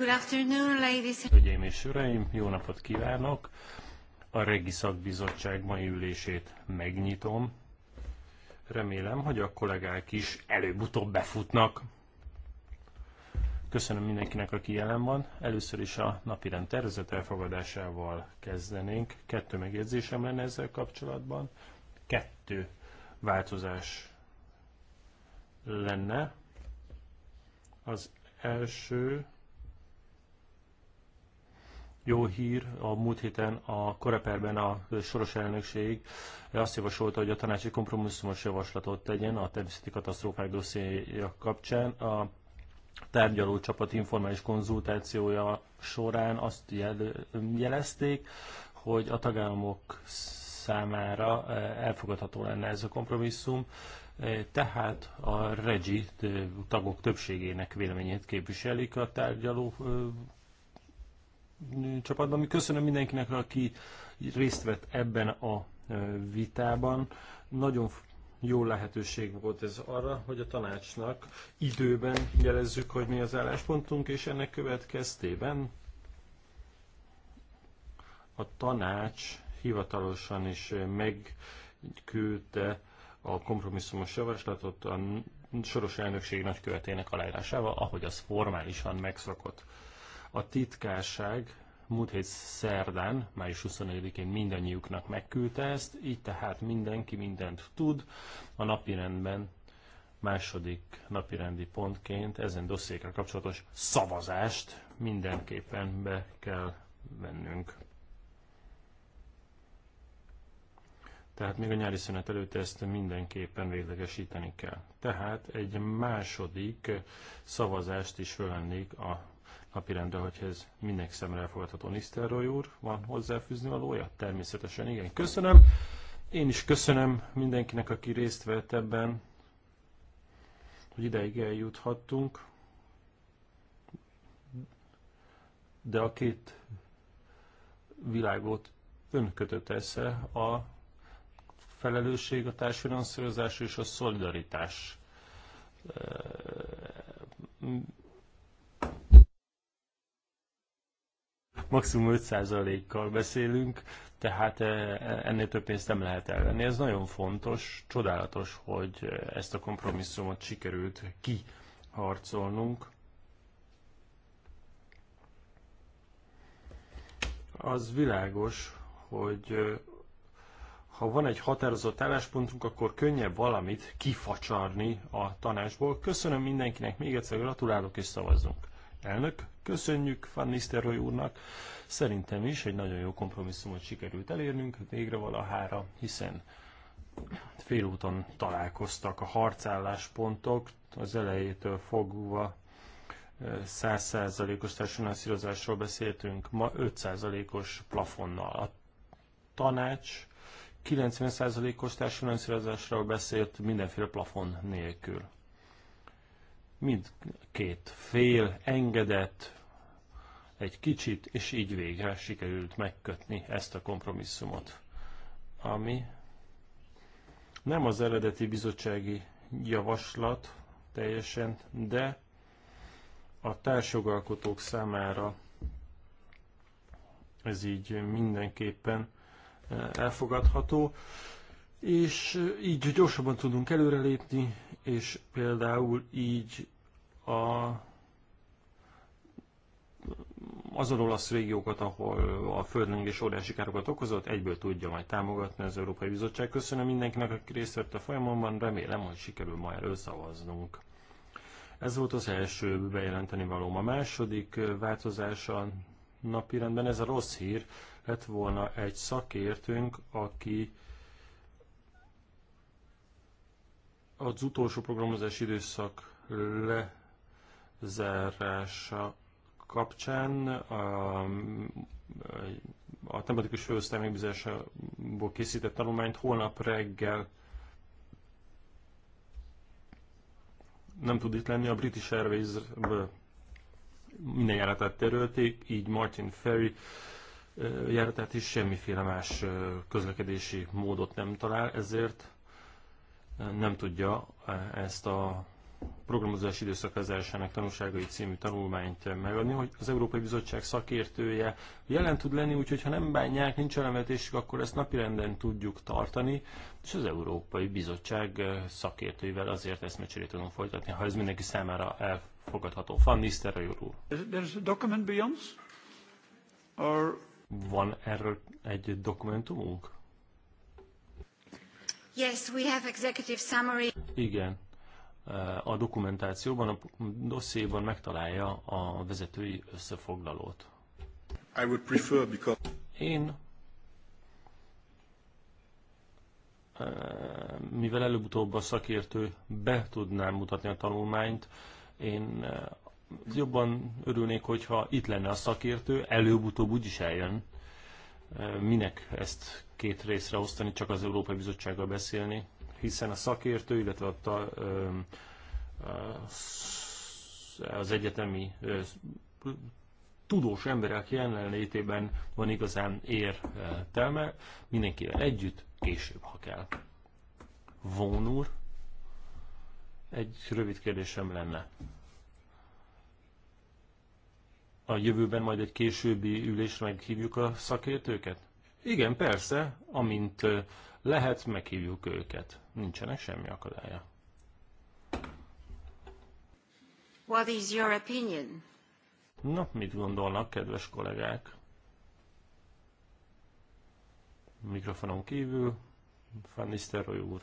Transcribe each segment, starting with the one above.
Good afternoon, ladies. Hölgyeim és uraim, jó napot kívánok! A Regi Szakbizottság mai ülését megnyitom. Remélem, hogy a kollégák is előbb-utóbb befutnak. Köszönöm mindenkinek, aki jelen van. Először is a napirend tervezet elfogadásával kezdenénk. Kettő megjegyzésem lenne ezzel kapcsolatban. Kettő változás lenne. Az első jó hír, a múlt héten a Koreperben a soros elnökség azt javasolta, hogy a tanácsi kompromisszumos javaslatot tegyen a természeti katasztrófák dossziéja kapcsán. A tárgyaló csapat informális konzultációja során azt jelezték, hogy a tagállamok számára e, elfogadható lenne ez a kompromisszum, e, tehát a regi tagok többségének véleményét képviselik a tárgyaló csapatban. Mi köszönöm mindenkinek, aki részt vett ebben a vitában. Nagyon jó lehetőség volt ez arra, hogy a tanácsnak időben jelezzük, hogy mi az álláspontunk, és ennek következtében a tanács hivatalosan is megküldte a kompromisszumos javaslatot a soros elnökség nagykövetének aláírásával, ahogy az formálisan megszokott. A titkárság múlt hét szerdán, május 24-én mindannyiuknak megküldte ezt, így tehát mindenki mindent tud. A napirendben második napirendi pontként ezen dossziékra kapcsolatos szavazást mindenképpen be kell vennünk. Tehát még a nyári szünet előtt ezt mindenképpen véglegesíteni kell. Tehát egy második szavazást is fölvennék a napirendre, hogy ez mindenki szemre elfogadható. Nisztelrooy úr, van hozzáfűzni valója? Természetesen igen. Köszönöm. Én is köszönöm mindenkinek, aki részt vett ebben, hogy ideig eljuthattunk. De a két világot ön kötött esze a felelősség, a társadalmi és a szolidaritás maximum 5%-kal beszélünk, tehát e, e, ennél több pénzt nem lehet elvenni. Ez nagyon fontos, csodálatos, hogy ezt a kompromisszumot sikerült kiharcolnunk. Az világos, hogy e, ha van egy határozott álláspontunk, akkor könnyebb valamit kifacsarni a tanácsból. Köszönöm mindenkinek, még egyszer gratulálok és szavazzunk. Elnök, Köszönjük Van Nisztelrooy úrnak. Szerintem is egy nagyon jó kompromisszumot sikerült elérnünk végre valahára, hiszen félúton találkoztak a harcálláspontok, az elejétől fogva 100%-os társadalmi beszéltünk, ma 5%-os plafonnal. A tanács 90%-os társadalmi beszélt mindenféle plafon nélkül mindkét fél engedett egy kicsit, és így végre sikerült megkötni ezt a kompromisszumot, ami nem az eredeti bizottsági javaslat teljesen, de a társjogalkotók számára ez így mindenképpen eh, elfogadható, és eh, így gyorsabban tudunk előrelépni, és például így a azon olasz régiókat, ahol a földrengés óriási károkat okozott, egyből tudja majd támogatni az Európai Bizottság. Köszönöm mindenkinek, aki részt vett a folyamon, remélem, hogy sikerül majd összavaznunk. Ez volt az első bejelenteni való, A második változása napirendben, ez a rossz hír, lett volna egy szakértőnk, aki az utolsó programozási időszak lezárása kapcsán a, a tematikus főosztály megbízásából készített tanulmányt holnap reggel nem tud itt lenni, a British Airways minden járatát terülték, így Martin Ferry járatát is semmiféle más közlekedési módot nem talál, ezért nem tudja eh, ezt a programozás időszakazásának tanulságai című tanulmányt megadni, hogy az Európai Bizottság szakértője jelen tud lenni, úgyhogy ha nem bánják, nincs elemetésük, akkor ezt napirenden tudjuk tartani, és az Európai Bizottság eh, szakértőivel azért ezt eszmecserét tudunk folytatni, ha ez mindenki számára elfogadható. Van Nisztelre a document Or... Van erről egy dokumentumunk? Yes, we have executive summary. Igen, a dokumentációban, a dossziéban megtalálja a vezetői összefoglalót. I would prefer because... Én eh, mivel előbb-utóbb a szakértő be tudná mutatni a tanulmányt, én eh, jobban örülnék, hogyha itt lenne a szakértő, előbb-utóbb úgyis eljön. Eh, minek ezt két részre osztani, csak az Európai Bizottsággal beszélni, hiszen a szakértő, illetve a, a, az egyetemi tudós emberek jelenlétében van igazán értelme, mindenkivel együtt, később, ha kell. Von úr, egy rövid kérdésem lenne. A jövőben majd egy későbbi ülésre meghívjuk a szakértőket? Igen, persze, amint lehet, meghívjuk őket. Nincsenek semmi akadálya. What is your opinion? Na, mit gondolnak, kedves kollégák? Mikrofonon kívül, Fannister úr.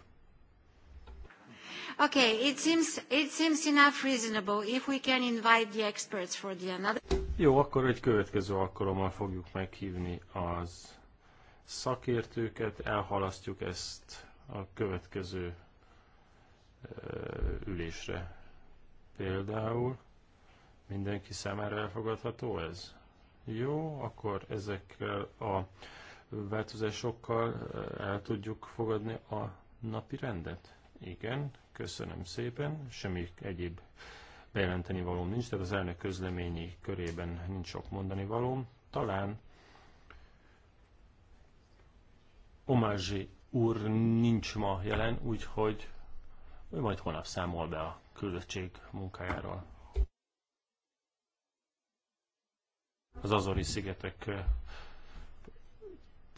Okay, it seems, it seems enough reasonable if we can invite the experts for the another. Jó, akkor egy következő alkalommal fogjuk meghívni az szakértőket, elhalasztjuk ezt a következő ülésre. Például mindenki számára elfogadható ez? Jó, akkor ezekkel a változásokkal el tudjuk fogadni a napi rendet? Igen, köszönöm szépen, semmi egyéb bejelenteni valóm nincs, tehát az elnök közleményi körében nincs sok mondani valóm. Talán Omázsi úr nincs ma jelen, úgyhogy ő majd holnap számol be a küldöttség munkájáról. Az Azori szigetek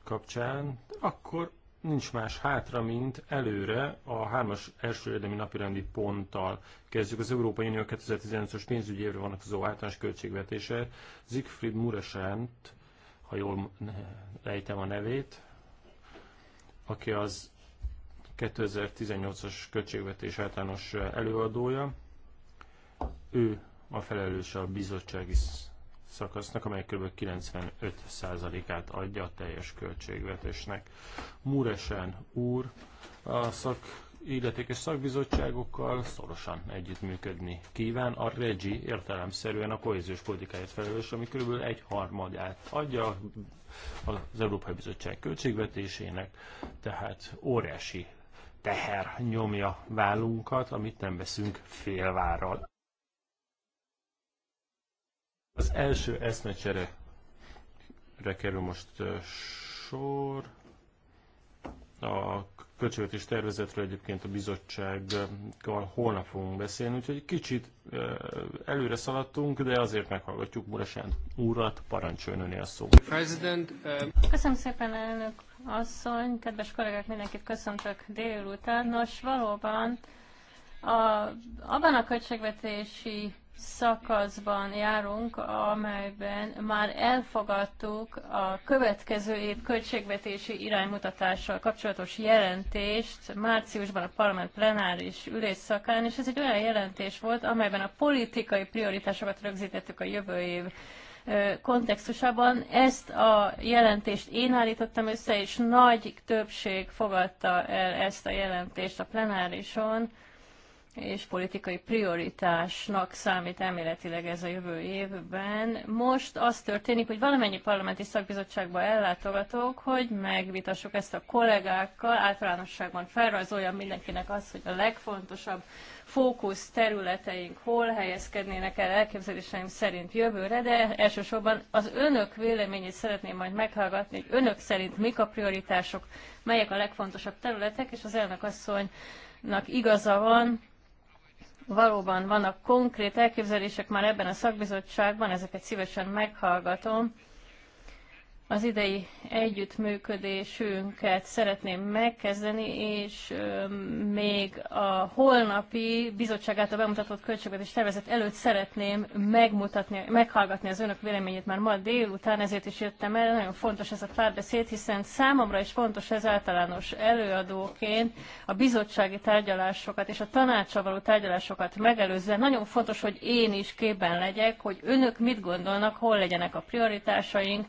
kapcsán, akkor nincs más hátra, mint előre a hármas első érdemi napirendi ponttal kezdjük. Az Európai Unió 2019 es pénzügyi évre az általános költségvetése. Siegfried Muresent, ha jól ejtem a nevét, aki az 2018-as költségvetés általános előadója. Ő a felelős a bizottsági szakasznak, amely kb. 95%-át adja a teljes költségvetésnek. Muresen úr a szak illetékes szakbizottságokkal szorosan együttműködni kíván. A REGI értelemszerűen a kohéziós politikáért felelős, ami kb. egy harmadát adja az Európai Bizottság költségvetésének, tehát óriási teher nyomja vállunkat, amit nem veszünk félvárral. Az első eszmecsere kerül most sor. A költségvetés tervezetről egyébként a bizottsággal holnap fogunk beszélni, úgyhogy kicsit előre szaladtunk, de azért meghallgatjuk Muresán úrat, parancsoljon öné a szó. President, Köszönöm szépen, elnök asszony, kedves kollégák, mindenkit köszöntök délután. Nos, valóban a, abban a költségvetési szakaszban járunk, amelyben már elfogadtuk a következő év költségvetési iránymutatással kapcsolatos jelentést márciusban a parlament plenáris ülésszakán, és ez egy olyan jelentés volt, amelyben a politikai prioritásokat rögzítettük a jövő év kontextusában. Ezt a jelentést én állítottam össze, és nagy többség fogadta el ezt a jelentést a plenárison és politikai prioritásnak számít elméletileg ez a jövő évben. Most az történik, hogy valamennyi parlamenti szakbizottságba ellátogatok, hogy megvitassuk ezt a kollégákkal, általánosságban felrajzoljam mindenkinek azt, hogy a legfontosabb fókusz területeink hol helyezkednének el elképzeléseim szerint jövőre, de elsősorban az önök véleményét szeretném majd meghallgatni, hogy önök szerint mik a prioritások, melyek a legfontosabb területek, és az elnök asszony igaza van, valóban vannak konkrét elképzelések már ebben a szakbizottságban, ezeket szívesen meghallgatom, az idei együttműködésünket szeretném megkezdeni, és még a holnapi bizottság által bemutatott költségvetés tervezet előtt szeretném megmutatni, meghallgatni az önök véleményét már ma délután, ezért is jöttem el. Nagyon fontos ez a párbeszéd, hiszen számomra is fontos ez általános előadóként a bizottsági tárgyalásokat és a tanácsa való tárgyalásokat megelőzően. Nagyon fontos, hogy én is képben legyek, hogy önök mit gondolnak, hol legyenek a prioritásaink,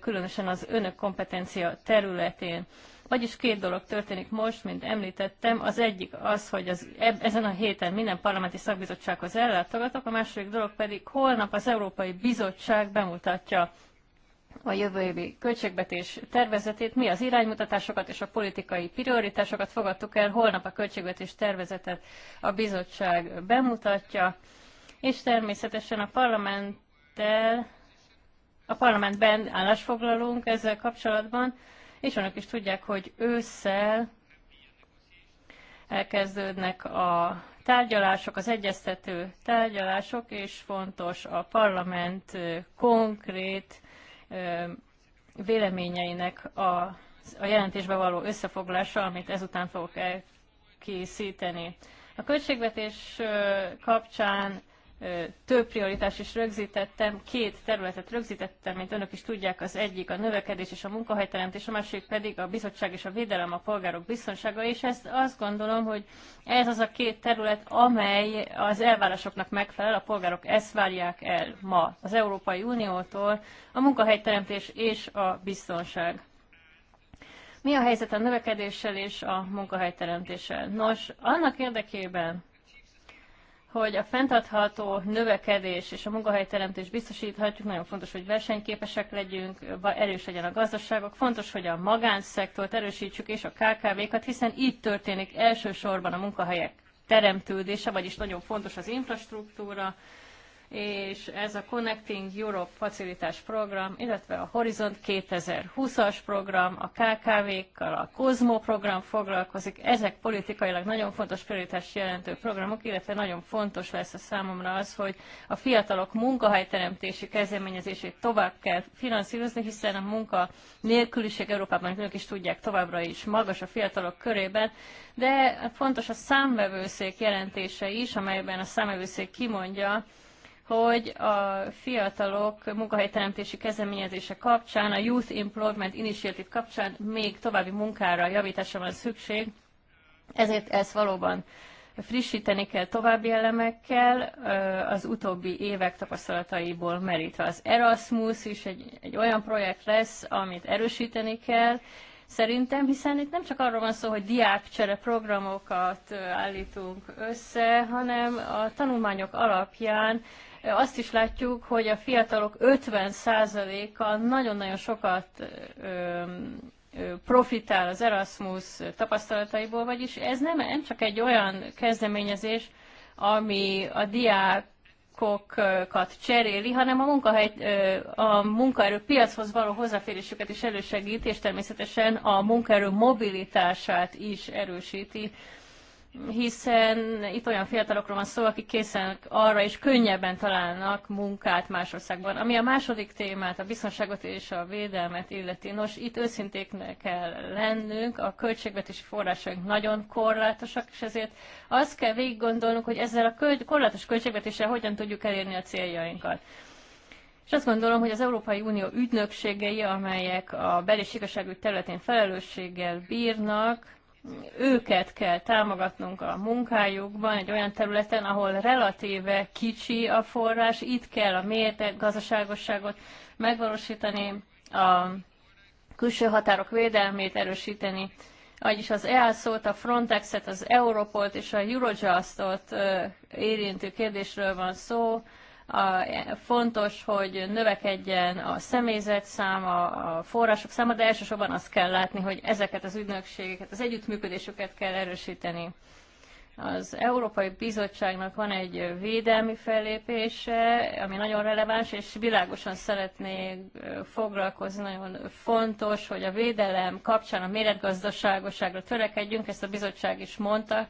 különösen az önök kompetencia területén. Vagyis két dolog történik most, mint említettem. Az egyik az, hogy az, eb, ezen a héten minden parlamenti szakbizottsághoz ellátogatok, a második dolog pedig holnap az Európai Bizottság bemutatja a jövő évi költségvetés tervezetét, mi az iránymutatásokat és a politikai prioritásokat fogadtuk el, holnap a költségvetés tervezetet a bizottság bemutatja, és természetesen a parlamenttel a parlamentben állásfoglalunk ezzel kapcsolatban, és önök is tudják, hogy ősszel elkezdődnek a tárgyalások, az egyeztető tárgyalások, és fontos a parlament konkrét véleményeinek a, a jelentésbe való összefoglása, amit ezután fogok elkészíteni. A költségvetés kapcsán több prioritás is rögzítettem, két területet rögzítettem, mint önök is tudják, az egyik a növekedés és a munkahelyteremtés, a másik pedig a bizottság és a védelem a polgárok biztonsága, és ezt azt gondolom, hogy ez az a két terület, amely az elvárásoknak megfelel, a polgárok ezt várják el ma az Európai Uniótól, a munkahelyteremtés és a biztonság. Mi a helyzet a növekedéssel és a munkahelyteremtéssel? Nos, annak érdekében, hogy a fenntartható növekedés és a munkahelyteremtés biztosíthatjuk, nagyon fontos, hogy versenyképesek legyünk, erős legyen a gazdaságok, fontos, hogy a magánszektort erősítsük és a KKV-kat, hiszen így történik elsősorban a munkahelyek teremtődése, vagyis nagyon fontos az infrastruktúra, és ez a Connecting Europe facilitás program, illetve a Horizont 2020-as program, a KKV-kkal, a COSMO program foglalkozik. Ezek politikailag nagyon fontos prioritást jelentő programok, illetve nagyon fontos lesz a számomra az, hogy a fiatalok munkahelyteremtési kezdeményezését tovább kell finanszírozni, hiszen a munka nélküliség Európában ők is tudják továbbra is magas a fiatalok körében, de fontos a számvevőszék jelentése is, amelyben a számvevőszék kimondja, hogy a fiatalok munkahelyteremtési kezdeményezése kapcsán, a Youth Employment Initiative kapcsán még további munkára, javításra van szükség, ezért ezt valóban frissíteni kell további elemekkel, az utóbbi évek tapasztalataiból merítve. Az Erasmus is egy, egy olyan projekt lesz, amit erősíteni kell, szerintem, hiszen itt nem csak arról van szó, hogy diákcsere programokat állítunk össze, hanem a tanulmányok alapján azt is látjuk, hogy a fiatalok 50%-a nagyon-nagyon sokat profitál az Erasmus tapasztalataiból, vagyis ez nem, nem csak egy olyan kezdeményezés, ami a diákokat cseréli, hanem a, munkahely, a munkaerő piachoz való hozzáférésüket is elősegít, és természetesen a munkaerő mobilitását is erősíti hiszen itt olyan fiatalokról van szó, akik készen arra és könnyebben találnak munkát más országban. Ami a második témát, a biztonságot és a védelmet illeti, nos, itt őszintéknek kell lennünk, a költségvetési forrásaink nagyon korlátosak, és ezért azt kell végig gondolnunk, hogy ezzel a köl- korlátos költségvetéssel hogyan tudjuk elérni a céljainkat. És azt gondolom, hogy az Európai Unió ügynökségei, amelyek a bel- és igazságügy területén felelősséggel bírnak, őket kell támogatnunk a munkájukban, egy olyan területen, ahol relatíve kicsi a forrás, itt kell a mérteg gazdaságosságot megvalósítani, a külső határok védelmét erősíteni, vagyis az EASZ-ot, a Frontex-et, az Europolt és a Eurojust-ot érintő kérdésről van szó, a, fontos, hogy növekedjen a személyzet száma, a források száma, de elsősorban azt kell látni, hogy ezeket az ügynökségeket, az együttműködésüket kell erősíteni. Az Európai Bizottságnak van egy védelmi fellépése, ami nagyon releváns, és világosan szeretnék foglalkozni. Nagyon fontos, hogy a védelem kapcsán a méretgazdaságosságra törekedjünk, ezt a bizottság is mondta,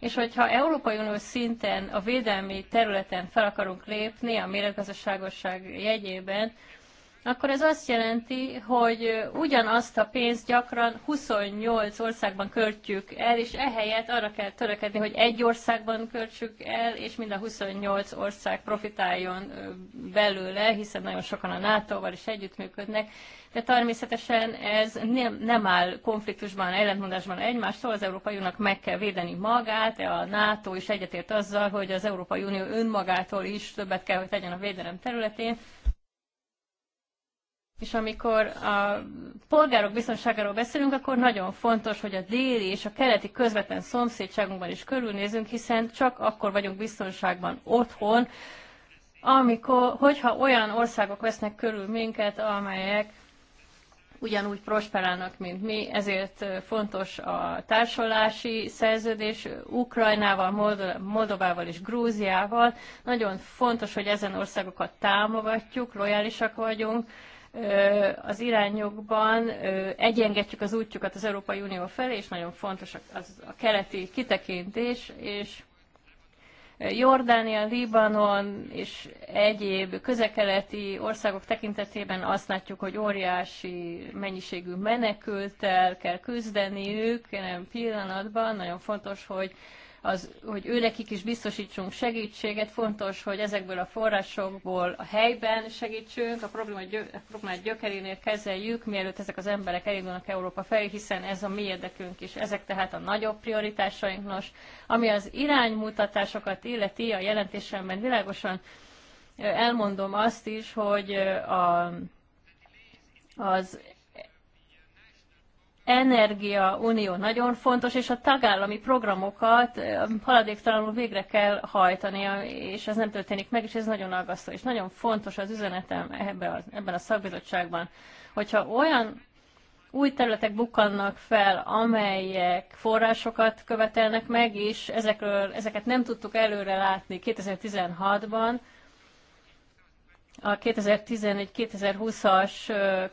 és hogyha Európai Unió szinten a védelmi területen fel akarunk lépni a méretgazdaságosság jegyében, akkor ez azt jelenti, hogy ugyanazt a pénzt gyakran 28 országban költjük el, és ehelyett arra kell törekedni, hogy egy országban költsük el, és mind a 28 ország profitáljon belőle, hiszen nagyon sokan a NATO-val is együttműködnek, de természetesen ez nem, nem áll konfliktusban, ellentmondásban egymástól, az Európai Uniónak meg kell védeni magát, a NATO is egyetért azzal, hogy az Európai Unió önmagától is többet kell, hogy tegyen a védelem területén, és amikor a polgárok biztonságáról beszélünk, akkor nagyon fontos, hogy a déli és a keleti közvetlen szomszédságunkban is körülnézünk, hiszen csak akkor vagyunk biztonságban otthon, amikor, hogyha olyan országok vesznek körül minket, amelyek ugyanúgy prosperálnak, mint mi, ezért fontos a társulási szerződés Ukrajnával, Moldovával és Grúziával. Nagyon fontos, hogy ezen országokat támogatjuk, lojálisak vagyunk, az irányokban egyengetjük az útjukat az Európai Unió felé, és nagyon fontos az a keleti kitekintés, és Jordánia, Libanon és egyéb közekeleti országok tekintetében azt látjuk, hogy óriási mennyiségű menekültel kell küzdeniük, jelen pillanatban nagyon fontos, hogy az, hogy őnekik is biztosítsunk segítséget. Fontos, hogy ezekből a forrásokból a helyben segítsünk, a problémát gyökerénél kezeljük, mielőtt ezek az emberek elindulnak Európa felé, hiszen ez a mi érdekünk is. Ezek tehát a nagyobb prioritásaink. Nos, ami az iránymutatásokat illeti, a jelentésemben világosan elmondom azt is, hogy a, az Energia Unió nagyon fontos, és a tagállami programokat haladéktalanul végre kell hajtani, és ez nem történik meg, és ez nagyon aggasztó, és nagyon fontos az üzenetem ebben a szakbizottságban, hogyha olyan új területek bukkannak fel, amelyek forrásokat követelnek meg, és ezekről, ezeket nem tudtuk előre látni 2016-ban, a 2014-2020-as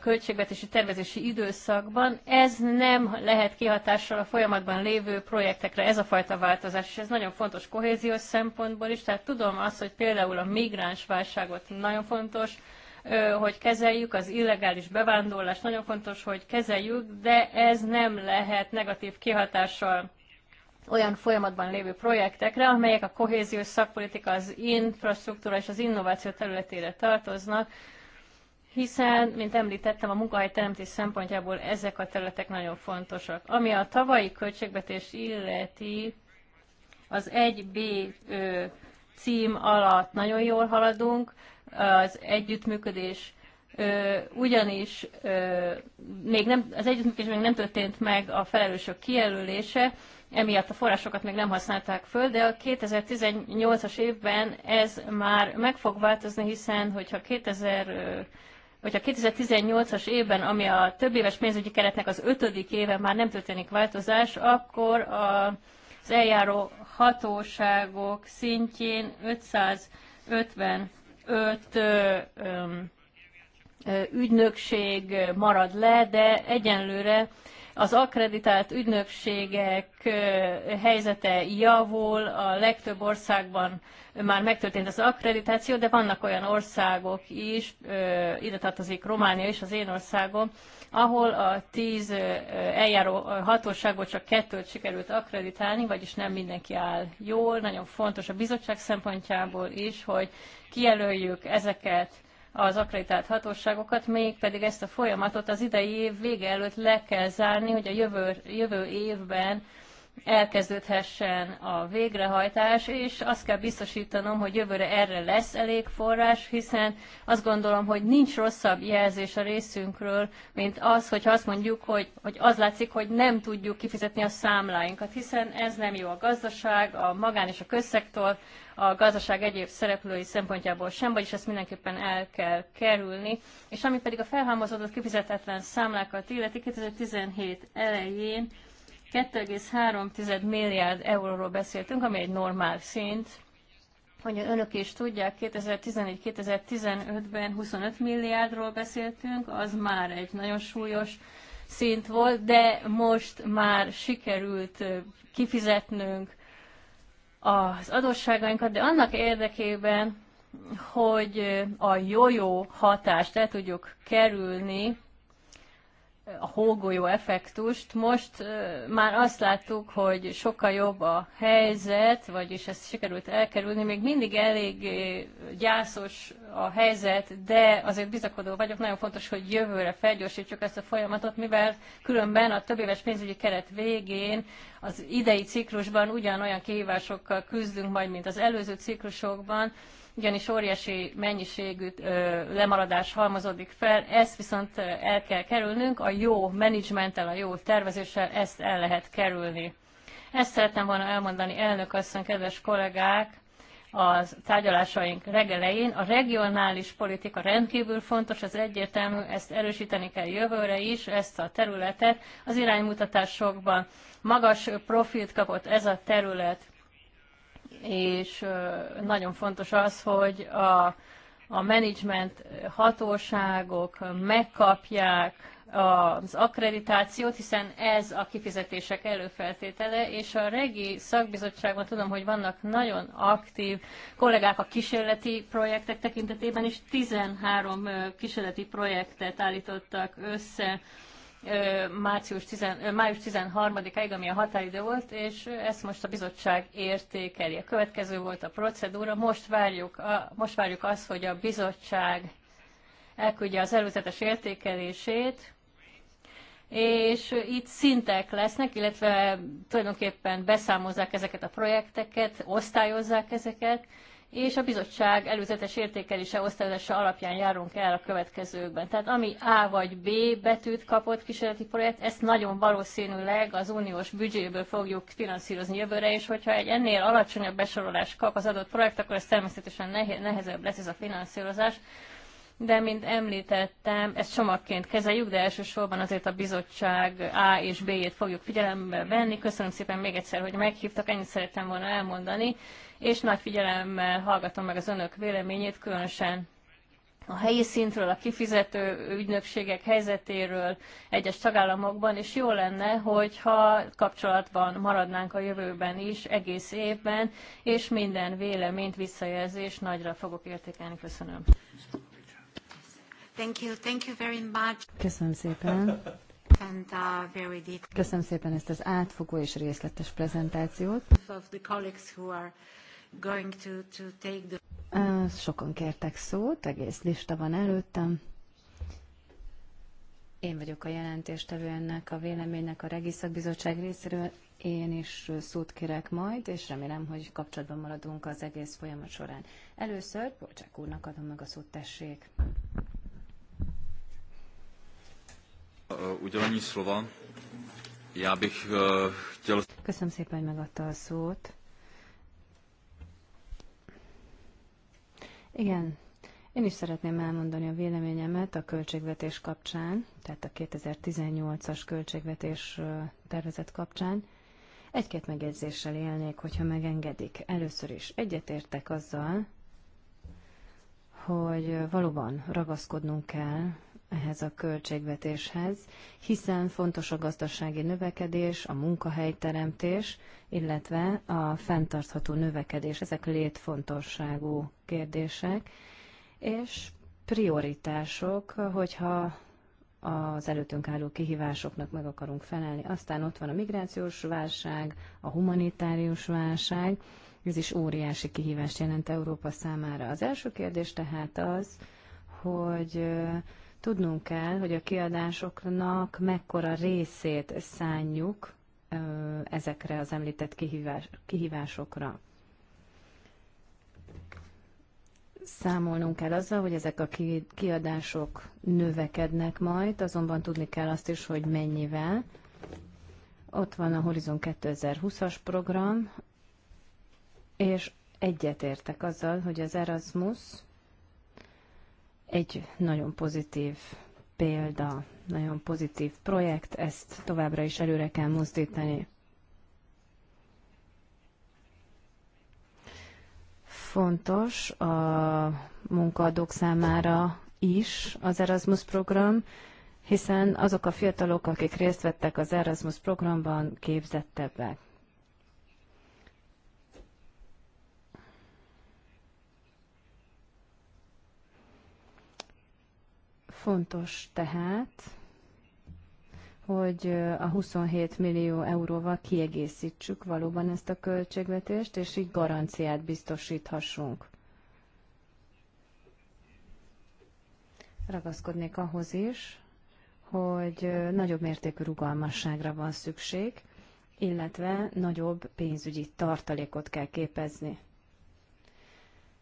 költségvetési tervezési időszakban ez nem lehet kihatással a folyamatban lévő projektekre, ez a fajta változás, és ez nagyon fontos kohéziós szempontból is, tehát tudom azt, hogy például a migráns válságot nagyon fontos, hogy kezeljük, az illegális bevándorlást nagyon fontos, hogy kezeljük, de ez nem lehet negatív kihatással olyan folyamatban lévő projektekre, amelyek a kohéziós szakpolitika, az infrastruktúra és az innováció területére tartoznak, hiszen, mint említettem, a munkahelyteremtés szempontjából ezek a területek nagyon fontosak. Ami a tavalyi költségvetés illeti, az 1B cím alatt nagyon jól haladunk, az együttműködés ugyanis még nem, az együttműködés még nem történt meg a felelősök kijelölése, emiatt a forrásokat még nem használták föl, de a 2018-as évben ez már meg fog változni, hiszen hogyha 2000 hogyha 2018-as évben, ami a több éves pénzügyi keretnek az ötödik éve már nem történik változás, akkor a, az eljáró hatóságok szintjén 555 ö, ö, ügynökség marad le, de egyenlőre az akkreditált ügynökségek helyzete javul, a legtöbb országban már megtörtént az akkreditáció, de vannak olyan országok is, ide tartozik Románia és az én országom, ahol a tíz eljáró hatóságot csak kettőt sikerült akkreditálni, vagyis nem mindenki áll jól. Nagyon fontos a bizottság szempontjából is, hogy kijelöljük ezeket az akreditált hatóságokat, mégpedig ezt a folyamatot az idei év vége előtt le kell zárni, hogy a jövő, jövő évben elkezdődhessen a végrehajtás, és azt kell biztosítanom, hogy jövőre erre lesz elég forrás, hiszen azt gondolom, hogy nincs rosszabb jelzés a részünkről, mint az, hogyha azt mondjuk, hogy, hogy az látszik, hogy nem tudjuk kifizetni a számláinkat, hiszen ez nem jó a gazdaság, a magán és a közszektor, a gazdaság egyéb szereplői szempontjából sem, vagyis ezt mindenképpen el kell kerülni. És ami pedig a felhalmozódott kifizetetlen számlákat illeti, 2017 elején 2,3 milliárd euróról beszéltünk, ami egy normál szint. Hogy önök is tudják, 2014-2015-ben 25 milliárdról beszéltünk, az már egy nagyon súlyos szint volt, de most már sikerült kifizetnünk az adósságainkat, de annak érdekében, hogy a jó-jó hatást el tudjuk kerülni, a hógolyó effektust. Most már azt láttuk, hogy sokkal jobb a helyzet, vagyis ezt sikerült elkerülni. Még mindig elég gyászos a helyzet, de azért bizakodó vagyok. Nagyon fontos, hogy jövőre felgyorsítsuk ezt a folyamatot, mivel különben a éves pénzügyi keret végén az idei ciklusban ugyanolyan kihívásokkal küzdünk majd, mint az előző ciklusokban, ugyanis óriási mennyiségű lemaradás halmozódik fel, ezt viszont el kell kerülnünk, a jó menedzsmenttel, a jó tervezéssel ezt el lehet kerülni. Ezt szeretném volna elmondani, elnök asszony, kedves kollégák, az tárgyalásaink reggelején. A regionális politika rendkívül fontos, ez egyértelmű, ezt erősíteni kell jövőre is, ezt a területet. Az iránymutatásokban magas profilt kapott ez a terület és nagyon fontos az, hogy a, a menedzsment hatóságok megkapják az akkreditációt, hiszen ez a kifizetések előfeltétele, és a regi szakbizottságban tudom, hogy vannak nagyon aktív kollégák a kísérleti projektek tekintetében is, 13 kísérleti projektet állítottak össze március 10, május 13 ig ami a határidő volt, és ezt most a bizottság értékeli. A következő volt a procedúra, most várjuk, a, most várjuk azt, hogy a bizottság elküldje az előzetes értékelését, és itt szintek lesznek, illetve tulajdonképpen beszámozzák ezeket a projekteket, osztályozzák ezeket, és a bizottság előzetes értékelése osztályozása alapján járunk el a következőkben. Tehát ami A vagy B betűt kapott kísérleti projekt, ezt nagyon valószínűleg az uniós büdzséből fogjuk finanszírozni jövőre, és hogyha egy ennél alacsonyabb besorolás, kap az adott projekt, akkor ez természetesen nehezebb lesz ez a finanszírozás de mint említettem, ezt csomagként kezeljük, de elsősorban azért a bizottság A és B-jét fogjuk figyelembe venni. Köszönöm szépen még egyszer, hogy meghívtak, ennyit szerettem volna elmondani, és nagy figyelemmel hallgatom meg az önök véleményét, különösen a helyi szintről, a kifizető ügynökségek helyzetéről egyes tagállamokban, és jó lenne, hogyha kapcsolatban maradnánk a jövőben is, egész évben, és minden véleményt, visszajelzést nagyra fogok értékelni. Köszönöm. Thank you, thank you very much. Köszönöm szépen. Uh, Köszönöm szépen ezt az átfogó és részletes prezentációt. Sokan kértek szót, egész lista van előttem. Én vagyok a jelentéstevő ennek a véleménynek a Regiszakbizottság részéről. Én is szót kérek majd, és remélem, hogy kapcsolatban maradunk az egész folyamat során. Először Bocsák úrnak adom meg a szót, tessék. Eh, udělení slova. Já bych eh, chtěl... Köszönöm szépen, hogy megadta a szót. Igen, én is szeretném elmondani a véleményemet a költségvetés kapcsán, tehát a 2018-as költségvetés eh, tervezet kapcsán. Egy-két megjegyzéssel élnék, hogyha megengedik. Először is egyetértek azzal, hogy valóban ragaszkodnunk kell ehhez a költségvetéshez, hiszen fontos a gazdasági növekedés, a munkahelyteremtés, illetve a fenntartható növekedés. Ezek létfontosságú kérdések, és prioritások, hogyha az előttünk álló kihívásoknak meg akarunk felelni. Aztán ott van a migrációs válság, a humanitárius válság, ez is óriási kihívást jelent Európa számára. Az első kérdés tehát az, hogy Tudnunk kell, hogy a kiadásoknak mekkora részét szánjuk ezekre az említett kihívás, kihívásokra. Számolnunk kell azzal, hogy ezek a kiadások növekednek majd, azonban tudni kell azt is, hogy mennyivel. Ott van a Horizon 2020-as program, és egyetértek azzal, hogy az Erasmus egy nagyon pozitív példa, nagyon pozitív projekt, ezt továbbra is előre kell mozdítani. Fontos a munkaadók számára is az Erasmus program, hiszen azok a fiatalok, akik részt vettek az Erasmus programban, képzettebbek. Fontos tehát, hogy a 27 millió euróval kiegészítsük valóban ezt a költségvetést, és így garanciát biztosíthassunk. Ragaszkodnék ahhoz is, hogy nagyobb mértékű rugalmasságra van szükség, illetve nagyobb pénzügyi tartalékot kell képezni.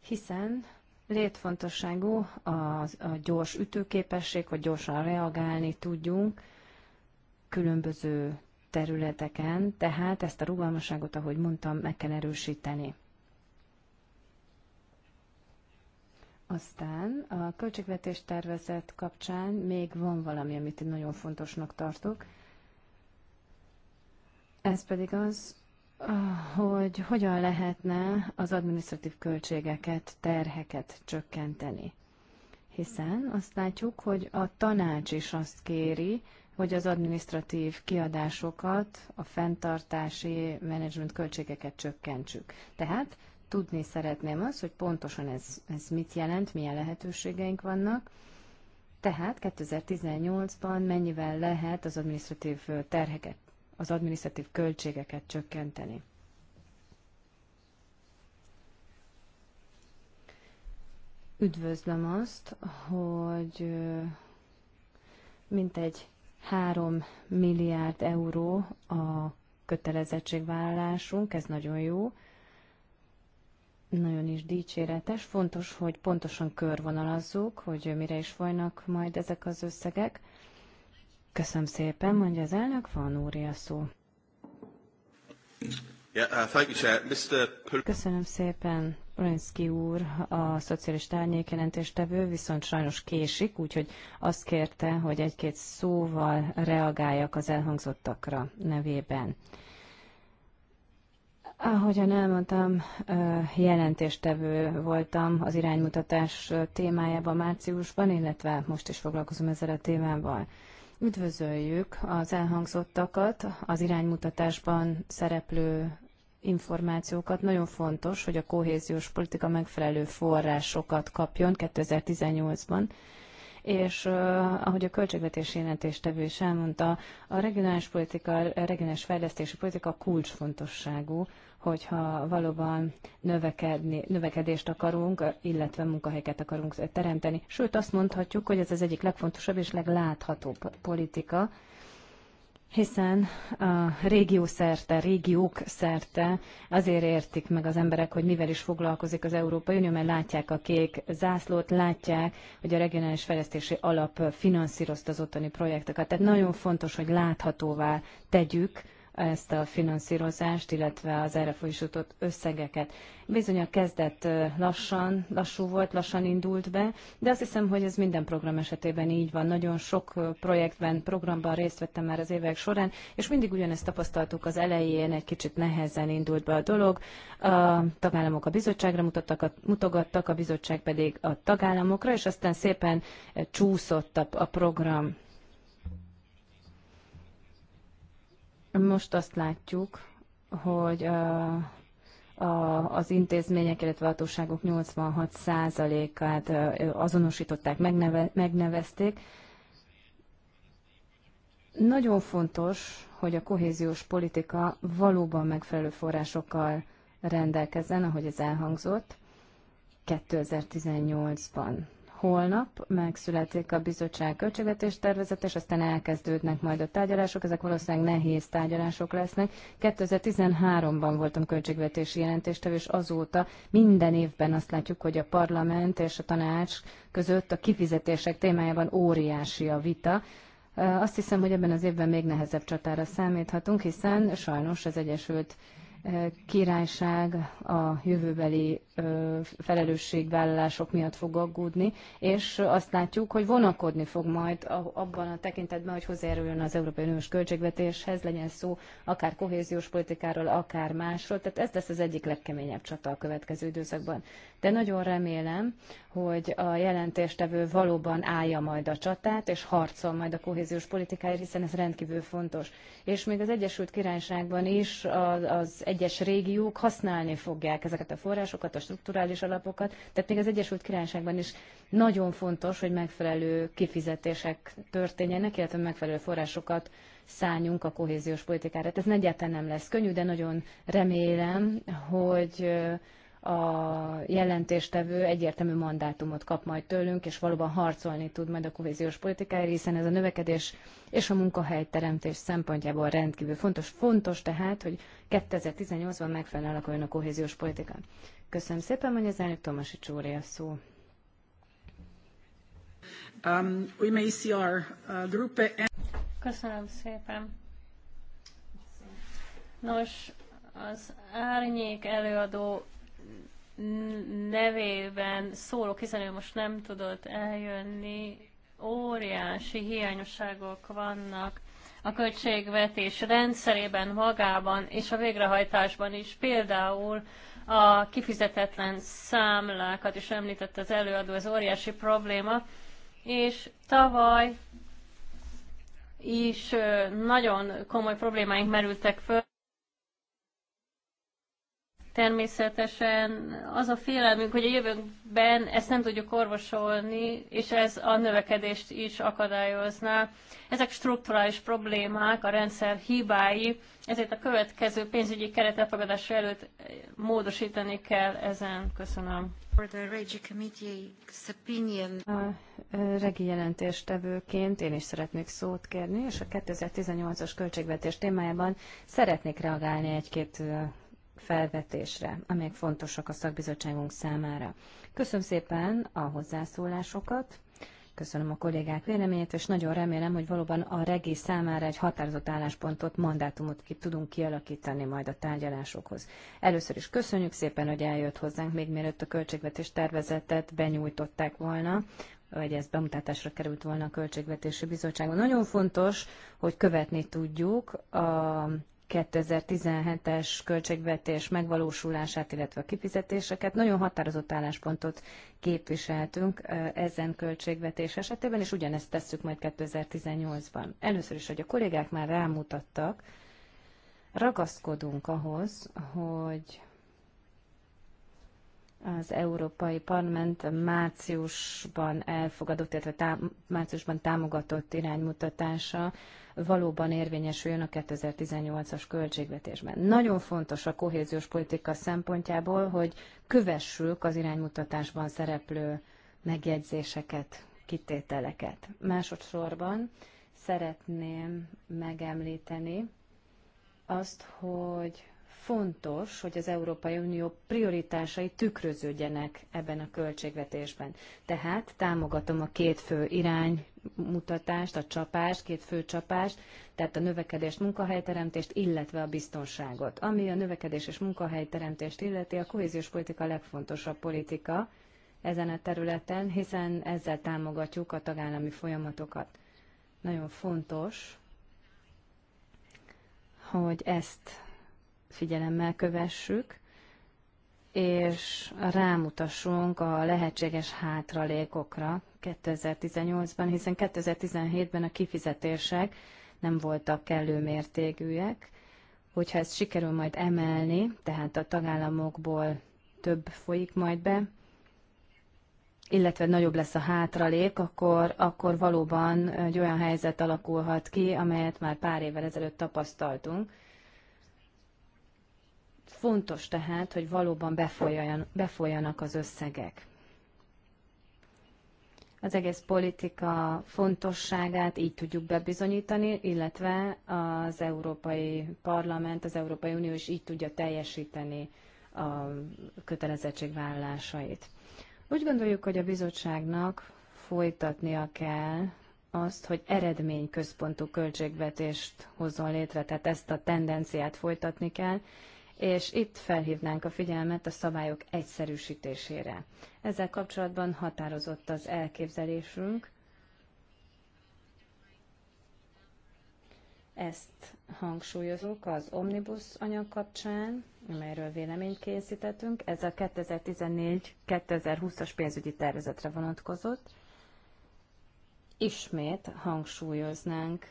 Hiszen létfontosságú a, a gyors ütőképesség, hogy gyorsan reagálni tudjunk különböző területeken, tehát ezt a rugalmasságot, ahogy mondtam, meg kell erősíteni. Aztán a költségvetés tervezet kapcsán még van valami, amit én nagyon fontosnak tartok. Ez pedig az, hogy hogyan lehetne az administratív költségeket, terheket csökkenteni. Hiszen azt látjuk, hogy a tanács is azt kéri, hogy az administratív kiadásokat, a fenntartási menedzsment költségeket csökkentsük. Tehát tudni szeretném azt, hogy pontosan ez, ez mit jelent, milyen lehetőségeink vannak, tehát 2018-ban mennyivel lehet az administratív terheket az adminisztratív költségeket csökkenteni. Üdvözlöm azt, hogy mintegy 3 milliárd euró a kötelezettségvállalásunk, ez nagyon jó, nagyon is dicséretes. Fontos, hogy pontosan körvonalazzuk, hogy mire is folynak majd ezek az összegek. Köszönöm szépen, mondja az elnök, van úri a szó. Uh, Köszönöm szépen, Polinszki úr, a szociális tárnyék jelentéstevő, viszont sajnos késik, úgyhogy azt kérte, hogy egy-két szóval reagáljak az elhangzottakra nevében. Ahogyan elmondtam, jelentéstevő voltam az iránymutatás témájában márciusban, illetve most is foglalkozom ezzel a témával. Üdvözöljük az elhangzottakat, az iránymutatásban szereplő információkat. Nagyon fontos, hogy a kohéziós politika megfelelő forrásokat kapjon 2018-ban, és ahogy a költségvetési jelentéstevő is elmondta, a regionális politika, a regionális fejlesztési politika kulcsfontosságú hogyha valóban növekedni, növekedést akarunk, illetve munkahelyeket akarunk teremteni. Sőt, azt mondhatjuk, hogy ez az egyik legfontosabb és legláthatóbb politika, hiszen a régió szerte, régiók szerte azért értik meg az emberek, hogy mivel is foglalkozik az Európai Unió, mert látják a kék zászlót, látják, hogy a regionális fejlesztési alap finanszírozta az ottani projekteket. Tehát nagyon fontos, hogy láthatóvá tegyük ezt a finanszírozást, illetve az erre folyosított összegeket. Bizony a kezdet lassan, lassú volt, lassan indult be, de azt hiszem, hogy ez minden program esetében így van. Nagyon sok projektben, programban részt vettem már az évek során, és mindig ugyanezt tapasztaltuk az elején, egy kicsit nehezen indult be a dolog. A tagállamok a bizottságra mutattak, a, mutogattak, a bizottság pedig a tagállamokra, és aztán szépen csúszott a, a program Most azt látjuk, hogy a, a, az intézmények, illetve hatóságok 86%-át azonosították, megneve, megnevezték. Nagyon fontos, hogy a kohéziós politika valóban megfelelő forrásokkal rendelkezzen, ahogy ez elhangzott, 2018-ban holnap megszületik a bizottság költségvetés tervezet, és aztán elkezdődnek majd a tárgyalások. Ezek valószínűleg nehéz tárgyalások lesznek. 2013-ban voltam költségvetési jelentéstevő, és azóta minden évben azt látjuk, hogy a parlament és a tanács között a kifizetések témájában óriási a vita. Azt hiszem, hogy ebben az évben még nehezebb csatára számíthatunk, hiszen sajnos az Egyesült királyság a jövőbeli felelősségvállalások miatt fog aggódni, és azt látjuk, hogy vonakodni fog majd abban a tekintetben, hogy hozzájáruljon az Európai Uniós költségvetéshez, legyen szó akár kohéziós politikáról, akár másról. Tehát ez lesz az egyik legkeményebb csata a következő időszakban de nagyon remélem, hogy a jelentéstevő valóban állja majd a csatát, és harcol majd a kohéziós politikáért, hiszen ez rendkívül fontos. És még az Egyesült Királyságban is az, az egyes régiók használni fogják ezeket a forrásokat, a strukturális alapokat, tehát még az Egyesült Királyságban is nagyon fontos, hogy megfelelő kifizetések történjenek, illetve megfelelő forrásokat szálljunk a kohéziós politikára. Ez egyáltalán nem lesz könnyű, de nagyon remélem, hogy a jelentéstevő egyértelmű mandátumot kap majd tőlünk, és valóban harcolni tud majd a kohéziós politikáért, hiszen ez a növekedés és a munkahelyteremtés szempontjából rendkívül fontos. Fontos tehát, hogy 2018-ban megfelelően alakuljon a kohéziós politika. Köszönöm szépen, hogy az elnök Tomasi Csóri a szó. Um, uh, e- Köszönöm szépen. Nos, az árnyék előadó nevében szólok, hiszen ő most nem tudott eljönni. Óriási hiányosságok vannak a költségvetés rendszerében, magában és a végrehajtásban is. Például a kifizetetlen számlákat is említette az előadó, ez óriási probléma, és tavaly is nagyon komoly problémáink merültek föl. Természetesen az a félelmünk, hogy a jövőben ezt nem tudjuk orvosolni, és ez a növekedést is akadályozná. Ezek strukturális problémák, a rendszer hibái, ezért a következő pénzügyi keret elfogadása előtt eh, módosítani kell ezen. Köszönöm. A eh, regi jelentéstevőként én is szeretnék szót kérni, és a 2018-as költségvetés témájában szeretnék reagálni egy-két eh, felvetésre, amelyek fontosak a szakbizottságunk számára. Köszönöm szépen a hozzászólásokat, köszönöm a kollégák véleményét, és nagyon remélem, hogy valóban a regi számára egy határozott álláspontot, mandátumot ki tudunk kialakítani majd a tárgyalásokhoz. Először is köszönjük szépen, hogy eljött hozzánk, még mielőtt a költségvetés tervezetet benyújtották volna, vagy ez bemutatásra került volna a Költségvetési Bizottságon. Nagyon fontos, hogy követni tudjuk a 2017-es költségvetés megvalósulását, illetve a kifizetéseket. Nagyon határozott álláspontot képviseltünk ezen költségvetés esetében, és ugyanezt tesszük majd 2018-ban. Először is, hogy a kollégák már rámutattak, ragaszkodunk ahhoz, hogy az Európai Parlament márciusban elfogadott, illetve tám- márciusban támogatott iránymutatása valóban érvényesüljön a 2018-as költségvetésben. Nagyon fontos a kohéziós politika szempontjából, hogy kövessük az iránymutatásban szereplő megjegyzéseket, kitételeket. Másodszorban szeretném megemlíteni azt, hogy fontos, hogy az Európai Unió prioritásai tükröződjenek ebben a költségvetésben. Tehát támogatom a két fő iránymutatást, a csapást, két fő csapást, tehát a növekedést, munkahelyteremtést, illetve a biztonságot. Ami a növekedés és munkahelyteremtést illeti, a kohéziós politika legfontosabb politika ezen a területen, hiszen ezzel támogatjuk a tagállami folyamatokat. Nagyon fontos, hogy ezt figyelemmel kövessük, és rámutassunk a lehetséges hátralékokra 2018-ban, hiszen 2017-ben a kifizetések nem voltak kellő mértékűek. Hogyha ezt sikerül majd emelni, tehát a tagállamokból több folyik majd be, illetve nagyobb lesz a hátralék, akkor, akkor valóban egy olyan helyzet alakulhat ki, amelyet már pár évvel ezelőtt tapasztaltunk, Fontos tehát, hogy valóban befolyjan, befolyjanak az összegek. Az egész politika fontosságát így tudjuk bebizonyítani, illetve az Európai Parlament, az Európai Unió is így tudja teljesíteni a kötelezettségvállalásait. Úgy gondoljuk, hogy a bizottságnak folytatnia kell azt, hogy eredményközpontú költségvetést hozzon létre, tehát ezt a tendenciát folytatni kell, és itt felhívnánk a figyelmet a szabályok egyszerűsítésére. Ezzel kapcsolatban határozott az elképzelésünk, Ezt hangsúlyozunk az Omnibus anyag kapcsán, amelyről véleményt készítettünk. Ez a 2014-2020-as pénzügyi tervezetre vonatkozott. Ismét hangsúlyoznánk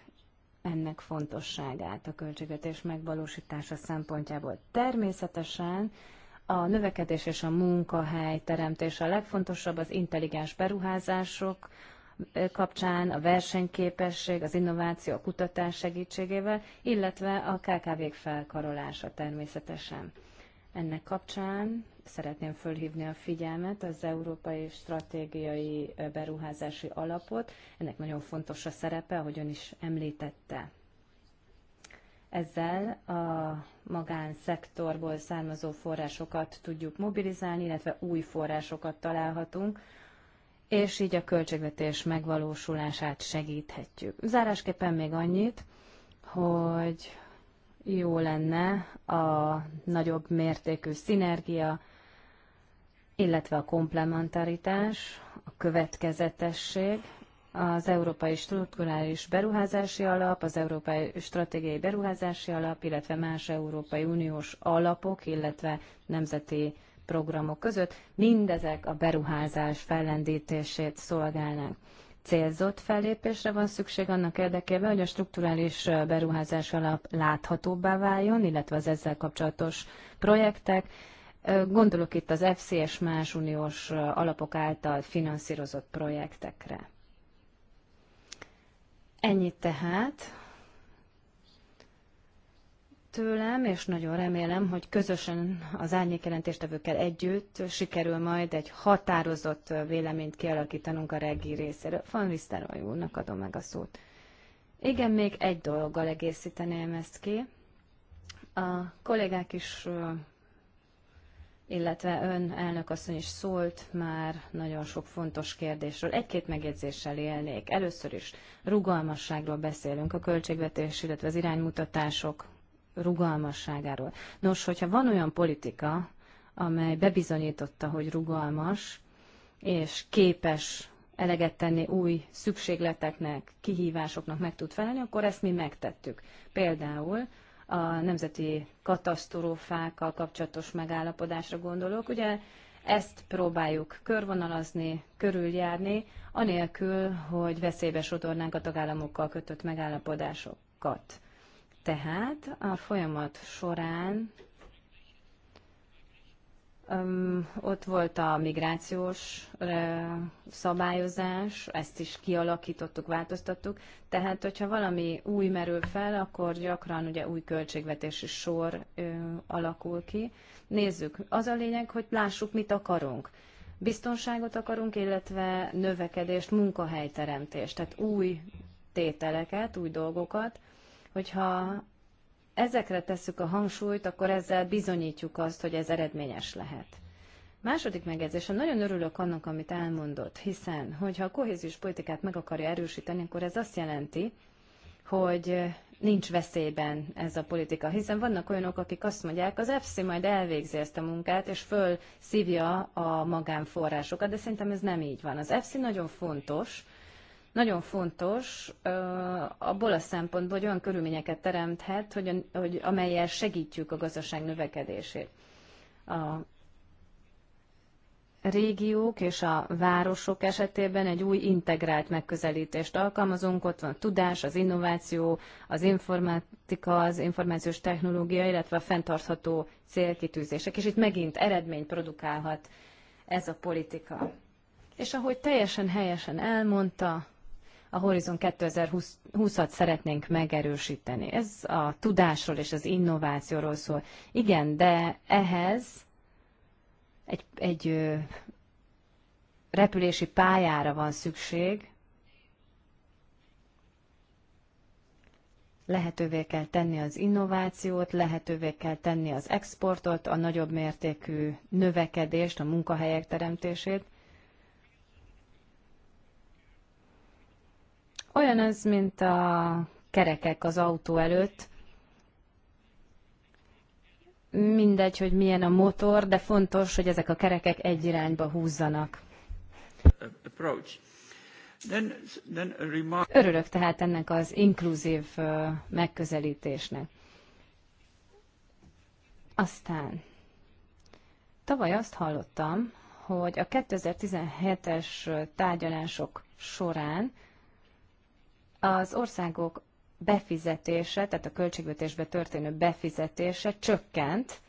ennek fontosságát a költségvetés megvalósítása szempontjából. Természetesen a növekedés és a munkahely teremtése a legfontosabb, az intelligens beruházások kapcsán a versenyképesség, az innováció, a kutatás segítségével, illetve a KKV-k felkarolása természetesen. Ennek kapcsán szeretném fölhívni a figyelmet, az Európai Stratégiai Beruházási Alapot. Ennek nagyon fontos a szerepe, ahogy ön is említette. Ezzel a magánszektorból származó forrásokat tudjuk mobilizálni, illetve új forrásokat találhatunk, és így a költségvetés megvalósulását segíthetjük. Zárásképpen még annyit, hogy jó lenne a nagyobb mértékű szinergia, illetve a komplementaritás, a következetesség, az Európai Strukturális Beruházási Alap, az Európai Stratégiai Beruházási Alap, illetve más Európai Uniós alapok, illetve nemzeti programok között, mindezek a beruházás fellendítését szolgálnak. Célzott fellépésre van szükség annak érdekében, hogy a strukturális beruházás alap láthatóbbá váljon, illetve az ezzel kapcsolatos projektek, Gondolok itt az FC és más uniós alapok által finanszírozott projektekre. Ennyit tehát tőlem, és nagyon remélem, hogy közösen az árnyékjelentéstevőkkel együtt sikerül majd egy határozott véleményt kialakítanunk a reggi részéről. Van Visztároly úrnak adom meg a szót. Igen, még egy dologgal egészíteném ezt ki. A kollégák is illetve ön elnök asszony is szólt már nagyon sok fontos kérdésről. Egy-két megjegyzéssel élnék. Először is rugalmasságról beszélünk, a költségvetés, illetve az iránymutatások rugalmasságáról. Nos, hogyha van olyan politika, amely bebizonyította, hogy rugalmas, és képes eleget tenni új szükségleteknek, kihívásoknak meg tud felelni, akkor ezt mi megtettük. Például a nemzeti katasztrófákkal kapcsolatos megállapodásra gondolok. Ugye ezt próbáljuk körvonalazni, körüljárni, anélkül, hogy veszélybe sodornánk a tagállamokkal kötött megállapodásokat. Tehát a folyamat során Um, ott volt a migrációs re, szabályozás, ezt is kialakítottuk, változtattuk. Tehát, hogyha valami új merül fel, akkor gyakran ugye új költségvetési sor ö, alakul ki. Nézzük, az a lényeg, hogy lássuk, mit akarunk. Biztonságot akarunk, illetve növekedést, munkahelyteremtést, tehát új tételeket, új dolgokat. Hogyha ezekre tesszük a hangsúlyt, akkor ezzel bizonyítjuk azt, hogy ez eredményes lehet. Második megjegyzés: nagyon örülök annak, amit elmondott, hiszen, hogyha a kohéziós politikát meg akarja erősíteni, akkor ez azt jelenti, hogy nincs veszélyben ez a politika, hiszen vannak olyanok, akik azt mondják, az EFSI majd elvégzi ezt a munkát, és föl szívja a magánforrásokat, de szerintem ez nem így van. Az EFSI nagyon fontos, nagyon fontos abból a szempontból, hogy olyan körülményeket teremthet, hogy, hogy amelyel segítjük a gazdaság növekedését. A régiók és a városok esetében egy új integrált megközelítést alkalmazunk. Ott van a tudás, az innováció, az informatika, az információs technológia, illetve a fenntartható célkitűzések. És itt megint eredmény produkálhat ez a politika. És ahogy teljesen helyesen elmondta, a Horizon 2020-at szeretnénk megerősíteni. Ez a tudásról és az innovációról szól. Igen, de ehhez egy, egy repülési pályára van szükség, lehetővé kell tenni az innovációt, lehetővé kell tenni az exportot, a nagyobb mértékű növekedést, a munkahelyek teremtését. Olyan ez, mint a kerekek az autó előtt. Mindegy, hogy milyen a motor, de fontos, hogy ezek a kerekek egy irányba húzzanak. Approach. Then, then Örülök tehát ennek az inkluzív megközelítésnek. Aztán tavaly azt hallottam, hogy a 2017-es tárgyalások során az országok befizetése, tehát a költségvetésbe történő befizetése csökkent,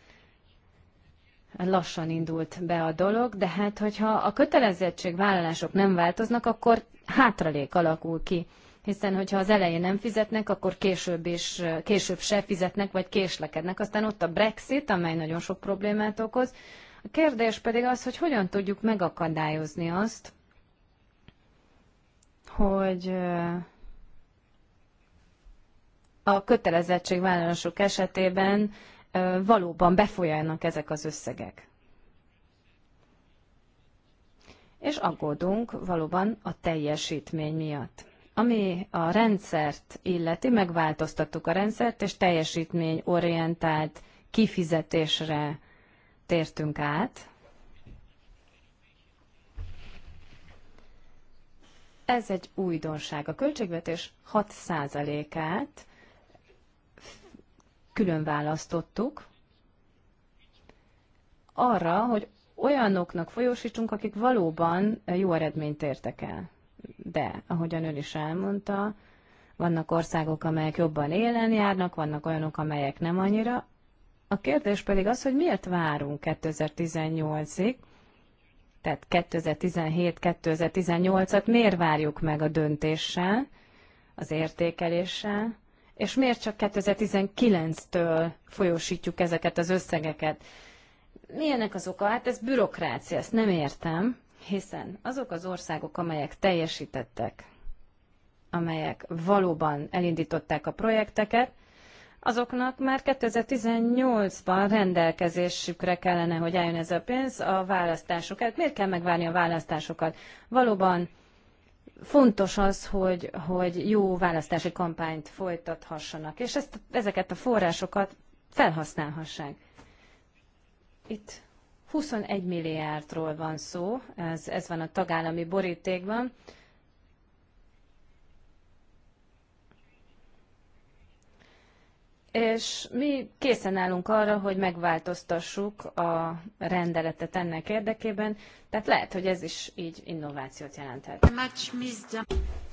lassan indult be a dolog, de hát hogyha a kötelezettségvállalások nem változnak, akkor hátralék alakul ki. Hiszen, hogyha az elején nem fizetnek, akkor később is, később se fizetnek, vagy késlekednek. Aztán ott a Brexit, amely nagyon sok problémát okoz. A kérdés pedig az, hogy hogyan tudjuk megakadályozni azt, hogy a kötelezettségvállalások esetében valóban befolyálnak ezek az összegek. És aggódunk valóban a teljesítmény miatt. Ami a rendszert illeti, megváltoztattuk a rendszert, és teljesítményorientált kifizetésre tértünk át. Ez egy újdonság. A költségvetés 6%-át külön választottuk, arra, hogy olyanoknak folyósítsunk, akik valóban jó eredményt értek el. De, ahogyan ön is elmondta, vannak országok, amelyek jobban élen járnak, vannak olyanok, amelyek nem annyira. A kérdés pedig az, hogy miért várunk 2018-ig, tehát 2017-2018-at miért várjuk meg a döntéssel, az értékeléssel, és miért csak 2019-től folyósítjuk ezeket az összegeket? Milyenek az oka? Hát ez bürokrácia, ezt nem értem, hiszen azok az országok, amelyek teljesítettek, amelyek valóban elindították a projekteket, azoknak már 2018-ban rendelkezésükre kellene, hogy álljon ez a pénz a választásokat. Hát miért kell megvárni a választásokat? Valóban fontos az, hogy, hogy jó választási kampányt folytathassanak, és ezt, ezeket a forrásokat felhasználhassák. Itt 21 milliárdról van szó, ez, ez van a tagállami borítékban. és mi készen állunk arra, hogy megváltoztassuk a rendeletet ennek érdekében, tehát lehet, hogy ez is így innovációt jelenthet.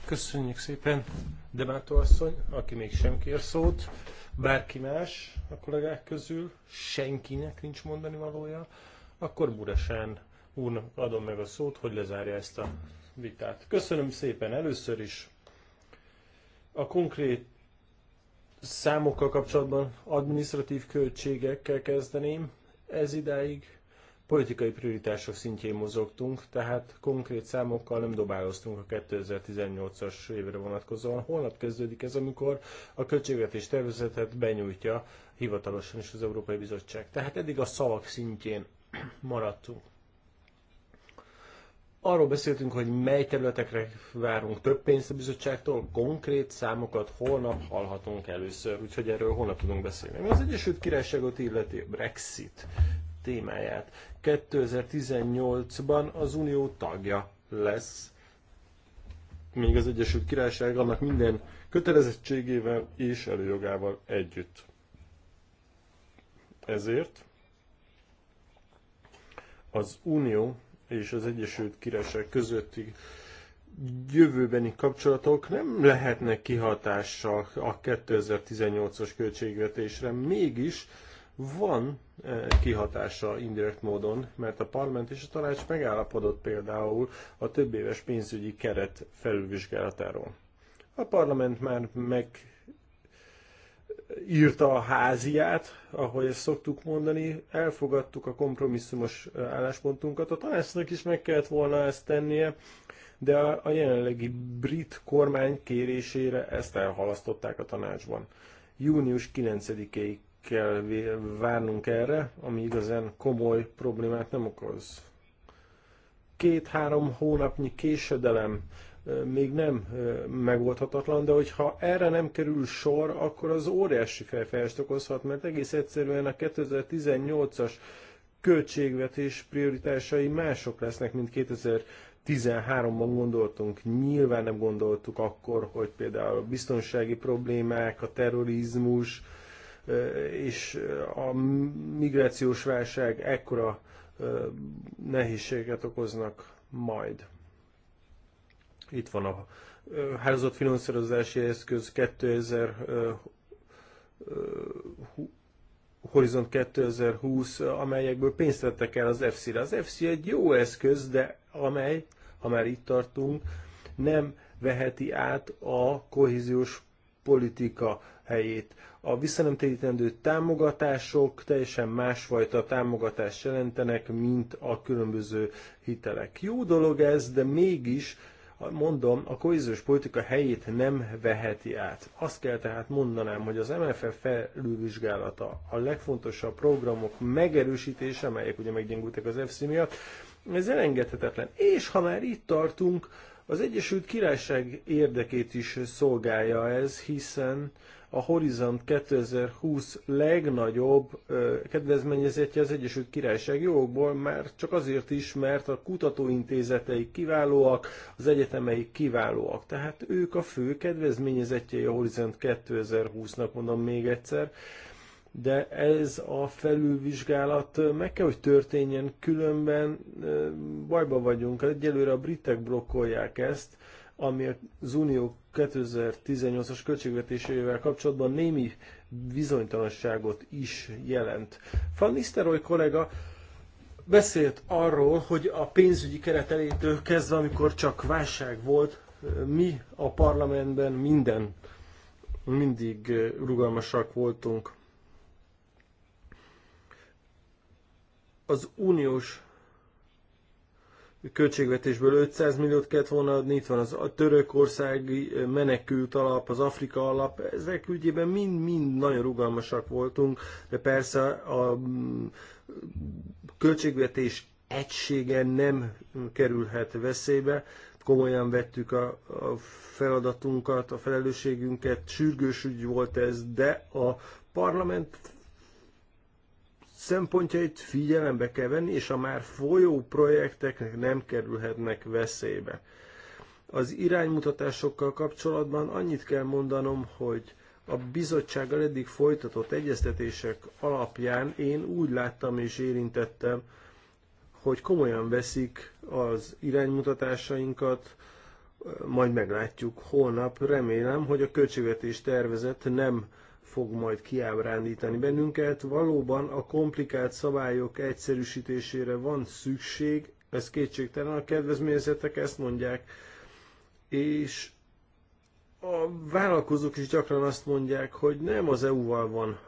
Köszönjük szépen, Demátó asszony, aki még sem kér szót, bárki más a kollégák közül, senkinek nincs mondani valója, akkor Buresán úrnak adom meg a szót, hogy lezárja ezt a vitát. Köszönöm szépen először is. A konkrét számokkal kapcsolatban administratív költségekkel kezdeném. Ez idáig politikai prioritások szintjén mozogtunk, tehát konkrét számokkal nem dobáloztunk a 2018-as évre vonatkozóan. Holnap kezdődik ez, amikor a költségvetés tervezetet benyújtja hivatalosan is az Európai Bizottság. Tehát eddig a szavak szintjén maradtunk. Arról beszéltünk, hogy mely területekre várunk több pénzt a bizottságtól, konkrét számokat holnap hallhatunk először, úgyhogy erről holnap tudunk beszélni. Az Egyesült Királyságot illeti Brexit témáját. 2018-ban az Unió tagja lesz, még az Egyesült Királyság annak minden kötelezettségével és előjogával együtt. Ezért az Unió és az Egyesült Királyság közötti jövőbeni kapcsolatok nem lehetnek kihatással a 2018-as költségvetésre, mégis van eh, kihatása indirekt módon, mert a parlament és a tanács megállapodott például a több éves pénzügyi keret felülvizsgálatáról. A parlament már meg írta a háziát, ahogy ezt szoktuk mondani, elfogadtuk a kompromisszumos álláspontunkat. A tanácsnak is meg kellett volna ezt tennie, de a jelenlegi brit kormány kérésére ezt elhalasztották a tanácsban. Június 9-ig kell várnunk erre, ami igazán komoly problémát nem okoz. Két-három hónapnyi késedelem még nem megoldhatatlan, de hogyha erre nem kerül sor, akkor az óriási fejfájást okozhat, mert egész egyszerűen a 2018-as költségvetés prioritásai mások lesznek, mint 2013-ban gondoltunk. Nyilván nem gondoltuk akkor, hogy például a biztonsági problémák, a terrorizmus és a migrációs válság ekkora nehézséget okoznak majd. Itt van a hálózat finanszírozási eszköz 2000 Horizont 2020, amelyekből pénzt vettek el az FC-re. Az FC egy jó eszköz, de amely, ha már itt tartunk, nem veheti át a kohéziós politika helyét. A visszanemtérítendő támogatások teljesen másfajta támogatást jelentenek, mint a különböző hitelek. Jó dolog ez, de mégis mondom, a kohéziós politika helyét nem veheti át. Azt kell tehát mondanám, hogy az MFF felülvizsgálata a legfontosabb programok megerősítése, amelyek ugye meggyengültek az FC miatt, ez elengedhetetlen. És ha már itt tartunk, az Egyesült Királyság érdekét is szolgálja ez, hiszen a Horizon 2020 legnagyobb kedvezményezetje az Egyesült Királyság jogból, már csak azért is, mert a kutatóintézeteik kiválóak, az egyetemeik kiválóak. Tehát ők a fő kedvezményezettjei a Horizon 2020-nak, mondom még egyszer de ez a felülvizsgálat meg kell, hogy történjen, különben bajba vagyunk. Egyelőre a britek blokkolják ezt, ami az unió 2018-as költségvetésével kapcsolatban némi bizonytalanságot is jelent. Van Nisztelrooy kollega beszélt arról, hogy a pénzügyi keret elétől kezdve, amikor csak válság volt, mi a parlamentben minden mindig rugalmasak voltunk. Az uniós költségvetésből 500 milliót kellett volna adni, itt van az a törökországi menekült alap, az Afrika alap, ezek ügyében mind-mind nagyon rugalmasak voltunk, de persze a költségvetés egysége nem kerülhet veszélybe, komolyan vettük a, a feladatunkat, a felelősségünket, sürgős ügy volt ez, de a parlament szempontjait figyelembe kell venni, és a már folyó projekteknek nem kerülhetnek veszélybe. Az iránymutatásokkal kapcsolatban annyit kell mondanom, hogy a bizottsággal eddig folytatott egyeztetések alapján én úgy láttam és érintettem, hogy komolyan veszik az iránymutatásainkat, majd meglátjuk holnap. Remélem, hogy a költségvetés tervezet nem fog majd kiábrándítani bennünket. Valóban a komplikált szabályok egyszerűsítésére van szükség, ez kétségtelen, a kedvezményezetek ezt mondják, és a vállalkozók is gyakran azt mondják, hogy nem az EU-val van,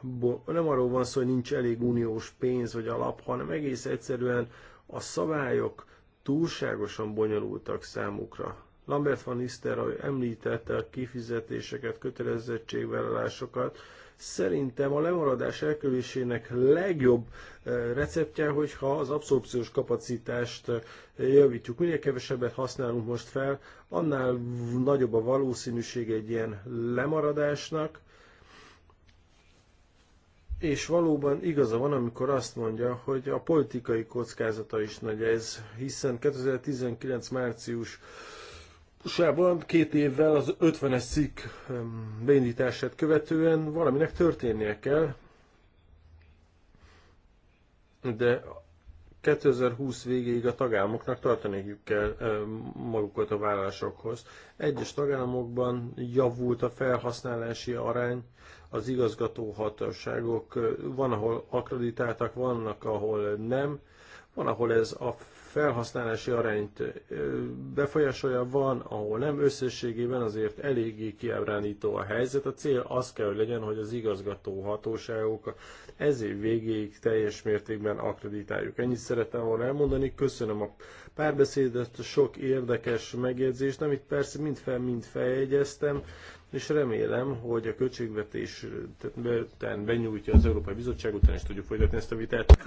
nem arról van szó, hogy nincs elég uniós pénz vagy alap, hanem egész egyszerűen a szabályok túlságosan bonyolultak számukra. Lambert van ahogy említette a kifizetéseket, kötelezettségvállalásokat. Szerintem a lemaradás elkerülésének legjobb eh, receptje, hogyha az abszorpciós kapacitást eh, javítjuk. Minél kevesebbet használunk most fel, annál nagyobb a valószínűség egy ilyen lemaradásnak. És valóban igaza van, amikor azt mondja, hogy a politikai kockázata is nagy ez, hiszen 2019 március Sában két évvel az 50-es szik beindítását követően valaminek történnie kell, de 2020 végéig a tagállamoknak tartaniuk kell magukat a vállalásokhoz. Egyes tagállamokban javult a felhasználási arány, az igazgató hatóságok eh, van, ahol akreditáltak, vannak, ahol nem, van, ahol ez a felhasználási arányt befolyásolja, van, ahol nem, összességében azért eléggé kiábránító a helyzet. A cél az kell, hogy legyen, hogy az igazgató hatóságok ez év végéig teljes mértékben akreditáljuk. Ennyit szerettem volna elmondani, köszönöm a párbeszédet, sok érdekes megjegyzést, amit persze mind fel, mind feljegyeztem, és remélem, hogy a költségvetés után benyújtja az Európai Bizottság, után is tudjuk folytatni ezt a vitát.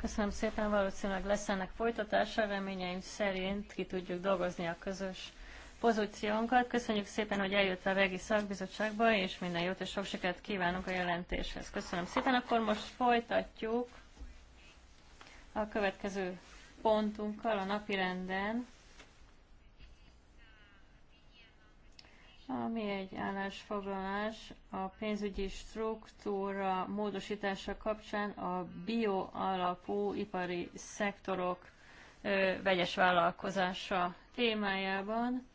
Köszönöm szépen, valószínűleg lesz ennek folytatása, reményeim szerint ki tudjuk dolgozni a közös pozíciónkat. Köszönjük szépen, hogy eljött a Regi Szakbizottságba, és minden jót és sok sikert kívánunk a jelentéshez. Köszönöm szépen, akkor most folytatjuk a következő pontunkkal a renden. ami egy állásfoglalás a pénzügyi struktúra módosítása kapcsán a bioalapú ipari szektorok ö, vegyes vállalkozása témájában.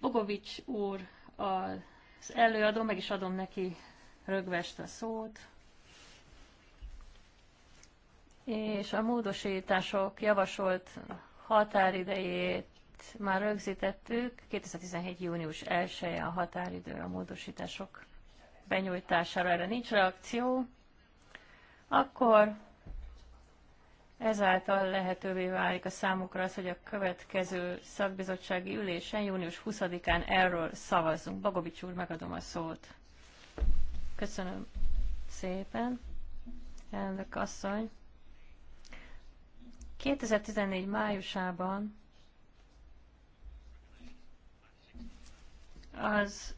Bogovics úr az előadó, meg is adom neki rögvest a szót. És a módosítások javasolt határidejét már rögzítettük, 2017. június 1 a határidő a módosítások benyújtására. Erre nincs reakció, akkor ezáltal lehetővé válik a számukra az, hogy a következő szakbizottsági ülésen, június 20-án erről szavazzunk. Bagovics úr, megadom a szót. Köszönöm szépen, elnök asszony. 2014 májusában az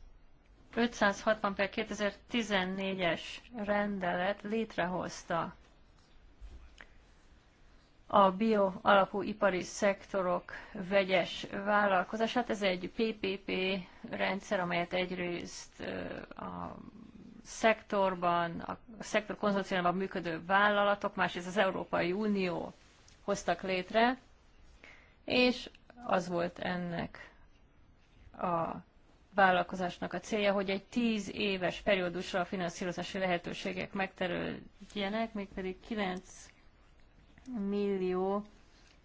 560 per 2014-es rendelet létrehozta a bio alapú ipari szektorok vegyes vállalkozását. Ez egy PPP rendszer, amelyet egyrészt a szektorban, a szektor konzorciumban működő vállalatok, másrészt az Európai Unió hoztak létre, és az volt ennek a vállalkozásnak a célja, hogy egy tíz éves periódusra a finanszírozási lehetőségek megterüljenek, mégpedig 9 millió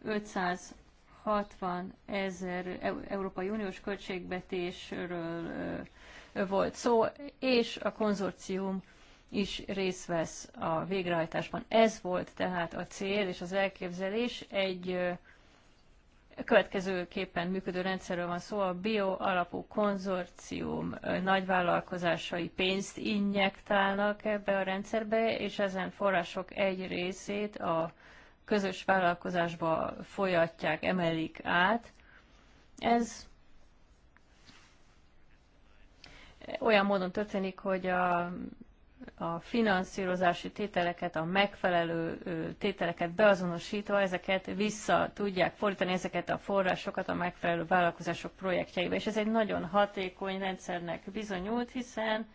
560 ezer Európai Uniós költségvetésről volt szó, és a konzorcium is részt vesz a végrehajtásban. Ez volt tehát a cél és az elképzelés egy következőképpen működő rendszerről van szó, a bio alapú konzorcium nagyvállalkozásai pénzt injektálnak ebbe a rendszerbe, és ezen források egy részét a közös vállalkozásba folyatják, emelik át. Ez olyan módon történik, hogy a a finanszírozási tételeket, a megfelelő tételeket beazonosítva, ezeket vissza tudják fordítani ezeket a forrásokat a megfelelő vállalkozások projektjeibe. És ez egy nagyon hatékony rendszernek bizonyult, hiszen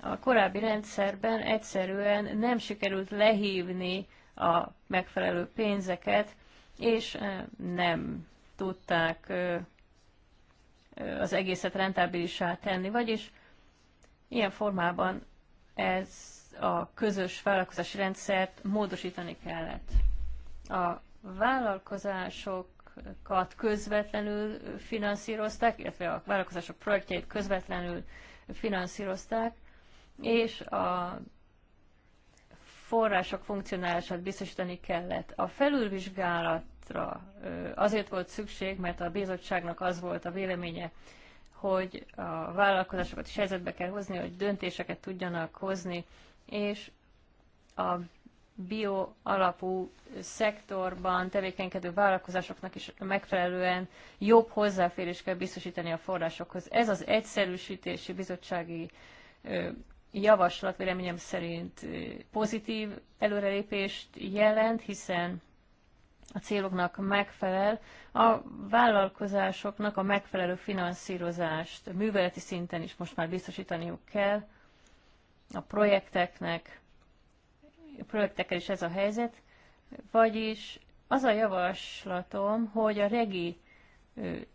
a korábbi rendszerben egyszerűen nem sikerült lehívni a megfelelő pénzeket, és nem tudták az egészet rentábilissá tenni, vagyis ilyen formában ez a közös vállalkozási rendszert módosítani kellett. A vállalkozásokat közvetlenül finanszírozták, illetve a vállalkozások projektjeit közvetlenül finanszírozták, és a források funkcionálását biztosítani kellett. A felülvizsgálatra azért volt szükség, mert a bizottságnak az volt a véleménye, hogy a vállalkozásokat is helyzetbe kell hozni, hogy döntéseket tudjanak hozni, és a bio alapú szektorban tevékenykedő vállalkozásoknak is megfelelően jobb hozzáférés kell biztosítani a forrásokhoz. Ez az egyszerűsítési bizottsági javaslat véleményem szerint pozitív előrelépést jelent, hiszen a céloknak megfelel, a vállalkozásoknak a megfelelő finanszírozást műveleti szinten is most már biztosítaniuk kell, a projekteknek, a projektekkel is ez a helyzet, vagyis az a javaslatom, hogy a regi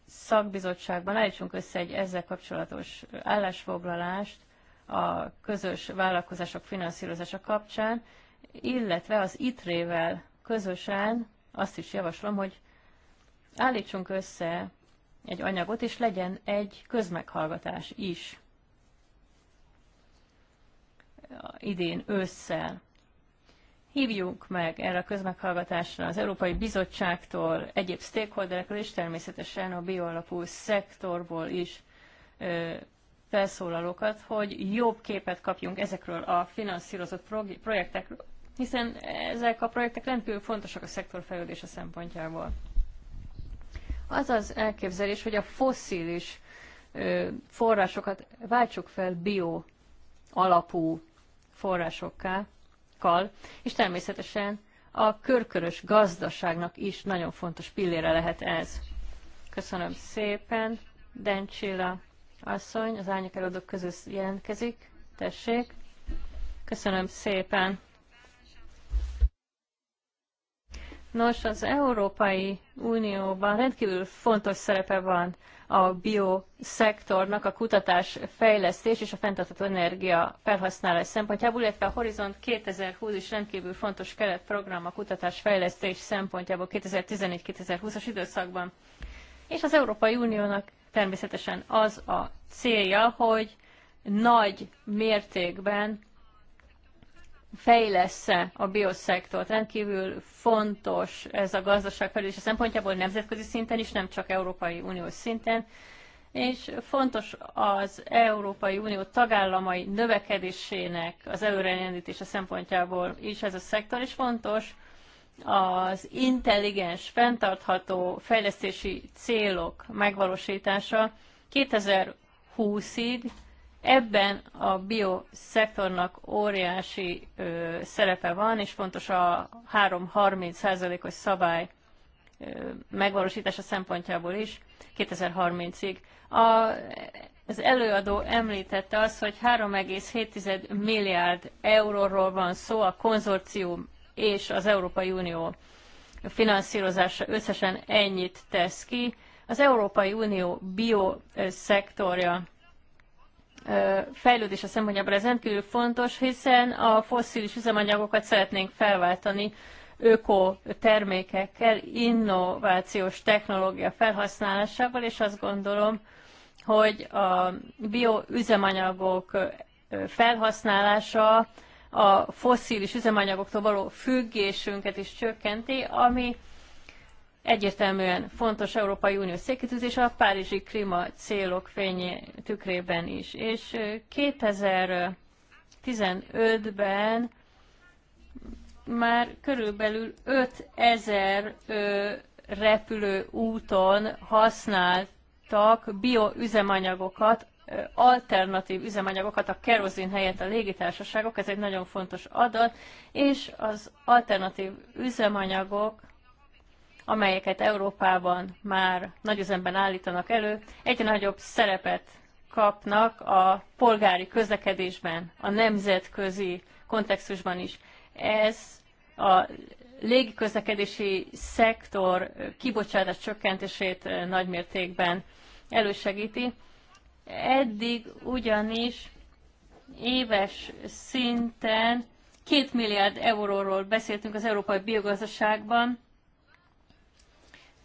szakbizottságban állítsunk össze egy ezzel kapcsolatos állásfoglalást a közös vállalkozások finanszírozása kapcsán, illetve az itre vel közösen azt is javaslom, hogy állítsunk össze egy anyagot, és legyen egy közmeghallgatás is idén ősszel. Hívjunk meg erre a közmeghallgatásra az Európai Bizottságtól, egyéb stakeholderekről, és természetesen a bioalapú szektorból is ö, felszólalókat, hogy jobb képet kapjunk ezekről a finanszírozott projektekről, hiszen ezek a projektek rendkívül fontosak a szektor fejlődése szempontjából. Az az elképzelés, hogy a fosszilis forrásokat váltsuk fel bio alapú forrásokká, kal, és természetesen a körkörös gazdaságnak is nagyon fontos pillére lehet ez. Köszönöm szépen. Dencsilla asszony, az ányok közös jelentkezik. Tessék. Köszönöm szépen. Nos, az Európai Unióban rendkívül fontos szerepe van a bioszektornak, a kutatás, fejlesztés és a fenntartható energia felhasználás szempontjából, illetve a Horizont 2020 is rendkívül fontos keretprogram a kutatás, fejlesztés szempontjából 2014-2020-as időszakban. És az Európai Uniónak természetesen az a célja, hogy nagy mértékben fejlesz-e a bioszektort. Rendkívül fontos ez a gazdaság szempontjából nemzetközi szinten is, nem csak Európai Uniós szinten, és fontos az Európai Unió tagállamai növekedésének az előrejelendítése szempontjából is ez a szektor, és fontos az intelligens, fenntartható fejlesztési célok megvalósítása 2020-ig Ebben a bioszektornak óriási ö, szerepe van, és fontos a 3-30%-os szabály ö, megvalósítása szempontjából is 2030-ig. A, az előadó említette azt, hogy 3,7 milliárd euróról van szó a konzorcium és az Európai Unió finanszírozása összesen ennyit tesz ki. Az Európai Unió bioszektorja fejlődés a szempontjából ez rendkívül fontos, hiszen a fosszilis üzemanyagokat szeretnénk felváltani öko termékekkel, innovációs technológia felhasználásával, és azt gondolom, hogy a bioüzemanyagok felhasználása a fosszilis üzemanyagoktól való függésünket is csökkenti, ami egyértelműen fontos Európai Unió székítőzés a párizsi klíma célok fényé tükrében is. És 2015-ben már körülbelül 5000 repülő úton használtak bioüzemanyagokat, alternatív üzemanyagokat a kerozin helyett a légitársaságok, ez egy nagyon fontos adat, és az alternatív üzemanyagok amelyeket Európában már nagy üzemben állítanak elő, egyre nagyobb szerepet kapnak a polgári közlekedésben, a nemzetközi kontextusban is. Ez a légiközlekedési szektor kibocsátás csökkentését eh, nagymértékben elősegíti. Eddig ugyanis éves szinten 2 milliárd euróról beszéltünk az európai biogazdaságban,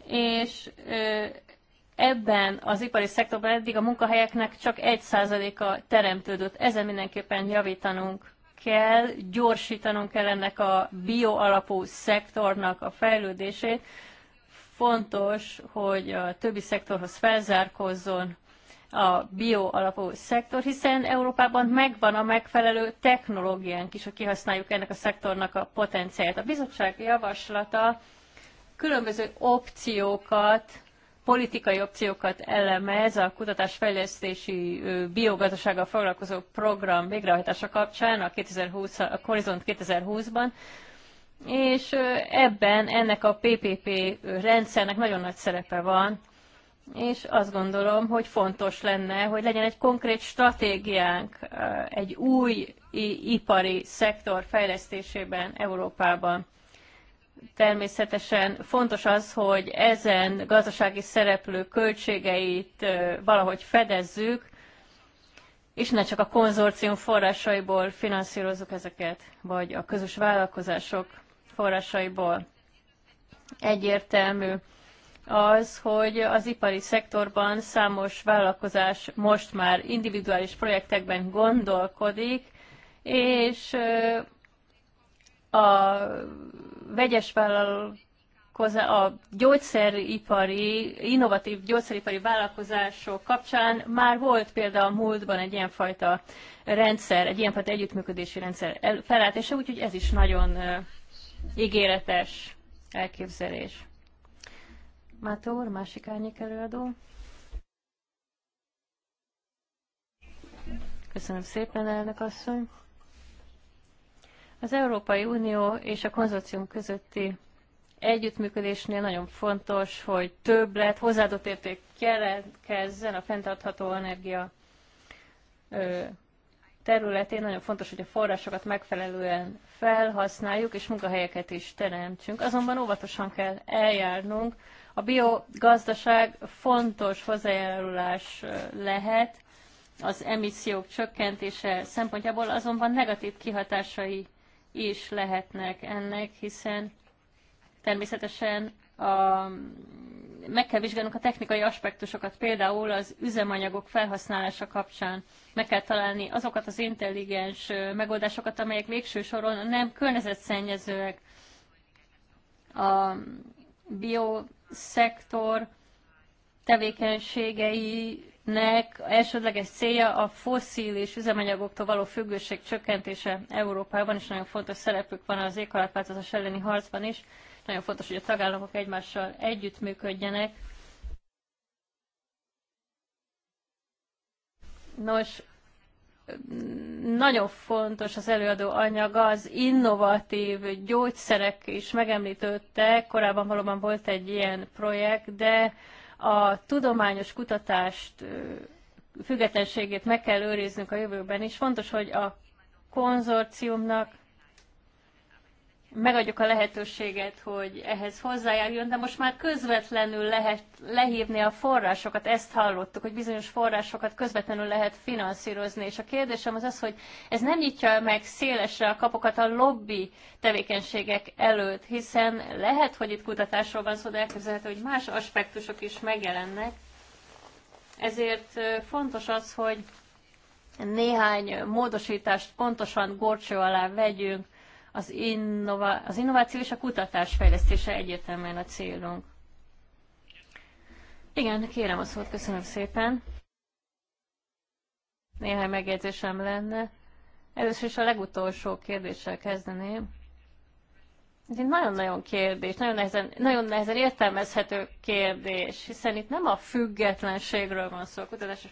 és ebben az ipari szektorban eddig a munkahelyeknek csak egy százaléka teremtődött. Ezen mindenképpen javítanunk kell, gyorsítanunk kell ennek a bioalapú szektornak a fejlődését. Fontos, hogy a többi szektorhoz felzárkozzon a bioalapú szektor, hiszen Európában megvan a megfelelő technológiánk is, hogy kihasználjuk ennek a szektornak a potenciált. A bizottság javaslata különböző opciókat, politikai opciókat elemez a kutatásfejlesztési biogazdasággal foglalkozó program végrehajtása kapcsán a, 2020, a Horizont 2020-ban, és ebben ennek a PPP rendszernek nagyon nagy szerepe van, és azt gondolom, hogy fontos lenne, hogy legyen egy konkrét stratégiánk egy új ipari szektor fejlesztésében Európában természetesen fontos az, hogy ezen gazdasági szereplő költségeit valahogy fedezzük, és ne csak a konzorcium forrásaiból finanszírozzuk ezeket, vagy a közös vállalkozások forrásaiból. Egyértelmű az, hogy az ipari szektorban számos vállalkozás most már individuális projektekben gondolkodik, és a vegyes a gyógyszeripari, innovatív gyógyszeripari vállalkozások kapcsán már volt például a múltban egy ilyenfajta rendszer, egy ilyenfajta együttműködési rendszer felállítása, úgyhogy ez is nagyon ígéretes elképzelés. Mátor, másik árnyék előadó. Köszönöm szépen, elnök asszony. Az Európai Unió és a konzorcium közötti együttműködésnél nagyon fontos, hogy több lett hozzáadott érték keletkezzen a fenntartható energia területén. Nagyon fontos, hogy a forrásokat megfelelően felhasználjuk, és munkahelyeket is teremtsünk. Azonban óvatosan kell eljárnunk. A biogazdaság fontos hozzájárulás lehet az emissziók csökkentése szempontjából, azonban negatív kihatásai is lehetnek ennek, hiszen természetesen a, meg kell vizsgálnunk a technikai aspektusokat, például az üzemanyagok felhasználása kapcsán meg kell találni azokat az intelligens megoldásokat, amelyek végső soron nem környezetszennyezőek. A bioszektor tevékenységei nek elsődleges célja a fosszilis üzemanyagoktól való függőség csökkentése Európában, és nagyon fontos szerepük van az éghajlatváltozás elleni harcban is. Nagyon fontos, hogy a tagállamok egymással együttműködjenek. Nos, nagyon fontos az előadó anyag, az innovatív gyógyszerek is megemlítődtek, korábban valóban volt egy ilyen projekt, de a tudományos kutatást függetlenségét meg kell őriznünk a jövőben is. Fontos, hogy a konzorciumnak megadjuk a lehetőséget, hogy ehhez hozzájárjon, de most már közvetlenül lehet lehívni a forrásokat, ezt hallottuk, hogy bizonyos forrásokat közvetlenül lehet finanszírozni, és a kérdésem az az, hogy ez nem nyitja meg szélesre a kapokat a lobby tevékenységek előtt, hiszen lehet, hogy itt kutatásról van szó, de elképzelhető, hogy más aspektusok is megjelennek, ezért fontos az, hogy néhány módosítást pontosan gorcső alá vegyünk, az, innova- az innováció és a kutatás fejlesztése egyértelműen a célunk. Igen, kérem a szót, köszönöm szépen. Néhány megjegyzésem lenne. Először is a legutolsó kérdéssel kezdeném. Ez egy nagyon-nagyon kérdés, nagyon nehezen, nagyon nehezen értelmezhető kérdés, hiszen itt nem a függetlenségről van szó, a kutatás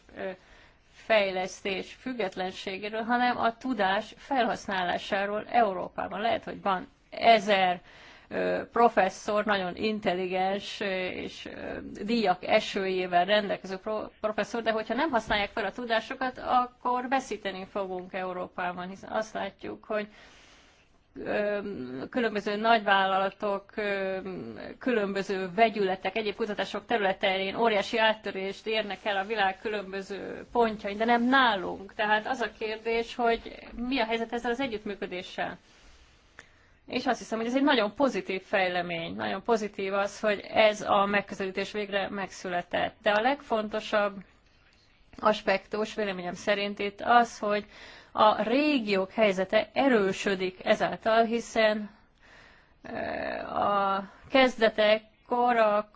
fejlesztés függetlenségéről, hanem a tudás felhasználásáról Európában. Lehet, hogy van ezer professzor, nagyon intelligens és díjak esőjével rendelkező professzor, de hogyha nem használják fel a tudásokat, akkor veszíteni fogunk Európában, hiszen azt látjuk, hogy különböző nagyvállalatok, különböző vegyületek, egyéb kutatások területein óriási áttörést érnek el a világ különböző pontjain, de nem nálunk. Tehát az a kérdés, hogy mi a helyzet ezzel az együttműködéssel? És azt hiszem, hogy ez egy nagyon pozitív fejlemény, nagyon pozitív az, hogy ez a megközelítés végre megszületett. De a legfontosabb aspektus véleményem szerint itt az, hogy a régiók helyzete erősödik ezáltal, hiszen e, a kezdetek a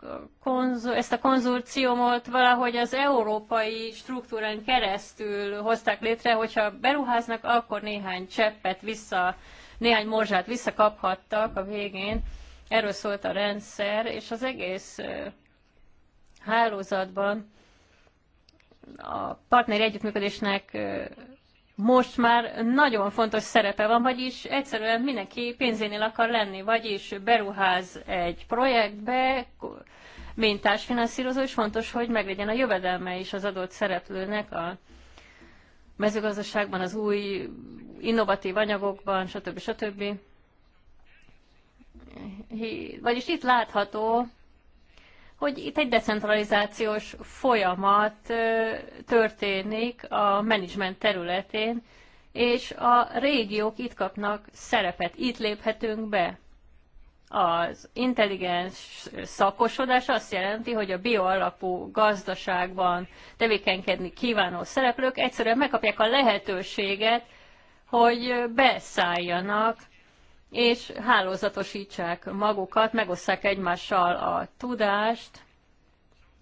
konzul, ezt a konzorciumot valahogy az európai struktúrán keresztül hozták létre, hogyha beruháznak, akkor néhány cseppet vissza, néhány morzsát visszakaphattak a végén. Erről szólt a rendszer, és az egész e, hálózatban a partneri együttműködésnek e, most már nagyon fontos szerepe van, vagyis egyszerűen mindenki pénzénél akar lenni, vagyis beruház egy projektbe, mint társfinanszírozó, és fontos, hogy meglegyen a jövedelme is az adott szereplőnek a mezőgazdaságban, az új innovatív anyagokban, stb. stb. Vagyis itt látható hogy itt egy decentralizációs folyamat történik a menedzsment területén, és a régiók itt kapnak szerepet, itt léphetünk be. Az intelligens szakosodás azt jelenti, hogy a bioalapú gazdaságban tevékenykedni kívánó szereplők egyszerűen megkapják a lehetőséget, hogy beszálljanak és hálózatosítsák magukat, megosszák egymással a tudást,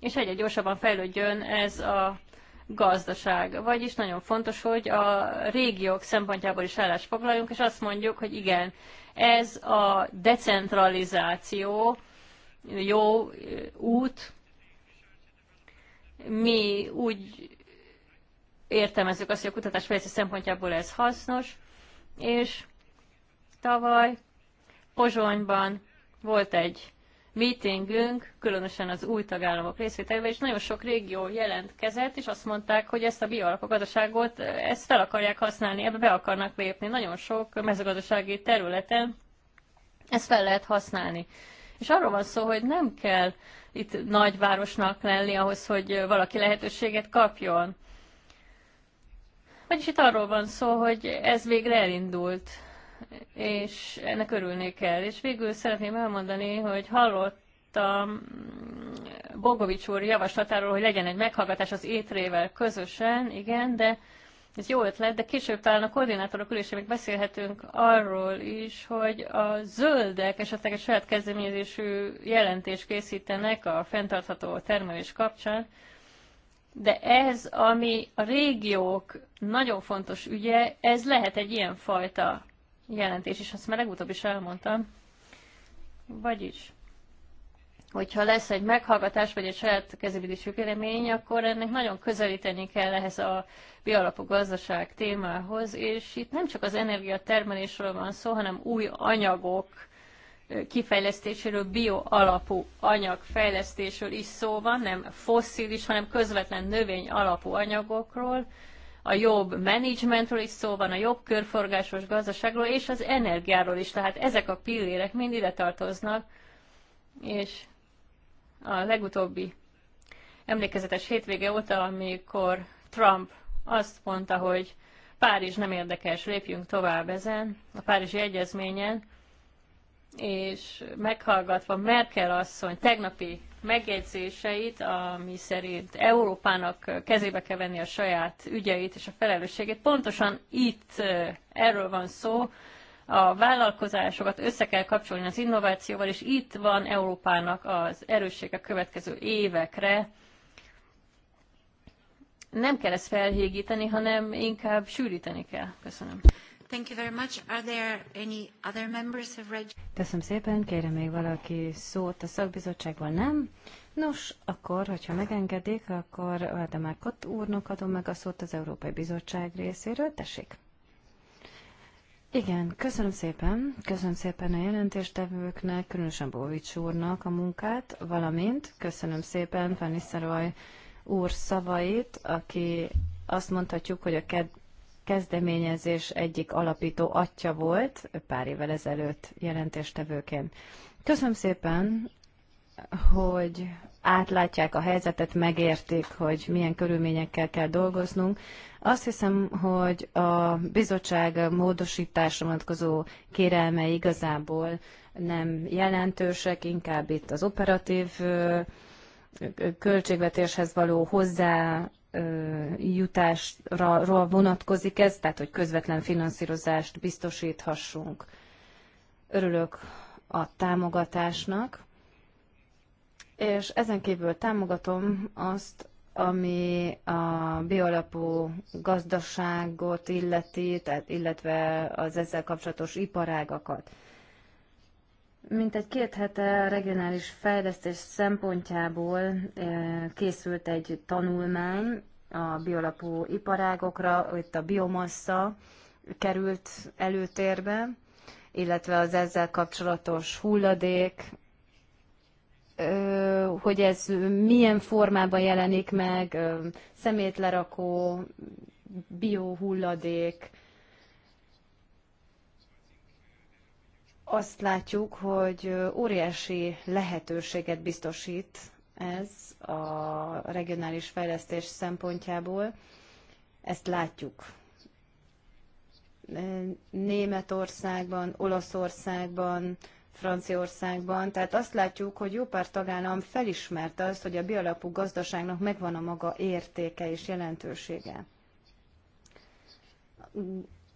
és egyre gyorsabban fejlődjön ez a gazdaság. Vagyis nagyon fontos, hogy a régiók szempontjából is állást foglaljunk, és azt mondjuk, hogy igen, ez a decentralizáció jó út, mi úgy értelmezzük azt, hogy a kutatás szempontjából ez hasznos, és Tavaly Pozsonyban volt egy meetingünk, különösen az új tagállamok részvételével, és nagyon sok régió jelentkezett, és azt mondták, hogy ezt a gazdaságot ezt fel akarják használni, ebbe be akarnak lépni. Nagyon sok mezőgazdasági területen ezt fel lehet használni. És arról van szó, hogy nem kell itt nagyvárosnak lenni ahhoz, hogy valaki lehetőséget kapjon. Vagyis itt arról van szó, hogy ez végre elindult és ennek örülnék kell. És végül szeretném elmondani, hogy hallottam Bogovics úr javaslatáról, hogy legyen egy meghallgatás az étrével közösen, igen, de ez jó ötlet, de később talán a koordinátorok ülésében beszélhetünk arról is, hogy a zöldek esetleg egy saját kezdeményezésű jelentést készítenek a fenntartható termelés kapcsán, de ez, ami a régiók nagyon fontos ügye, ez lehet egy ilyen fajta jelentés, és azt már legutóbb is elmondtam. Vagyis, hogyha lesz egy meghallgatás, vagy egy saját kezdeményezésű vélemény, akkor ennek nagyon közelíteni kell ehhez a bialapú gazdaság témához, és itt nem csak az energiatermelésről van szó, hanem új anyagok kifejlesztéséről, bioalapú anyagfejlesztésről is szó van, nem fosszilis, hanem közvetlen növény alapú anyagokról, a jobb menedzsmentről is szó van, a jobb körforgásos gazdaságról és az energiáról is. Tehát ezek a pillérek mind ide tartoznak, és a legutóbbi emlékezetes hétvége óta, amikor Trump azt mondta, hogy Párizs nem érdekes, lépjünk tovább ezen, a Párizsi Egyezményen, és meghallgatva Merkel asszony tegnapi megjegyzéseit, ami szerint Európának kezébe kell venni a saját ügyeit és a felelősségét. Pontosan itt erről van szó, a vállalkozásokat össze kell kapcsolni az innovációval, és itt van Európának az erőssége a következő évekre. Nem kell ezt felhégíteni, hanem inkább sűríteni kell. Köszönöm. Thank you very much. Are there any other members of Reg- Köszönöm szépen, kérem még valaki szót a szakbizottságban, nem? Nos, akkor, hogyha megengedik, akkor Valdemár Kott úrnak adom meg a szót az Európai Bizottság részéről. Tessék! Igen, köszönöm szépen. Köszönöm szépen a jelentéstevőknek, különösen Bóvics úrnak a munkát, valamint köszönöm szépen Fanny úr szavait, aki azt mondhatjuk, hogy a kezdeményezés egyik alapító atya volt pár évvel ezelőtt jelentéstevőként. Köszönöm szépen, hogy átlátják a helyzetet, megértik, hogy milyen körülményekkel kell dolgoznunk. Azt hiszem, hogy a bizottság módosításra vonatkozó kérelme igazából nem jelentősek, inkább itt az operatív költségvetéshez való hozzá jutásról vonatkozik ez, tehát hogy közvetlen finanszírozást biztosíthassunk. Örülök a támogatásnak, és ezen kívül támogatom azt, ami a biolapú gazdaságot illeti, tehát illetve az ezzel kapcsolatos iparágakat. Mintegy két hete regionális fejlesztés szempontjából eh, készült egy tanulmány a biolapú iparágokra, itt a biomassa került előtérbe, illetve az ezzel kapcsolatos hulladék, hogy ez milyen formában jelenik meg, szemétlerakó, biohulladék, azt látjuk, hogy óriási lehetőséget biztosít ez a regionális fejlesztés szempontjából. Ezt látjuk. Németországban, Olaszországban, Franciaországban. Tehát azt látjuk, hogy jó pár tagállam felismerte azt, hogy a bialapú gazdaságnak megvan a maga értéke és jelentősége.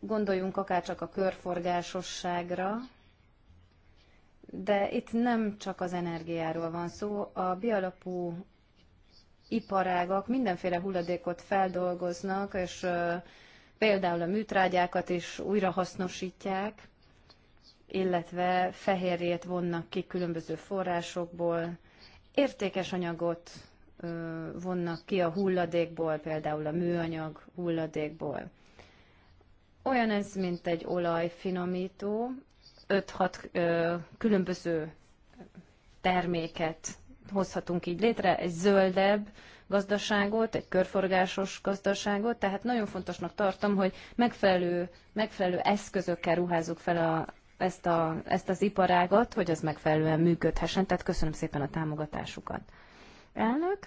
Gondoljunk akárcsak a körforgásosságra, de itt nem csak az energiáról van szó, a bialapú iparágak mindenféle hulladékot feldolgoznak, és például a műtrágyákat is újrahasznosítják, illetve fehérjét vonnak ki különböző forrásokból, értékes anyagot vonnak ki a hulladékból, például a műanyag hulladékból. Olyan ez, mint egy olajfinomító, 5-6 különböző terméket hozhatunk így létre, egy zöldebb gazdaságot, egy körforgásos gazdaságot, tehát nagyon fontosnak tartom, hogy megfelelő, megfelelő eszközökkel ruházzuk fel a, ezt, a, ezt az iparágat, hogy az megfelelően működhessen, tehát köszönöm szépen a támogatásukat. Elnök,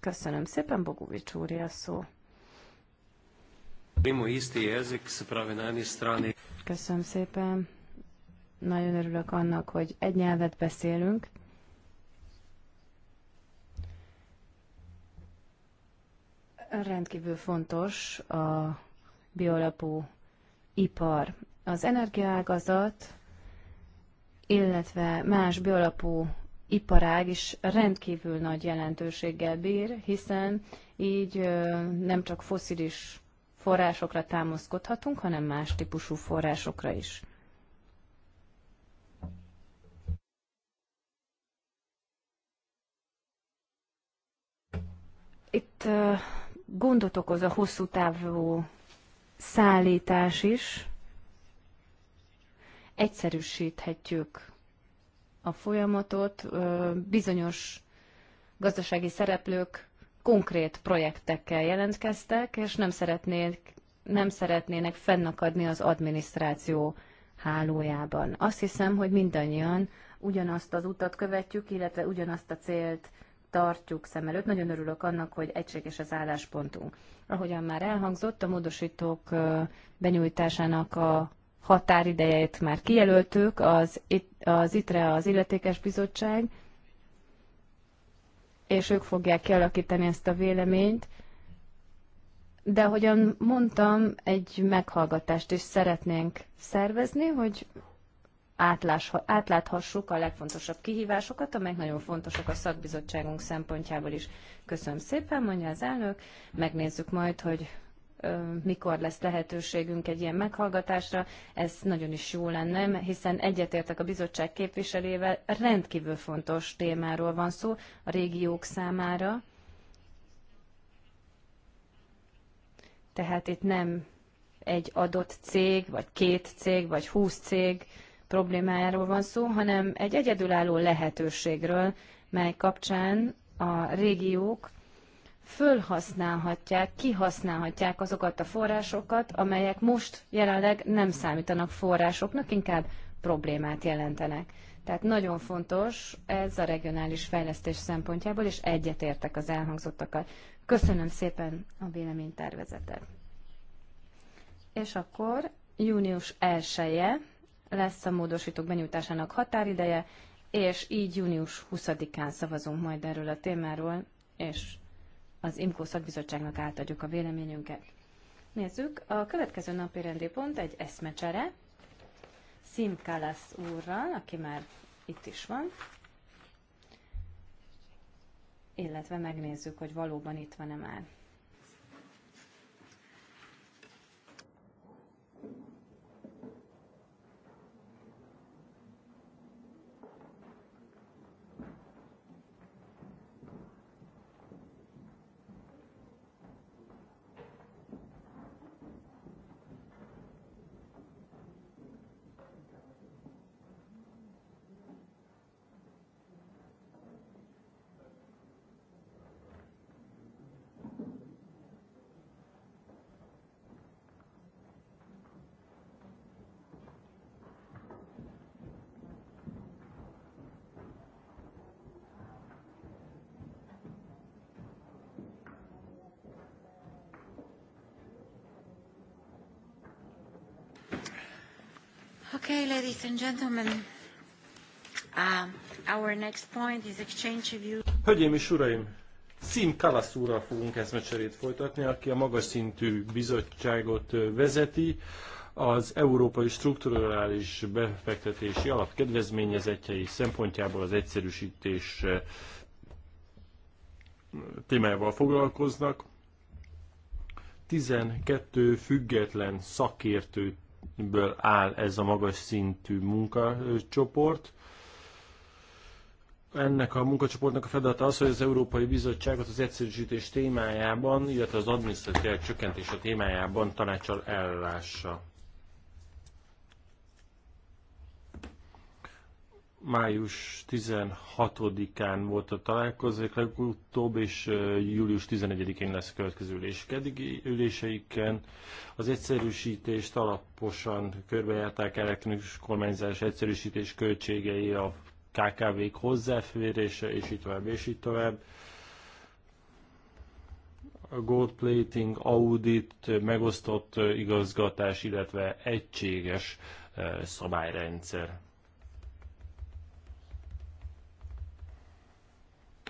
köszönöm szépen, Bogovics úr, a szó. Köszönöm szépen. Nagyon örülök annak, hogy egy nyelvet beszélünk. Rendkívül fontos a biolapú ipar. Az energiaágazat, illetve más biolapú iparág is rendkívül nagy jelentőséggel bír, hiszen így nem csak foszilis forrásokra támaszkodhatunk, hanem más típusú forrásokra is. itt gondot okoz a hosszú távú szállítás is. Egyszerűsíthetjük a folyamatot, bizonyos gazdasági szereplők konkrét projektekkel jelentkeztek, és nem szeretnék nem szeretnének fennakadni az adminisztráció hálójában. Azt hiszem, hogy mindannyian ugyanazt az utat követjük, illetve ugyanazt a célt tartjuk szem előtt. Nagyon örülök annak, hogy egységes az álláspontunk. Ahogyan már elhangzott, a módosítók benyújtásának a határidejét már kijelöltük, az, az ITRE az illetékes bizottság, és ők fogják kialakítani ezt a véleményt. De ahogyan mondtam, egy meghallgatást is szeretnénk szervezni, hogy átláthassuk a legfontosabb kihívásokat, amelyek nagyon fontosak a szakbizottságunk szempontjából is. Köszönöm szépen, mondja az elnök. Megnézzük majd, hogy mikor lesz lehetőségünk egy ilyen meghallgatásra, ez nagyon is jó lenne, hiszen egyetértek a bizottság képviselével, rendkívül fontos témáról van szó a régiók számára. Tehát itt nem egy adott cég, vagy két cég, vagy húsz cég problémájáról van szó, hanem egy egyedülálló lehetőségről, mely kapcsán a régiók fölhasználhatják, kihasználhatják azokat a forrásokat, amelyek most jelenleg nem számítanak forrásoknak, inkább problémát jelentenek. Tehát nagyon fontos ez a regionális fejlesztés szempontjából, és egyetértek az elhangzottakkal. Köszönöm szépen a véleménytervezetet. És akkor június 1 -e, lesz a módosítók benyújtásának határideje, és így június 20-án szavazunk majd erről a témáról, és az IMKO szakbizottságnak átadjuk a véleményünket. Nézzük, a következő napi rendi pont egy eszmecsere, Szim Kalasz úrral, aki már itt is van, illetve megnézzük, hogy valóban itt van-e már. Okay, ladies and gentlemen, um, our next point is exchange Hölgyeim és uraim, Szim Kalasz úrral fogunk eszmecserét folytatni, aki a magas szintű bizottságot vezeti, az Európai Strukturális Befektetési Alap kedvezményezetjei szempontjából az egyszerűsítés témájával foglalkoznak. 12 független szakértőt ből áll ez a magas szintű munkacsoport. Ennek a munkacsoportnak a feladata az, hogy az Európai Bizottságot az egyszerűsítés témájában, illetve az adminisztratív csökkentés a témájában tanácsal ellássa. május 16-án volt a találkozók legutóbb, és július 11-én lesz a következő ülés. Keddig üléseiken az egyszerűsítést alaposan körbejárták elektronikus kormányzás egyszerűsítés költségei, a KKV-k hozzáférése, és így tovább, és így tovább. A gold plating, audit, megosztott igazgatás, illetve egységes szabályrendszer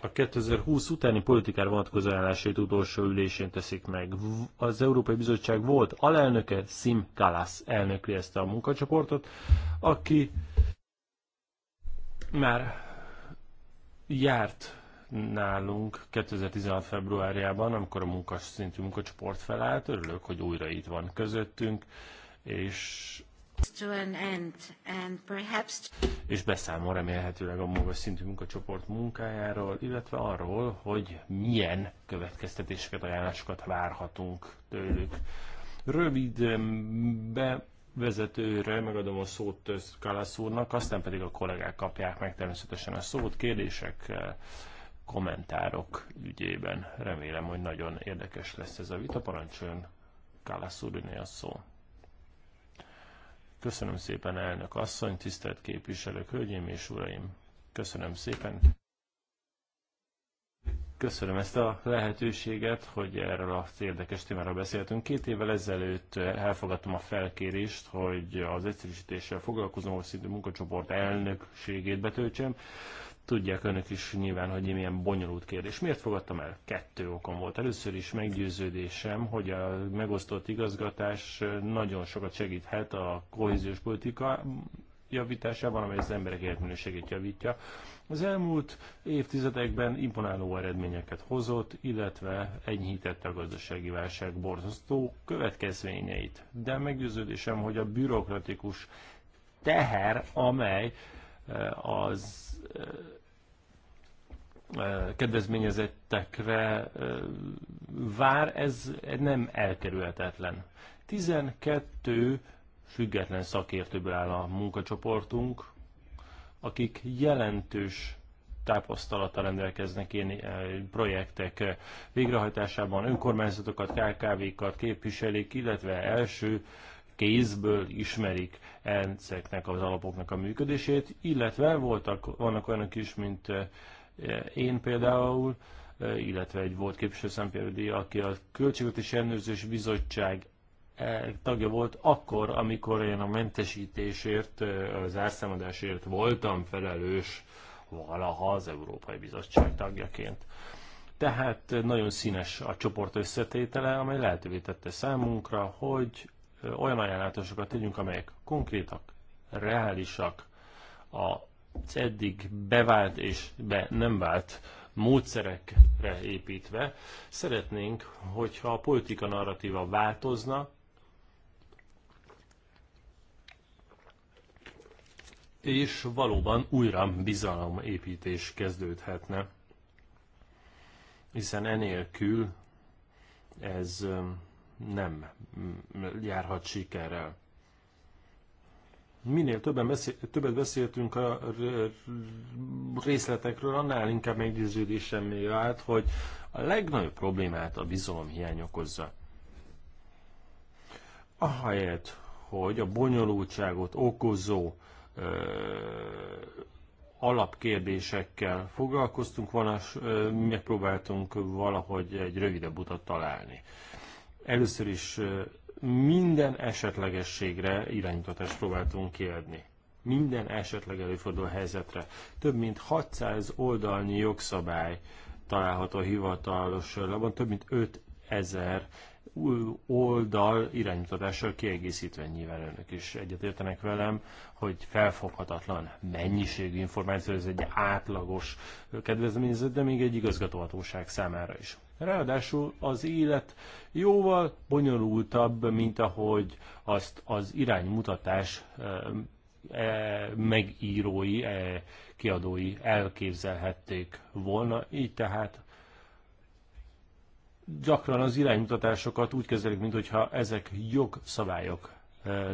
a 2020 utáni politikára vonatkozó állásait utolsó ülésén teszik meg. Az Európai Bizottság volt alelnöke, Sim Kalas elnökli ezt a munkacsoportot, aki már járt nálunk 2016. februárjában, amikor a munkas szintű munkacsoport felállt. Örülök, hogy újra itt van közöttünk, és és beszámol remélhetőleg a magas szintű munkacsoport munkájáról, illetve arról, hogy milyen következtetéseket, ajánlásokat várhatunk tőlük. Rövid bevezetőre megadom a szót Kalasz úrnak, aztán pedig a kollégák kapják meg természetesen a szót, kérdések, eh, kommentárok ügyében. Remélem, hogy nagyon érdekes lesz ez a vita. Parancsoljon Kalasz úr, a szó. Köszönöm szépen, elnök asszony, tisztelt képviselők, hölgyeim és uraim. Köszönöm szépen. Köszönöm ezt a lehetőséget, hogy erről a érdekes témáról beszéltünk. Két évvel ezelőtt elfogadtam a felkérést, hogy az egyszerűsítéssel foglalkozó szintű munkacsoport elnökségét betöltsem. Tudják önök is nyilván, hogy milyen bonyolult kérdés. Miért fogadtam el? Kettő okom volt. Először is meggyőződésem, hogy a megosztott igazgatás nagyon sokat segíthet a kohéziós politika javításában, amely az emberek életminőségét javítja. Az elmúlt évtizedekben imponáló eredményeket hozott, illetve enyhítette a gazdasági válság borzasztó következményeit. De meggyőződésem, hogy a bürokratikus teher, amely eh, az eh, kedvezményezettekre vár, ez nem elkerülhetetlen. 12 független szakértőből áll a munkacsoportunk, akik jelentős tapasztalata rendelkeznek ilyen projektek végrehajtásában, önkormányzatokat, KKV-kat képviselik, illetve első kézből ismerik ezeknek az alapoknak a működését, illetve voltak, vannak olyanok is, mint én például, illetve egy volt képviselő Szentpéri aki a Költségvetési Ellenőrzés Bizottság e, tagja volt akkor, amikor én a mentesítésért, az árszámadásért voltam felelős valaha az Európai Bizottság tagjaként. Tehát nagyon színes a csoport összetétele, amely lehetővé tette számunkra, hogy olyan ajánlatosokat tegyünk, amelyek konkrétak, reálisak, a eddig bevált és be nem vált módszerekre építve. Szeretnénk, hogyha a politika narratíva változna, és valóban újra bizalomépítés kezdődhetne, hiszen enélkül ez nem járhat sikerrel. Minél többen beszél, többet beszéltünk a részletekről, annál inkább meggyőződésem vált, hogy a legnagyobb problémát a bizalom hiány okozza. Ahelyett, hogy a bonyolultságot okozó ö, alapkérdésekkel foglalkoztunk van, volna, megpróbáltunk valahogy egy rövidebb utat találni. Először is minden esetlegességre irányítatást próbáltunk kiadni. Minden esetleg előforduló helyzetre. Több mint 600 oldalnyi jogszabály található a hivatalos labban, több mint 5000 oldal iránymutatással kiegészítve nyilván önök is egyetértenek velem, hogy felfoghatatlan mennyiségű információ, ez egy átlagos kedvezményezet, de még egy igazgatóhatóság számára is. Ráadásul az élet jóval bonyolultabb, mint ahogy azt az iránymutatás e, megírói, e, kiadói elképzelhették volna. Így tehát gyakran az iránymutatásokat úgy kezelik, mintha ezek jogszabályok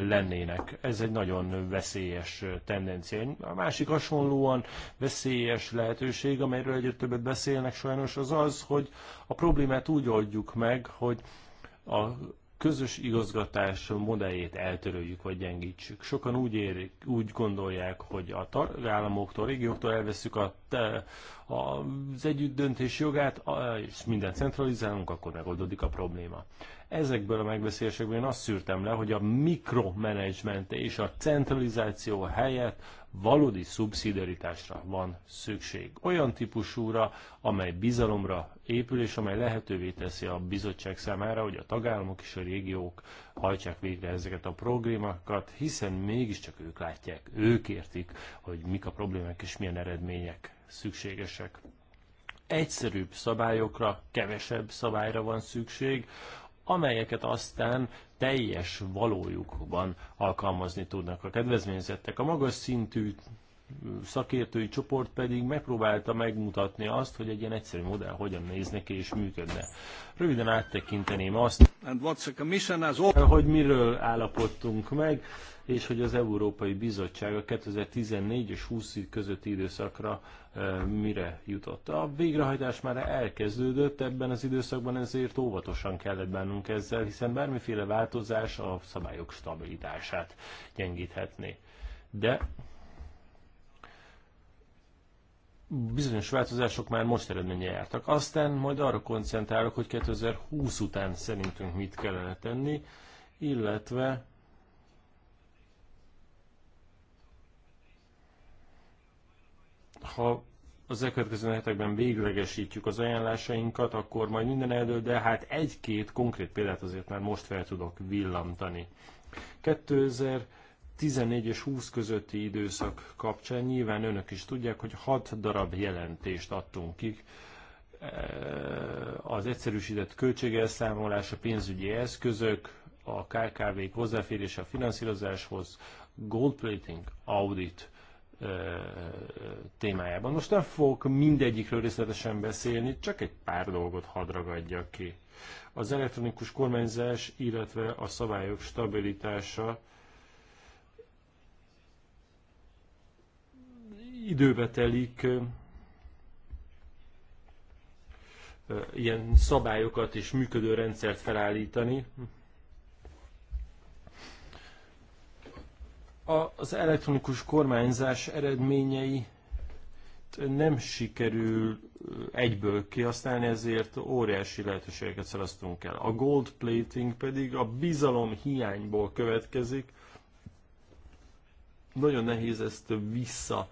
lennének. Ez egy nagyon veszélyes tendencia. A másik hasonlóan veszélyes lehetőség, amelyről egyre többet beszélnek sajnos, az az, hogy a problémát úgy oldjuk meg, hogy a közös igazgatás modelljét eltöröljük vagy gyengítsük. Sokan úgy, érik, úgy gondolják, hogy a tagállamoktól, a régióktól elveszük a, a, az együtt döntés jogát, és mindent centralizálunk, akkor megoldódik a probléma. Ezekből a megbeszélésekből én azt szűrtem le, hogy a mikromanagement és a centralizáció helyett valódi szubszidiaritásra van szükség. Olyan típusúra, amely bizalomra, épülés, amely lehetővé teszi a bizottság számára, hogy a tagállamok és a régiók hajtsák végre ezeket a problémákat, hiszen mégiscsak ők látják, ők értik, hogy mik a problémák és milyen eredmények szükségesek. Egyszerűbb szabályokra, kevesebb szabályra van szükség, amelyeket aztán teljes valójukban alkalmazni tudnak a kedvezményzettek. A magas szintű szakértői csoport pedig megpróbálta megmutatni azt, hogy egy ilyen egyszerű modell hogyan nézne ki és működne. Röviden áttekinteném azt, hogy miről állapodtunk meg, és hogy az Európai Bizottság a 2014 és 20 közötti időszakra eh, mire jutott. A végrehajtás már elkezdődött ebben az időszakban, ezért óvatosan kellett bennünk ezzel, hiszen bármiféle változás a szabályok stabilitását gyengíthetné. De bizonyos változások már most eredménye jártak. Aztán majd arra koncentrálok, hogy 2020 után szerintünk mit kellene tenni, illetve ha az elkövetkező hetekben véglegesítjük az ajánlásainkat, akkor majd minden eldől, de hát egy-két konkrét példát azért már most fel tudok villantani. 2000 14 és 20 közötti időszak kapcsán nyilván önök is tudják, hogy 6 darab jelentést adtunk ki. Eh, az egyszerűsített költségelszámolás, a pénzügyi eszközök, a KKV-k hozzáférése a finanszírozáshoz, gold plating, audit eh, témájában. Most nem fogok mindegyikről részletesen beszélni, csak egy pár dolgot hadd ragadjak ki. Az elektronikus kormányzás, illetve a szabályok stabilitása időbe telik ilyen szabályokat és működő rendszert felállítani. Az elektronikus kormányzás eredményei nem sikerül egyből kihasználni, ezért óriási lehetőségeket szereztünk el. A gold plating pedig a bizalom hiányból következik. Nagyon nehéz ezt vissza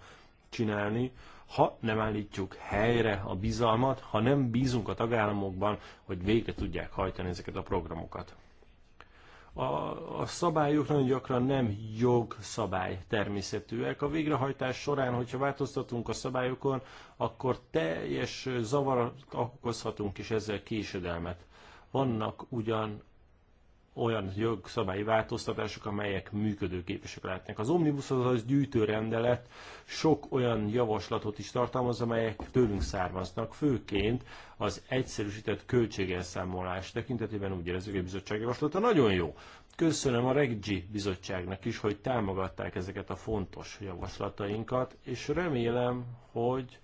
csinálni, ha nem állítjuk helyre a bizalmat, ha nem bízunk a tagállamokban, hogy végre tudják hajtani ezeket a programokat. A, a szabályok nagyon gyakran nem jogszabály természetűek. A végrehajtás során, hogyha változtatunk a szabályokon, akkor teljes zavarat okozhatunk, és ezzel késedelmet. Vannak ugyan olyan jogszabályi változtatások, amelyek működőképesek lehetnek. Az omnibus, az gyűjtőrendelet sok olyan javaslatot is tartalmaz, amelyek tőlünk származnak, főként az egyszerűsített költségelszámolás tekintetében úgy érezzük, hogy a bizottság javaslata nagyon jó. Köszönöm a Reggi bizottságnak is, hogy támogatták ezeket a fontos javaslatainkat, és remélem, hogy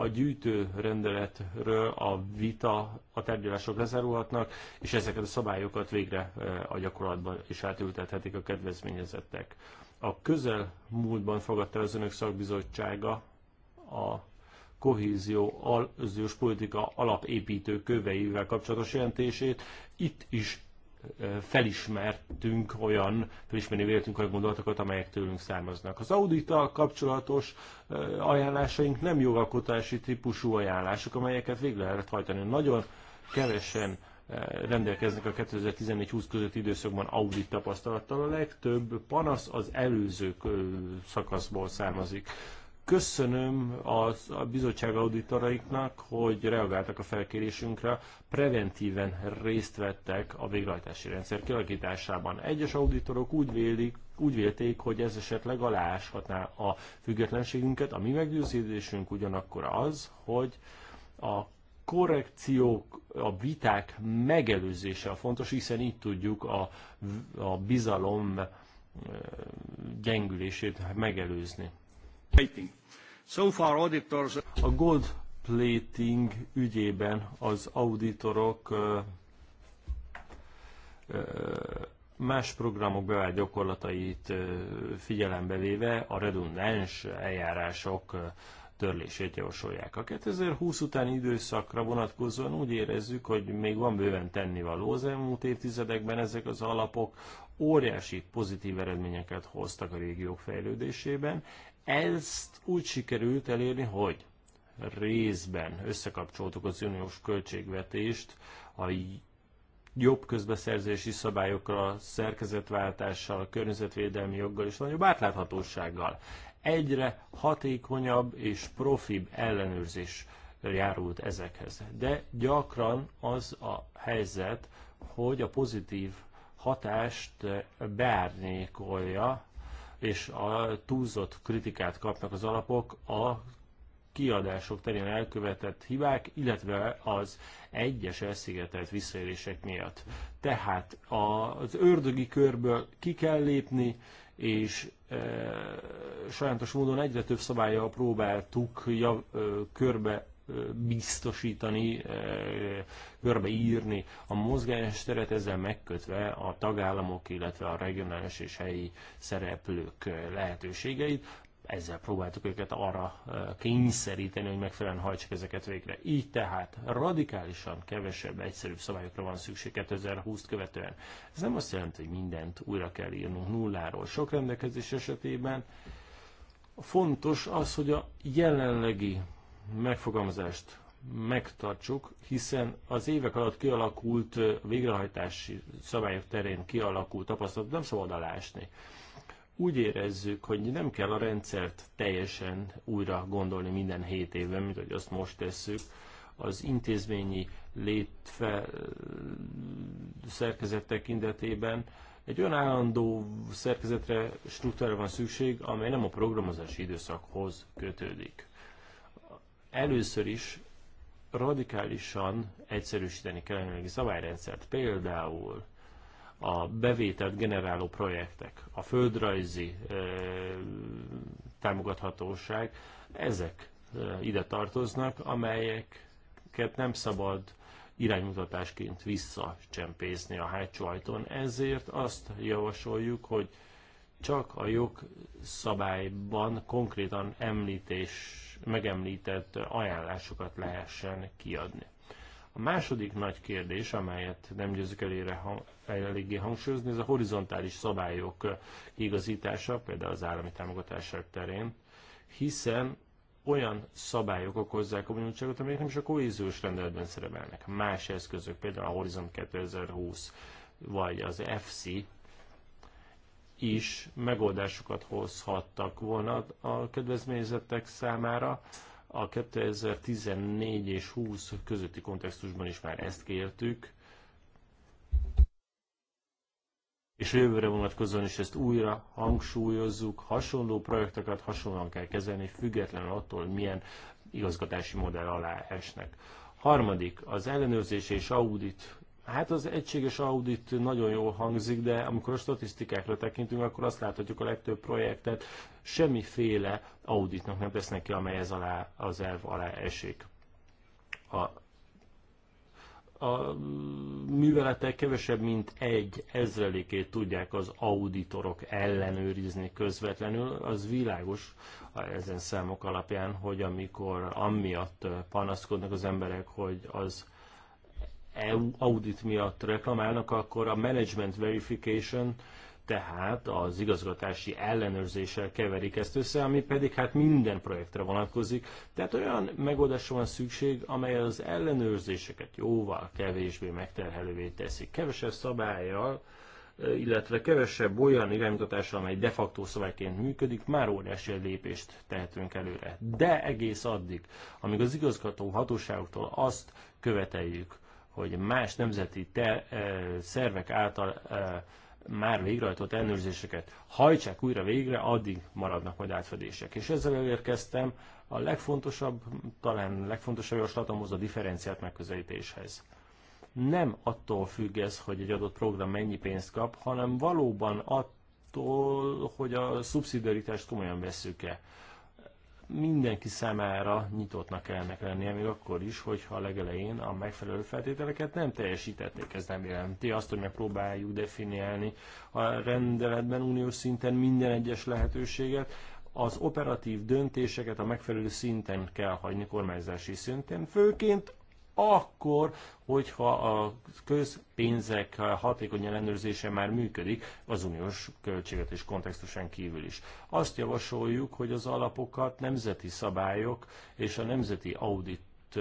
a gyűjtő rendeletről a vita, a tárgyalások lezárulhatnak, és ezeket a szabályokat végre a gyakorlatban is átültethetik a kedvezményezettek. A közel múltban fogadta az önök szakbizottsága a kohézió, az politika alapépítő köveivel kapcsolatos jelentését. Itt is felismertünk olyan, felismerni véltünk olyan gondolatokat, amelyek tőlünk származnak. Az audittal kapcsolatos ajánlásaink nem jogalkotási típusú ajánlások, amelyeket végre lehet hajtani. Nagyon kevesen rendelkeznek a 2014-20 közötti időszakban audit tapasztalattal. A legtöbb panasz az előző szakaszból származik. Köszönöm az, a bizottság auditoraiknak, hogy reagáltak a felkérésünkre, preventíven részt vettek a végrehajtási rendszer kialakításában. Egyes auditorok úgy, vélik, úgy vélték, hogy ez esetleg alááshatná a függetlenségünket. A mi meggyőződésünk ugyanakkor az, hogy a korrekciók, a viták megelőzése a fontos, hiszen így tudjuk a, a bizalom gyengülését megelőzni. A gold plating ügyében az auditorok más programok bevált gyakorlatait figyelembe véve a redundáns eljárások törlését javasolják. A 2020 utáni időszakra vonatkozóan úgy érezzük, hogy még van bőven tennivaló. Az elmúlt évtizedekben ezek az alapok óriási pozitív eredményeket hoztak a régiók fejlődésében. Ezt úgy sikerült elérni, hogy részben összekapcsoltuk az uniós költségvetést a jobb közbeszerzési szabályokra, szerkezetváltással, környezetvédelmi joggal és nagyobb átláthatósággal. Egyre hatékonyabb és profibb ellenőrzés járult ezekhez. De gyakran az a helyzet, hogy a pozitív hatást beárnyékolja és a túlzott kritikát kapnak az alapok a kiadások terén elkövetett hibák, illetve az egyes elszigetelt visszaélések miatt. Tehát az ördögi körből ki kell lépni, és e, sajátos módon egyre több szabályjal próbáltuk ja, e, körbe biztosítani, eh, körbeírni a mozgásteret, ezzel megkötve a tagállamok, illetve a regionális és helyi szereplők eh, lehetőségeit. Ezzel próbáltuk őket arra eh, kényszeríteni, hogy megfelelően hajtsák ezeket végre. Így tehát radikálisan kevesebb, egyszerűbb szabályokra van szükség 2020 követően. Ez nem azt jelenti, hogy mindent újra kell írnunk nulláról. Sok rendelkezés esetében fontos az, hogy a jelenlegi megfogalmazást megtartsuk, hiszen az évek alatt kialakult végrehajtási szabályok terén kialakult tapasztalat nem szabad alásni. Úgy érezzük, hogy nem kell a rendszert teljesen újra gondolni minden hét évben, mint hogy azt most tesszük. Az intézményi létfe szerkezet tekintetében egy olyan állandó szerkezetre, struktúrára van szükség, amely nem a programozási időszakhoz kötődik. Először is radikálisan egyszerűsíteni kell a szabályrendszert. Például a bevételt generáló projektek, a földrajzi e, támogathatóság, ezek e, ide tartoznak, amelyeket nem szabad iránymutatásként visszacsempészni a hátsó ajtón. Ezért azt javasoljuk, hogy csak a jogszabályban konkrétan említés, megemlített ajánlásokat lehessen kiadni. A második nagy kérdés, amelyet nem győzök elére hang, eléggé hangsúlyozni, ez a horizontális szabályok igazítása, például az állami támogatások terén, hiszen olyan szabályok okozzák a bonyolultságot, amelyek nem is a kohéziós rendeletben szerepelnek. Más eszközök, például a Horizon 2020 vagy az FC is megoldásokat hozhattak volna a kedvezményezettek számára. A 2014 és 20 közötti kontextusban is már ezt kértük, és a jövőre vonatkozóan is ezt újra hangsúlyozzuk, hasonló projekteket hasonlóan kell kezelni, függetlenül attól, hogy milyen igazgatási modell alá esnek. Harmadik, az ellenőrzés és audit Hát az egységes audit nagyon jól hangzik, de amikor a statisztikákra tekintünk, akkor azt láthatjuk a legtöbb projektet, semmiféle auditnak nem tesznek ki, amely ez alá, az elv alá esik. A, a műveletek kevesebb, mint egy ezrelékét tudják az auditorok ellenőrizni közvetlenül. Az világos ezen számok alapján, hogy amikor amiatt panaszkodnak az emberek, hogy az E audit miatt reklamálnak, akkor a management verification, tehát az igazgatási ellenőrzéssel keverik ezt össze, ami pedig hát minden projektre vonatkozik. Tehát olyan megoldásra van szükség, amely az ellenőrzéseket jóval kevésbé megterhelővé teszi. Kevesebb szabályjal, illetve kevesebb olyan irányítatással, amely de facto szabályként működik, már óriási lépést tehetünk előre. De egész addig, amíg az igazgató hatóságoktól azt követeljük, hogy más nemzeti te, szervek által már végrehajtott ellenőrzéseket hajtsák újra végre, addig maradnak majd átfedések. És ezzel elérkeztem a legfontosabb, talán legfontosabb javaslatomhoz a differenciált megközelítéshez. Nem attól függ ez, hogy egy adott program mennyi pénzt kap, hanem valóban attól, hogy a szubszidiaritást komolyan veszük-e mindenki számára nyitottnak kellnek lennie, még akkor is, hogyha a legelején a megfelelő feltételeket nem teljesítették. Ez nem jelenti azt, hogy megpróbáljuk definiálni a rendeletben uniós szinten minden egyes lehetőséget, az operatív döntéseket a megfelelő szinten kell hagyni, kormányzási szinten, főként akkor, hogyha a közpénzek hatékony ellenőrzése már működik az uniós költségvetés kontextusán kívül is. Azt javasoljuk, hogy az alapokat nemzeti szabályok és a nemzeti audit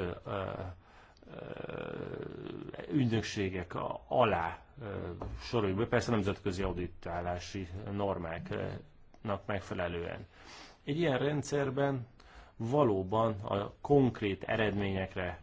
ügynökségek alá soroljuk be, persze nemzetközi auditálási normáknak megfelelően. Egy ilyen rendszerben valóban a konkrét eredményekre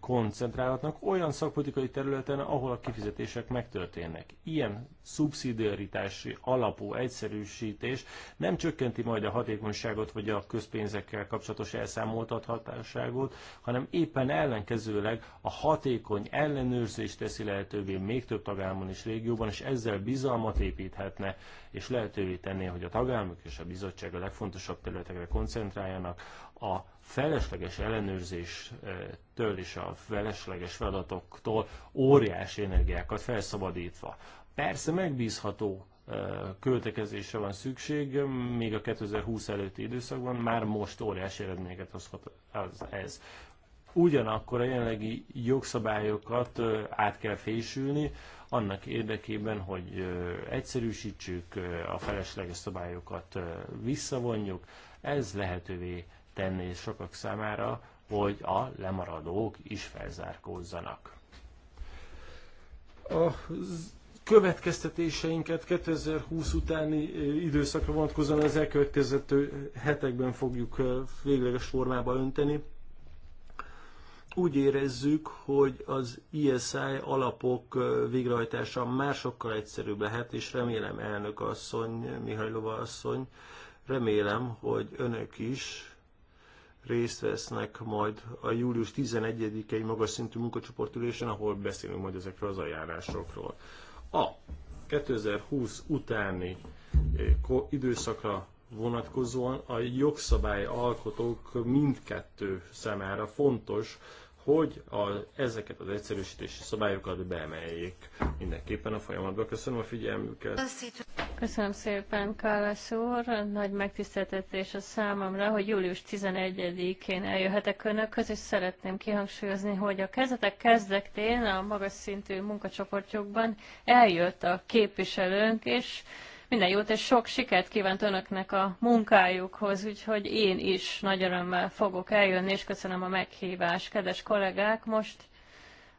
koncentrálhatnak olyan szakpolitikai területen, ahol a kifizetések megtörténnek. Ilyen szubszidiaritási alapú egyszerűsítés nem csökkenti majd a hatékonyságot vagy a közpénzekkel kapcsolatos elszámoltathatóságot, hanem éppen ellenkezőleg a hatékony ellenőrzés teszi lehetővé még több tagállamon és régióban, és ezzel bizalmat építhetne, és lehetővé tenné, hogy a tagállamok és a bizottság a legfontosabb területekre koncentráljanak, a felesleges ellenőrzéstől és a felesleges feladatoktól óriási energiákat felszabadítva. Persze megbízható költekezésre van szükség, még a 2020 előtti időszakban már most óriási eredményeket hozhat az ez. Ugyanakkor a jelenlegi jogszabályokat át kell fésülni, annak érdekében, hogy egyszerűsítsük, a felesleges szabályokat visszavonjuk, ez lehetővé tenni sokak számára, hogy a lemaradók is felzárkózzanak. A következtetéseinket 2020 utáni eh, időszakra vonatkozóan az elkövetkező hetekben fogjuk eh, végleges formába önteni. Úgy érezzük, hogy az ISI alapok eh, végrehajtása már sokkal egyszerűbb lehet, és remélem elnök asszony, Mihajlova asszony, remélem, hogy önök is részt vesznek majd a július 11-i magas szintű munkacsoportülésen, ahol beszélünk majd ezekről az ajánlásokról. A 2020 utáni eh, időszakra vonatkozóan a jogszabály alkotók mindkettő számára fontos, hogy a, ezeket az egyszerűsítési szabályokat beemeljék mindenképpen a folyamatba. Köszönöm a figyelmüket. Köszönöm szépen, Kállász úr. Nagy megtiszteltetés a számomra, hogy július 11-én eljöhetek Önökhöz, és szeretném kihangsúlyozni, hogy a kezdetek kezdetén a magas szintű munkacsoportjukban eljött a képviselőnk, és minden jót, és sok sikert kívánt önöknek a munkájukhoz, úgyhogy én is nagy örömmel fogok eljönni, és köszönöm a meghívást, kedves kollégák. Most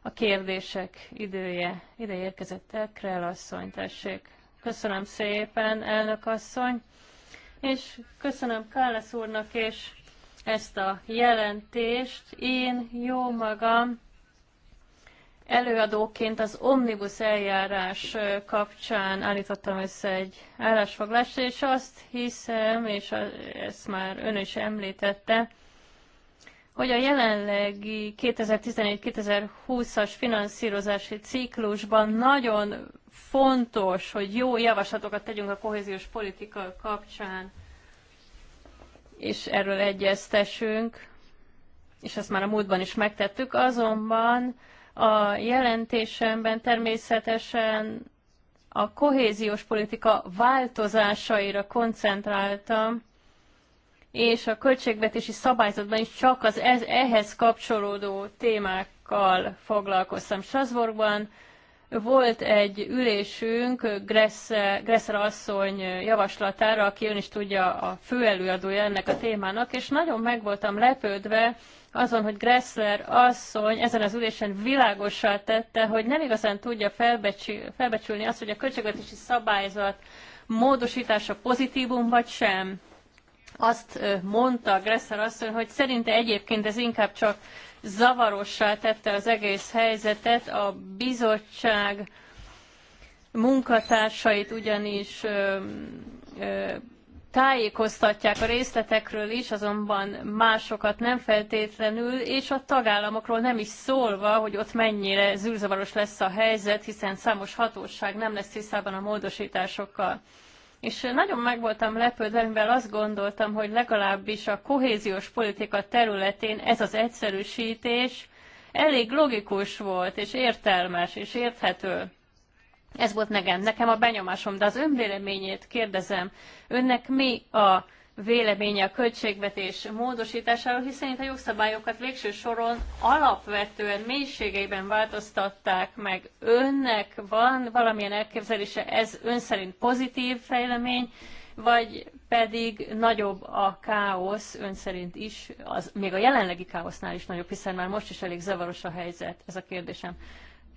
a kérdések idője. Ide érkezett el, Krell asszony, tessék. Köszönöm szépen, elnök asszony, és köszönöm Kállász úrnak és ezt a jelentést. Én jó magam előadóként az omnibus eljárás kapcsán állítottam össze egy állásfoglást, és azt hiszem, és ezt már ön is említette, hogy a jelenlegi 2014-2020-as finanszírozási ciklusban nagyon fontos, hogy jó javaslatokat tegyünk a kohéziós politika kapcsán, és erről egyeztessünk, és ezt már a múltban is megtettük, azonban a jelentésemben természetesen a kohéziós politika változásaira koncentráltam, és a költségvetési szabályzatban is csak az ehhez kapcsolódó témákkal foglalkoztam. Strasbourgban volt egy ülésünk Gresser, Gresser asszony javaslatára, aki ön is tudja a főelőadója ennek a témának, és nagyon meg voltam lepődve azon, hogy Gressler asszony ezen az ülésen világossá tette, hogy nem igazán tudja felbecsülni azt, hogy a költségvetési szabályzat módosítása pozitívum vagy sem. Azt mondta Gressler asszony, hogy szerinte egyébként ez inkább csak zavarossá tette az egész helyzetet. A bizottság munkatársait ugyanis ö, ö, tájékoztatják a részletekről is, azonban másokat nem feltétlenül, és a tagállamokról nem is szólva, hogy ott mennyire zűrzavaros lesz a helyzet, hiszen számos hatóság nem lesz tisztában a módosításokkal és nagyon meg voltam lepődve, mivel azt gondoltam, hogy legalábbis a kohéziós politika területén ez az egyszerűsítés elég logikus volt, és értelmes, és érthető. Ez volt nekem, nekem a benyomásom, de az önvéleményét kérdezem, önnek mi a véleménye a költségvetés módosításáról, hiszen itt a jogszabályokat végső soron alapvetően mélységeiben változtatták meg. Önnek van valamilyen elképzelése, ez ön szerint pozitív fejlemény, vagy pedig nagyobb a káosz ön szerint is, az, még a jelenlegi káosznál is nagyobb, hiszen már most is elég zavaros a helyzet, ez a kérdésem.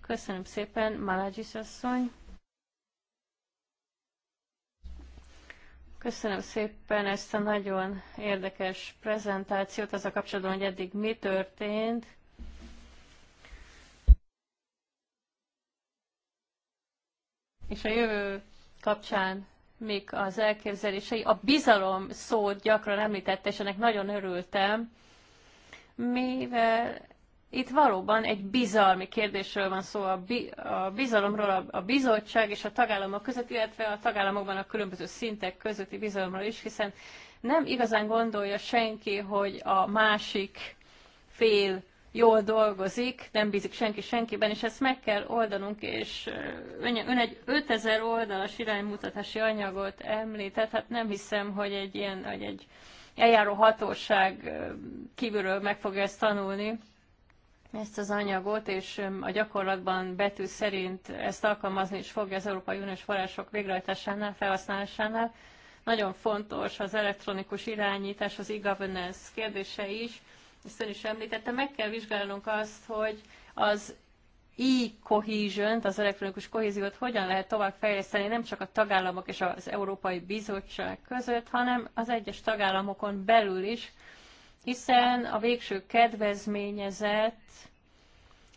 Köszönöm szépen, Malágyis asszony. Köszönöm szépen ezt a nagyon érdekes prezentációt az a kapcsolatban, hogy eddig mi történt. És a jövő kapcsán mik az elképzelései. A bizalom szót gyakran említette, és ennek nagyon örültem, mivel itt valóban egy bizalmi kérdésről van szó, a, bi, a bizalomról a, a bizottság és a tagállamok között, illetve a tagállamokban a különböző szintek közötti bizalomról is, hiszen nem igazán gondolja senki, hogy a másik fél jól dolgozik, nem bízik senki senkiben, és ezt meg kell oldanunk, és ön, ön egy 5000 oldalas iránymutatási anyagot említett, hát nem hiszem, hogy egy ilyen, hogy egy eljáró hatóság kívülről meg fogja ezt tanulni ezt az anyagot, és a gyakorlatban betű szerint ezt alkalmazni is fogja az Európai Uniós források végrehajtásánál, felhasználásánál. Nagyon fontos az elektronikus irányítás, az e-governance kérdése is, ezt ön is említette, meg kell vizsgálnunk azt, hogy az e-cohesion, az elektronikus kohéziót hogyan lehet továbbfejleszteni nem csak a tagállamok és az Európai Bizottság között, hanem az egyes tagállamokon belül is, hiszen a végső kedvezményezett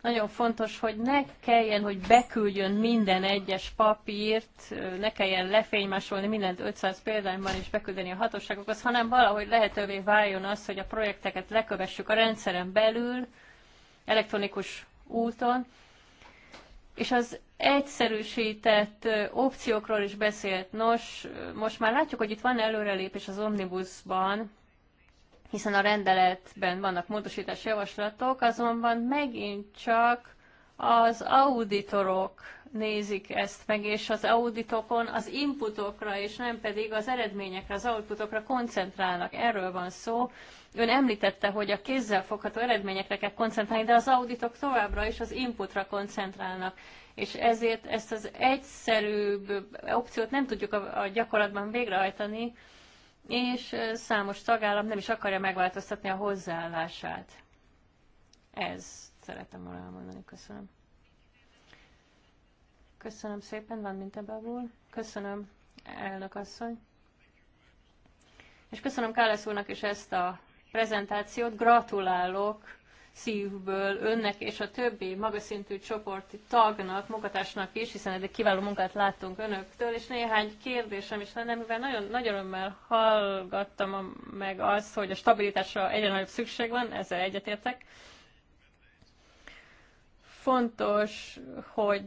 nagyon fontos, hogy ne kelljen, hogy beküldjön minden egyes papírt, ne kelljen lefénymásolni mindent 500 példányban és beküldeni a hatóságokhoz, hanem valahogy lehetővé váljon az, hogy a projekteket lekövessük a rendszeren belül, elektronikus úton, és az egyszerűsített opciókról is beszélt. Nos, most már látjuk, hogy itt van előrelépés az Omnibusban, hiszen a rendeletben vannak módosítás javaslatok, azonban megint csak az auditorok nézik ezt meg, és az auditokon az inputokra, és nem pedig az eredményekre, az outputokra koncentrálnak. Erről van szó. Ön említette, hogy a kézzel fogható eredményekre kell koncentrálni, de az auditok továbbra is az inputra koncentrálnak. És ezért ezt az egyszerűbb opciót nem tudjuk a, a gyakorlatban végrehajtani, és számos tagállam nem is akarja megváltoztatni a hozzáállását. Ez szeretem volna elmondani. Köszönöm. Köszönöm szépen, van mint ebbe Köszönöm, elnök asszony. És köszönöm Kálesz úrnak is ezt a prezentációt. Gratulálok szívből önnek és a többi magaszintű csoporti tagnak, munkatársnak is, hiszen eddig kiváló munkát láttunk önöktől, és néhány kérdésem is lenne, mivel nagyon nagy örömmel hallgattam a, meg azt, hogy a stabilitásra egyre nagyobb szükség van, ezzel egyetértek. Fontos, hogy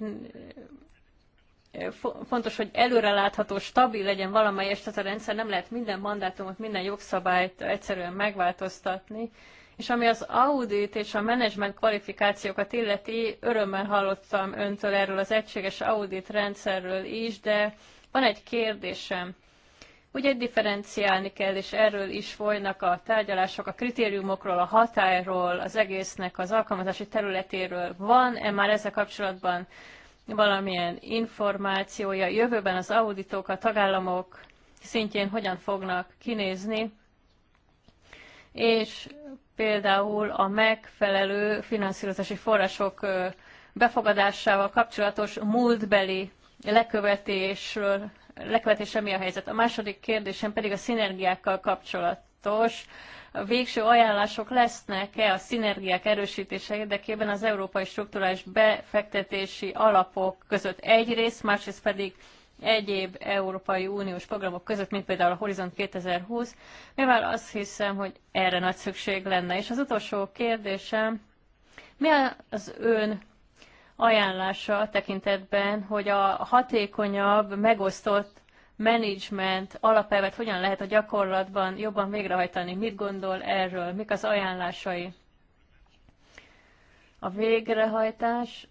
fontos, hogy előrelátható, stabil legyen valamelyest ez a rendszer, nem lehet minden mandátumot, minden jogszabályt egyszerűen megváltoztatni, és ami az audit és a menedzsment kvalifikációkat illeti, örömmel hallottam öntől erről az egységes audit rendszerről is, de van egy kérdésem. Ugye differenciálni kell, és erről is folynak a tárgyalások a kritériumokról, a hatályról, az egésznek az alkalmazási területéről. Van-e már ezzel kapcsolatban valamilyen információja? Jövőben az auditok a tagállamok szintjén hogyan fognak kinézni? És például a megfelelő finanszírozási források befogadásával kapcsolatos múltbeli lekövetésről, lekövetésre mi a helyzet. A második kérdésem pedig a szinergiákkal kapcsolatos. A végső ajánlások lesznek-e a szinergiák erősítése érdekében az európai strukturális befektetési alapok között egyrészt, másrészt pedig egyéb Európai Uniós programok között, mint például a Horizont 2020, mivel azt hiszem, hogy erre nagy szükség lenne. És az utolsó kérdésem, mi az ön ajánlása tekintetben, hogy a hatékonyabb, megosztott menedzsment alapelvet hogyan lehet a gyakorlatban jobban végrehajtani? Mit gondol erről? Mik az ajánlásai? A végrehajtás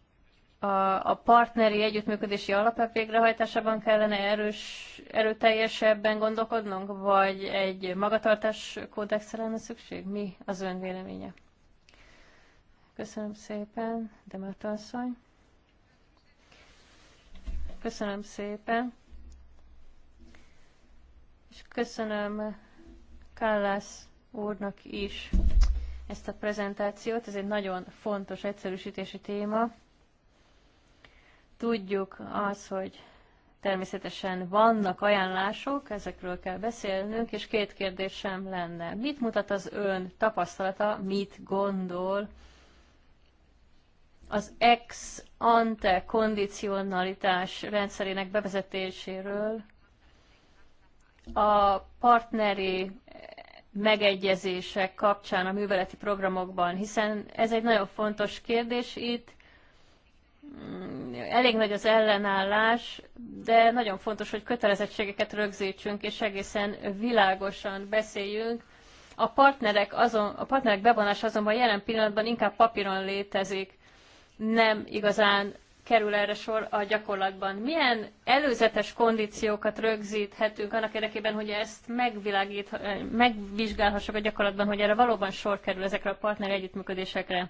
a, a partneri együttműködési alapelv végrehajtásában kellene erős, erőteljesebben gondolkodnunk, vagy egy magatartás kódexre lenne szükség? Mi az ön véleménye? Köszönöm szépen, Demet asszony. Köszönöm szépen. És köszönöm Kállász úrnak is ezt a prezentációt. Ez egy nagyon fontos egyszerűsítési téma Tudjuk az, hogy természetesen vannak ajánlások, ezekről kell beszélnünk, és két kérdésem lenne. Mit mutat az ön tapasztalata, mit gondol az ex ante kondicionalitás rendszerének bevezetéséről, a partneri megegyezések kapcsán a műveleti programokban, hiszen ez egy nagyon fontos kérdés itt, elég nagy az ellenállás, de nagyon fontos, hogy kötelezettségeket rögzítsünk, és egészen világosan beszéljünk. A partnerek, azon, a partnerek bevonása azonban jelen pillanatban inkább papíron létezik, nem igazán kerül erre sor a gyakorlatban. Milyen előzetes kondíciókat rögzíthetünk annak érdekében, hogy ezt megvilágít, megvizsgálhassuk a gyakorlatban, hogy erre valóban sor kerül ezekre a partner együttműködésekre?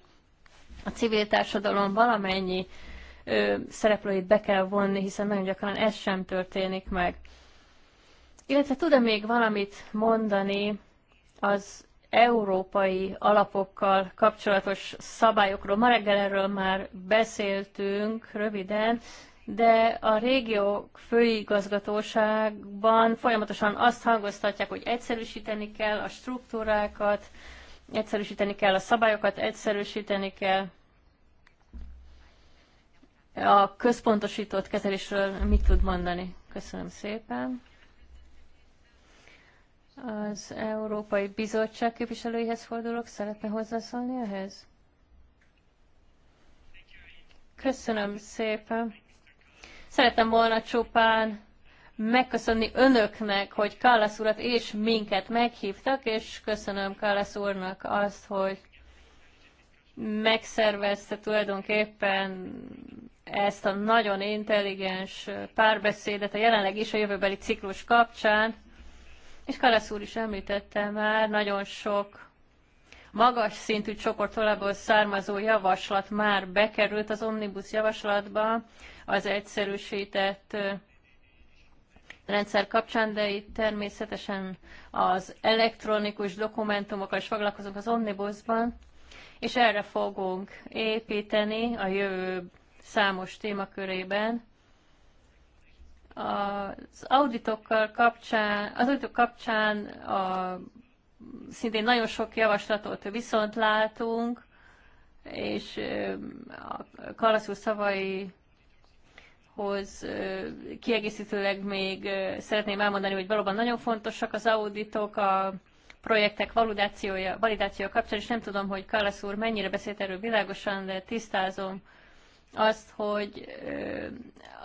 A civil társadalom valamennyi szereplőit be kell vonni, hiszen nagyon gyakran ez sem történik meg. Illetve tud-e még valamit mondani az európai alapokkal kapcsolatos szabályokról? Ma reggel erről már beszéltünk röviden, de a régiók főigazgatóságban folyamatosan azt hangoztatják, hogy egyszerűsíteni kell a struktúrákat, egyszerűsíteni kell a szabályokat, egyszerűsíteni kell a központosított kezelésről mit tud mondani? Köszönöm szépen. Az Európai Bizottság képviselőihez fordulok, szeretne hozzászólni ehhez? Köszönöm szépen. Szeretem volna csupán megköszönni önöknek, hogy Kallász urat és minket meghívtak, és köszönöm Kallász úrnak azt, hogy megszervezte tulajdonképpen ezt a nagyon intelligens párbeszédet a jelenleg és a jövőbeli ciklus kapcsán, és Karasz úr is említette már, nagyon sok magas szintű csoportolából származó javaslat már bekerült az Omnibus javaslatba az egyszerűsített rendszer kapcsán, de itt természetesen az elektronikus dokumentumokkal is foglalkozunk az Omnibusban, és erre fogunk építeni a jövő számos témakörében. Az auditokkal kapcsán, az auditok kapcsán a, szintén nagyon sok javaslatot viszont látunk, és a Kalaszú szavai hoz kiegészítőleg még szeretném elmondani, hogy valóban nagyon fontosak az auditok, a projektek validációja, validációja kapcsán, és nem tudom, hogy Kalasz úr mennyire beszélt erről világosan, de tisztázom azt, hogy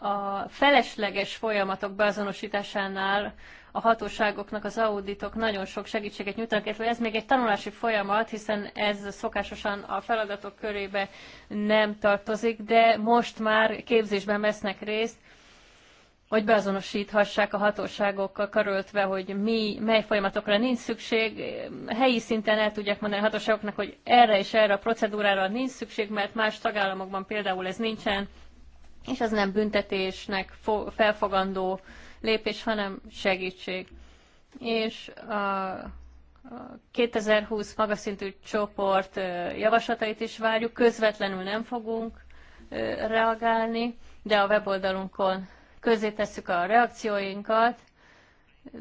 a felesleges folyamatok beazonosításánál a hatóságoknak az auditok nagyon sok segítséget nyújtanak, illetve ez még egy tanulási folyamat, hiszen ez szokásosan a feladatok körébe nem tartozik, de most már képzésben vesznek részt, hogy beazonosíthassák a hatóságokkal karöltve, hogy mi, mely folyamatokra nincs szükség. Helyi szinten el tudják mondani a hatóságoknak, hogy erre és erre a procedúrára nincs szükség, mert más tagállamokban például ez nincsen, és az nem büntetésnek felfogandó lépés, hanem segítség. És a 2020 magaszintű csoport javaslatait is várjuk, közvetlenül nem fogunk reagálni, de a weboldalunkon közé tesszük a reakcióinkat,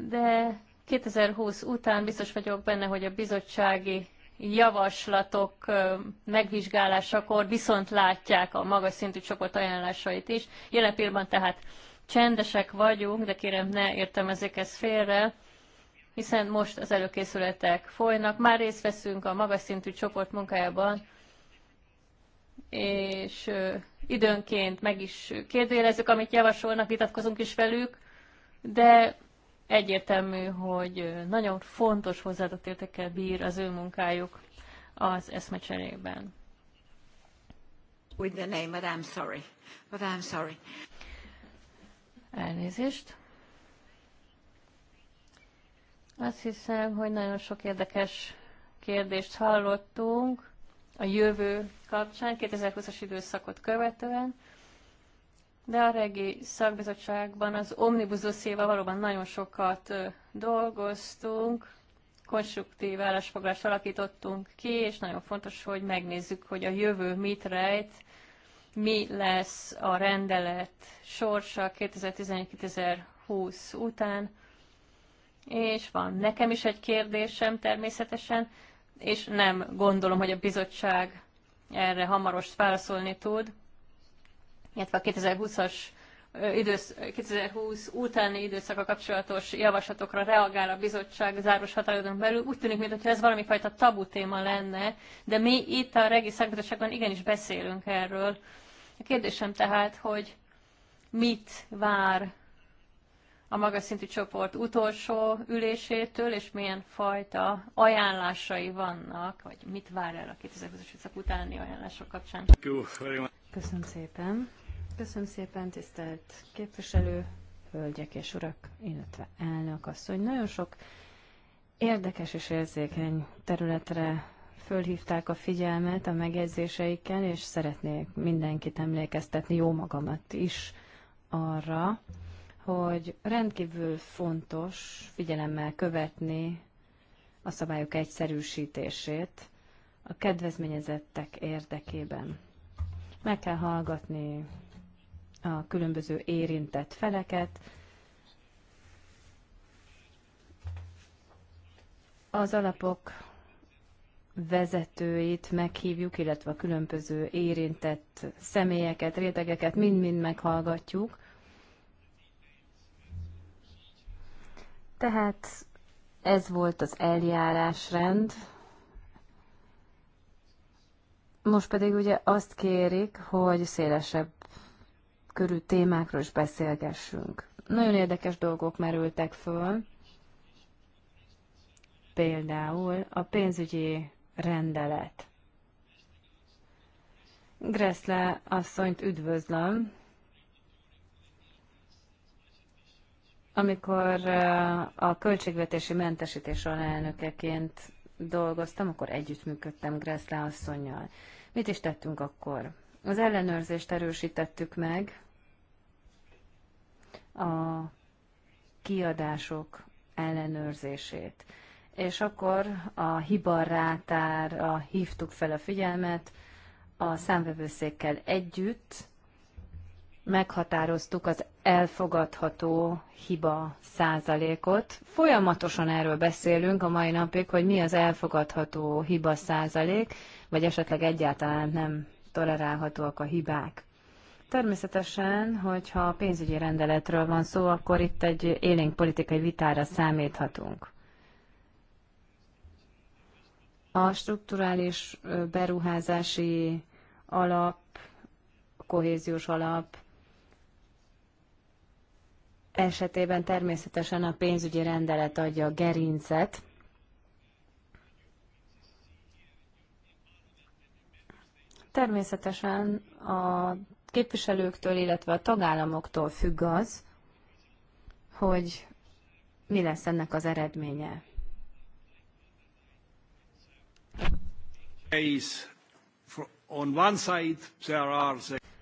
de 2020 után biztos vagyok benne, hogy a bizottsági javaslatok megvizsgálásakor viszont látják a magas szintű csoport ajánlásait is. Jelen pillanatban tehát csendesek vagyunk, de kérem ne értelmezzék ezt félre, hiszen most az előkészületek folynak, már részt veszünk a magas szintű csoport munkájában, és időnként meg is kérdőjelezzük, amit javasolnak, vitatkozunk is velük, de egyértelmű, hogy nagyon fontos hozzáadott értekkel bír az ő munkájuk az eszmecserében. With the name, but I'm sorry. But I'm sorry. Elnézést. Azt hiszem, hogy nagyon sok érdekes kérdést hallottunk a jövő kapcsán, 2020-as időszakot követően, de a regi szakbizottságban az Omnibus dossziéval valóban nagyon sokat dolgoztunk, konstruktív állásfoglalást alakítottunk ki, és nagyon fontos, hogy megnézzük, hogy a jövő mit rejt, mi lesz a rendelet sorsa 2011-2020 után. És van nekem is egy kérdésem természetesen, és nem gondolom, hogy a bizottság erre hamaros válaszolni tud, illetve a 2020-as Idősz, 2020 utáni időszaka kapcsolatos javaslatokra reagál a bizottság záros határidőn belül. Úgy tűnik, mintha ez valami fajta tabu téma lenne, de mi itt a regi szakbizottságban igenis beszélünk erről. A kérdésem tehát, hogy mit vár a magas szintű csoport utolsó ülésétől, és milyen fajta ajánlásai vannak, vagy mit vár el a 2020-as utáni ajánlások kapcsán. Köszönöm szépen. Köszönöm szépen, tisztelt képviselő, hölgyek és urak, illetve elnök asszony. Nagyon sok érdekes és érzékeny területre fölhívták a figyelmet a megjegyzéseikkel, és szeretnék mindenkit emlékeztetni, jó magamat is arra, hogy rendkívül fontos figyelemmel követni a szabályok egyszerűsítését a kedvezményezettek érdekében. Meg kell hallgatni a különböző érintett feleket, az alapok vezetőit meghívjuk, illetve a különböző érintett személyeket, rétegeket mind-mind meghallgatjuk, Tehát ez volt az eljárásrend. Most pedig ugye azt kérik, hogy szélesebb körű témákról is beszélgessünk. Nagyon érdekes dolgok merültek föl. Például a pénzügyi rendelet. Greszle asszonyt üdvözlöm, Amikor a költségvetési mentesítés alelnökeként dolgoztam, akkor együttműködtem Greszle asszonynal. Mit is tettünk akkor? Az ellenőrzést erősítettük meg, a kiadások ellenőrzését. És akkor a a hívtuk fel a figyelmet, a számvevőszékkel együtt meghatároztuk az elfogadható hiba százalékot. Folyamatosan erről beszélünk a mai napig, hogy mi az elfogadható hiba százalék, vagy esetleg egyáltalán nem tolerálhatóak a hibák. Természetesen, hogyha pénzügyi rendeletről van szó, akkor itt egy élénk politikai vitára számíthatunk. A strukturális beruházási alap, kohéziós alap, esetében természetesen a pénzügyi rendelet adja a gerincet, Természetesen a képviselőktől, illetve a tagállamoktól függ az, hogy mi lesz ennek az eredménye.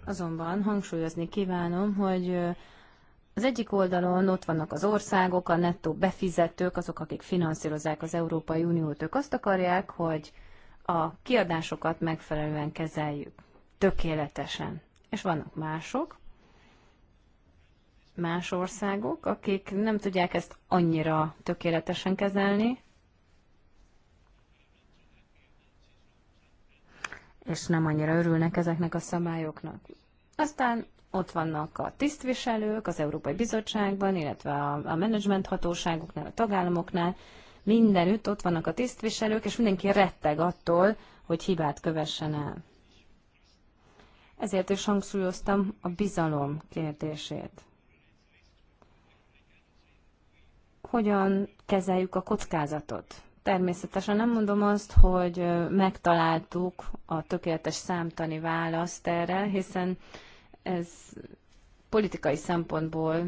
Azonban hangsúlyozni kívánom, hogy az egyik oldalon ott vannak az országok, a nettó befizetők, azok, akik finanszírozzák az Európai Uniót, ők azt akarják, hogy a kiadásokat megfelelően kezeljük, tökéletesen. És vannak mások, más országok, akik nem tudják ezt annyira tökéletesen kezelni, és nem annyira örülnek ezeknek a szabályoknak. Aztán ott vannak a tisztviselők az Európai Bizottságban, illetve a, a menedzsment hatóságoknál, a tagállamoknál, mindenütt ott vannak a tisztviselők, és mindenki retteg attól, hogy hibát kövessen el. Ezért is hangsúlyoztam a bizalom kérdését. Hogyan kezeljük a kockázatot? Természetesen nem mondom azt, hogy megtaláltuk a tökéletes számtani választ erre, hiszen ez politikai szempontból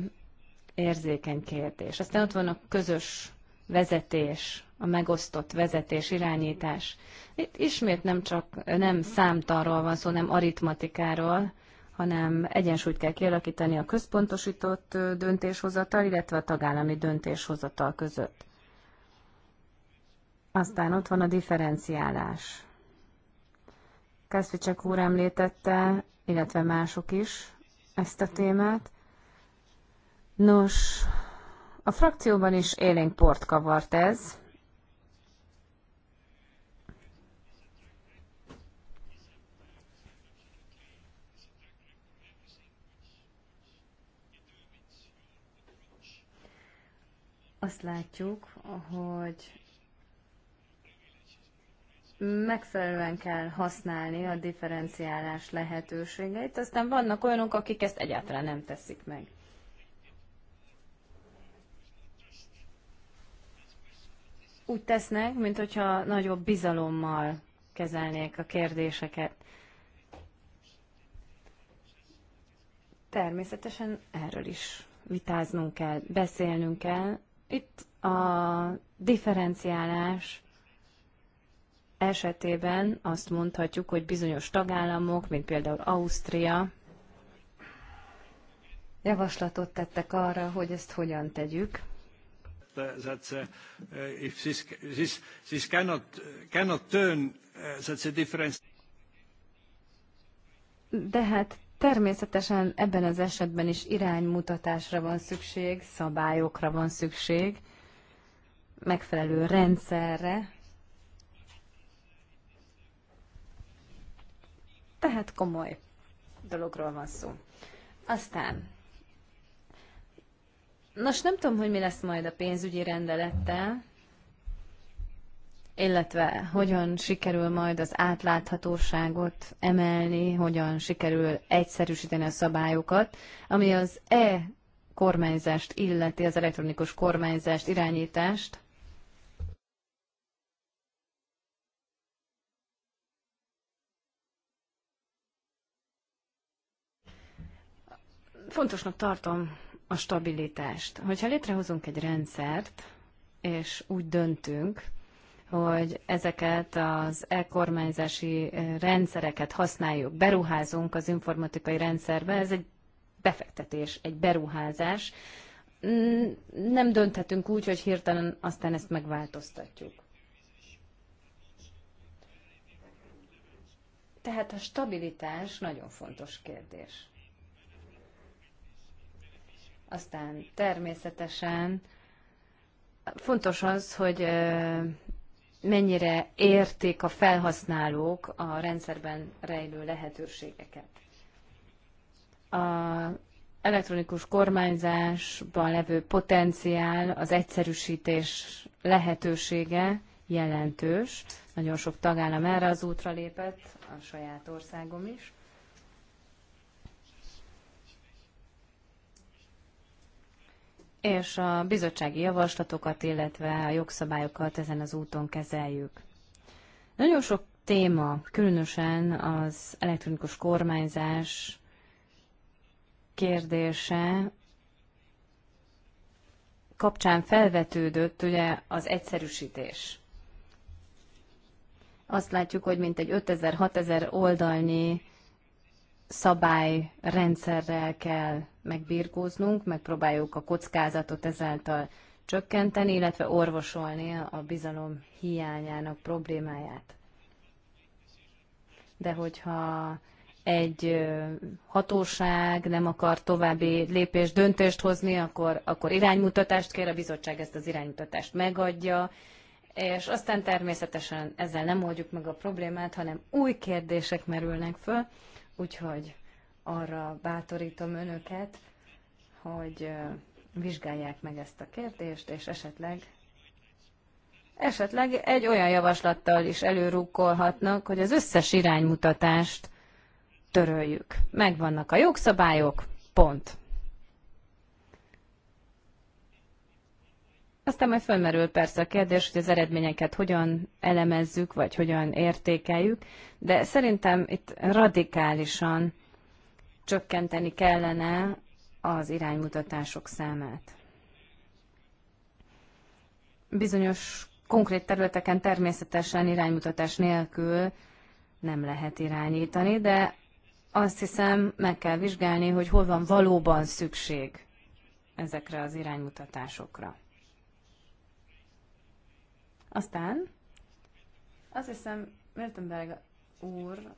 érzékeny kérdés. Aztán ott van a közös vezetés, a megosztott vezetés, irányítás. Itt ismét nem csak nem számtarról van szó, nem aritmatikáról, hanem egyensúlyt kell kialakítani a központosított döntéshozatal, illetve a tagállami döntéshozatal között. Aztán ott van a differenciálás. Kászvicsek úr említette, illetve mások is ezt a témát. Nos, a frakcióban is élénk port kavart ez. Azt látjuk, hogy megfelelően kell használni a differenciálás lehetőségeit, aztán vannak olyanok, akik ezt egyáltalán nem teszik meg. Úgy tesznek, mint hogyha nagyobb bizalommal kezelnék a kérdéseket. Természetesen erről is vitáznunk kell, beszélnünk kell. Itt a differenciálás esetében azt mondhatjuk, hogy bizonyos tagállamok, mint például Ausztria, javaslatot tettek arra, hogy ezt hogyan tegyük. That, uh, uh, if this, this, this cannot, cannot turn, uh, that's a difference. De hát természetesen ebben az esetben is iránymutatásra van szükség, szabályokra van szükség, megfelelő rendszerre, Tehát komoly dologról van szó. Aztán, nos nem tudom, hogy mi lesz majd a pénzügyi rendelettel, illetve hogyan sikerül majd az átláthatóságot emelni, hogyan sikerül egyszerűsíteni a szabályokat, ami az e kormányzást illeti, az elektronikus kormányzást, irányítást. Fontosnak tartom a stabilitást. Hogyha létrehozunk egy rendszert, és úgy döntünk, hogy ezeket az elkormányzási rendszereket használjuk, beruházunk az informatikai rendszerbe, ez egy befektetés, egy beruházás. Nem dönthetünk úgy, hogy hirtelen aztán ezt megváltoztatjuk. Tehát a stabilitás nagyon fontos kérdés. Aztán természetesen fontos az, hogy mennyire értik a felhasználók a rendszerben rejlő lehetőségeket. A elektronikus kormányzásban levő potenciál, az egyszerűsítés lehetősége jelentős. Nagyon sok tagállam erre az útra lépett, a saját országom is. és a bizottsági javaslatokat, illetve a jogszabályokat ezen az úton kezeljük. Nagyon sok téma, különösen az elektronikus kormányzás kérdése kapcsán felvetődött ugye az egyszerűsítés. Azt látjuk, hogy mintegy 5000-6000 oldalnyi szabályrendszerrel kell megbírkóznunk, megpróbáljuk a kockázatot ezáltal csökkenteni, illetve orvosolni a bizalom hiányának problémáját. De hogyha egy hatóság nem akar további lépés döntést hozni, akkor, akkor iránymutatást kér, a bizottság ezt az iránymutatást megadja, és aztán természetesen ezzel nem oldjuk meg a problémát, hanem új kérdések merülnek föl, Úgyhogy arra bátorítom önöket, hogy vizsgálják meg ezt a kérdést, és esetleg esetleg egy olyan javaslattal is előrukkolhatnak, hogy az összes iránymutatást töröljük. Megvannak a jogszabályok, pont. Aztán majd fölmerül persze a kérdés, hogy az eredményeket hogyan elemezzük, vagy hogyan értékeljük, de szerintem itt radikálisan csökkenteni kellene az iránymutatások számát. Bizonyos konkrét területeken természetesen iránymutatás nélkül nem lehet irányítani, de azt hiszem meg kell vizsgálni, hogy hol van valóban szükség ezekre az iránymutatásokra. Aztán azt hiszem, Miltenberg úr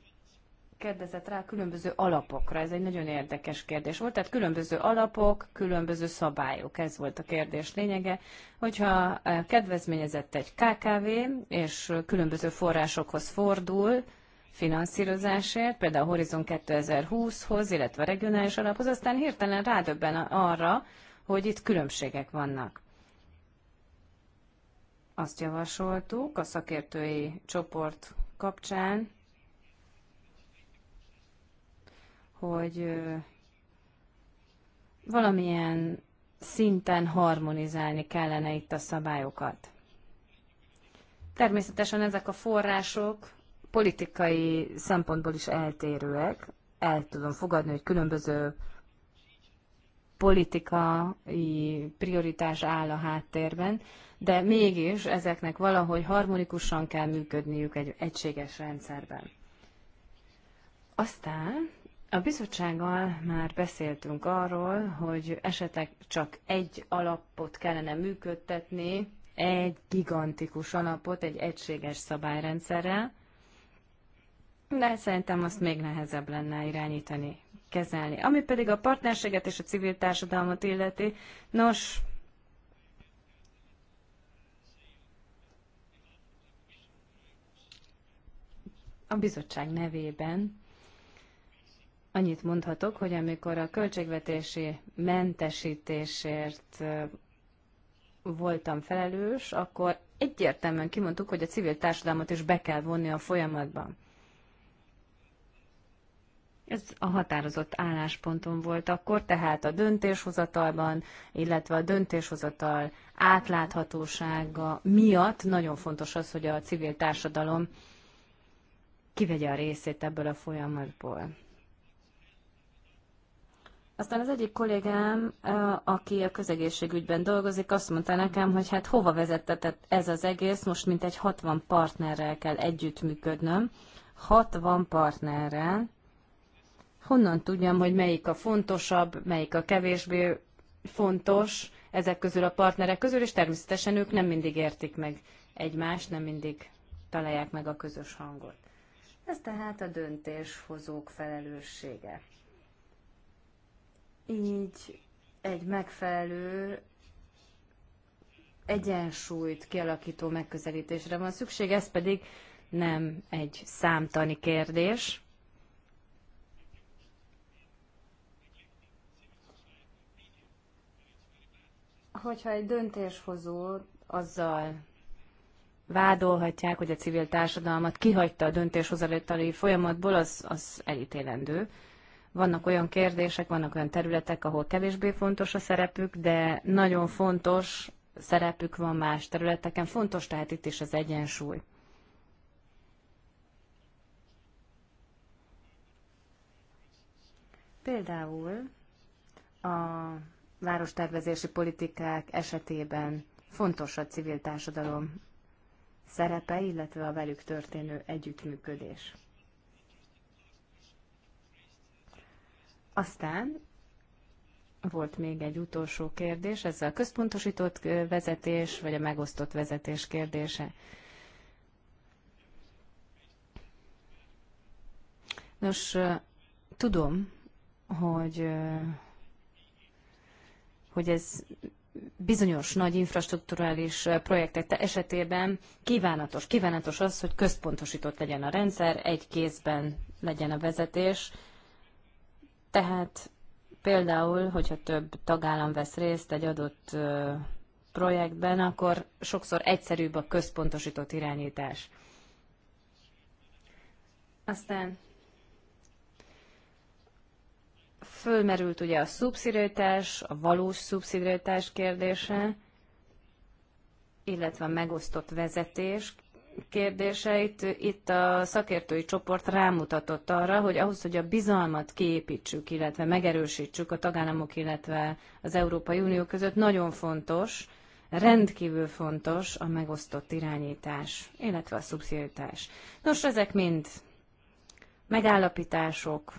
kérdezett rá különböző alapokra. Ez egy nagyon érdekes kérdés volt. Tehát különböző alapok, különböző szabályok. Ez volt a kérdés lényege. Hogyha kedvezményezett egy KKV, és különböző forrásokhoz fordul, finanszírozásért, például Horizon 2020-hoz, illetve a regionális alaphoz, aztán hirtelen rádöbben arra, hogy itt különbségek vannak azt javasoltuk a szakértői csoport kapcsán, hogy valamilyen szinten harmonizálni kellene itt a szabályokat. Természetesen ezek a források politikai szempontból is eltérőek. El tudom fogadni, hogy különböző politikai prioritás áll a háttérben, de mégis ezeknek valahogy harmonikusan kell működniük egy egységes rendszerben. Aztán a bizottsággal már beszéltünk arról, hogy esetleg csak egy alapot kellene működtetni, egy gigantikus alapot, egy egységes szabályrendszerrel, de szerintem azt még nehezebb lenne irányítani, kezelni. Ami pedig a partnerséget és a civil társadalmat illeti, nos, A bizottság nevében annyit mondhatok, hogy amikor a költségvetési mentesítésért voltam felelős, akkor egyértelműen kimondtuk, hogy a civil társadalmat is be kell vonni a folyamatban. Ez a határozott állásponton volt akkor, tehát a döntéshozatalban, illetve a döntéshozatal átláthatósága miatt nagyon fontos az, hogy a civil társadalom kivegye a részét ebből a folyamatból. Aztán az egyik kollégám, aki a közegészségügyben dolgozik, azt mondta nekem, hogy hát hova vezettetett ez az egész, most mint egy 60 partnerrel kell együttműködnöm. 60 partnerrel. Honnan tudjam, hogy melyik a fontosabb, melyik a kevésbé fontos ezek közül a partnerek közül, és természetesen ők nem mindig értik meg egymást, nem mindig találják meg a közös hangot. Ez tehát a döntéshozók felelőssége. Így egy megfelelő egyensúlyt kialakító megközelítésre van szükség, ez pedig nem egy számtani kérdés. Hogyha egy döntéshozó azzal vádolhatják, hogy a civil társadalmat kihagyta a döntéshozatali folyamatból, az, az elítélendő. Vannak olyan kérdések, vannak olyan területek, ahol kevésbé fontos a szerepük, de nagyon fontos szerepük van más területeken. Fontos tehát itt is az egyensúly. Például a várostervezési politikák esetében fontos a civil társadalom szerepe, illetve a velük történő együttműködés. Aztán volt még egy utolsó kérdés, ez a központosított vezetés, vagy a megosztott vezetés kérdése. Nos, tudom, hogy, hogy ez bizonyos nagy infrastruktúrális projektek esetében kívánatos. Kívánatos az, hogy központosított legyen a rendszer, egy kézben legyen a vezetés. Tehát például, hogyha több tagállam vesz részt egy adott projektben, akkor sokszor egyszerűbb a központosított irányítás. Aztán Fölmerült ugye a szubszidiaritás, a valós szubszidiaritás kérdése, illetve a megosztott vezetés kérdéseit. Itt a szakértői csoport rámutatott arra, hogy ahhoz, hogy a bizalmat kiépítsük, illetve megerősítsük a tagállamok, illetve az Európai Unió között, nagyon fontos, rendkívül fontos a megosztott irányítás, illetve a szubszidiaritás. Nos, ezek mind megállapítások,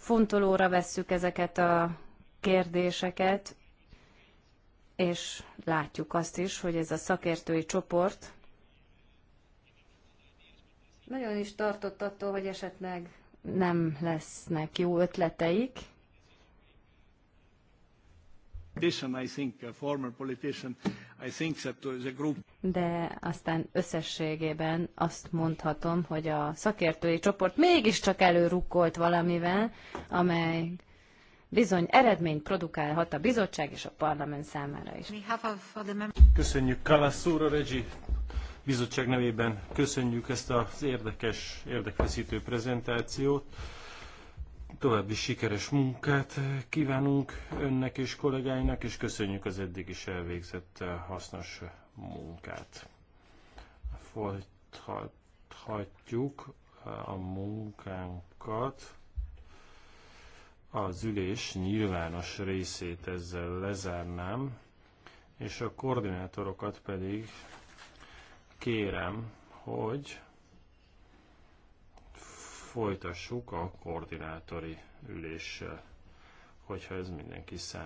fontolóra vesszük ezeket a kérdéseket, és látjuk azt is, hogy ez a szakértői csoport nagyon is tartott attól, hogy esetleg nem lesznek jó ötleteik, de aztán összességében azt mondhatom, hogy a szakértői csoport mégiscsak előrukkolt valamivel, amely bizony eredményt produkálhat a bizottság és a parlament számára is. Köszönjük Kalasz úr, a Regi bizottság nevében köszönjük ezt az érdekes, érdekfeszítő prezentációt. További sikeres munkát kívánunk önnek és kollégáinak, és köszönjük az eddig is elvégzett hasznos munkát. Folytathatjuk a munkánkat. Az ülés nyilvános részét ezzel lezárnám, és a koordinátorokat pedig kérem, hogy folytassuk a koordinátori üléssel, eh, hogyha ez mindenki számára.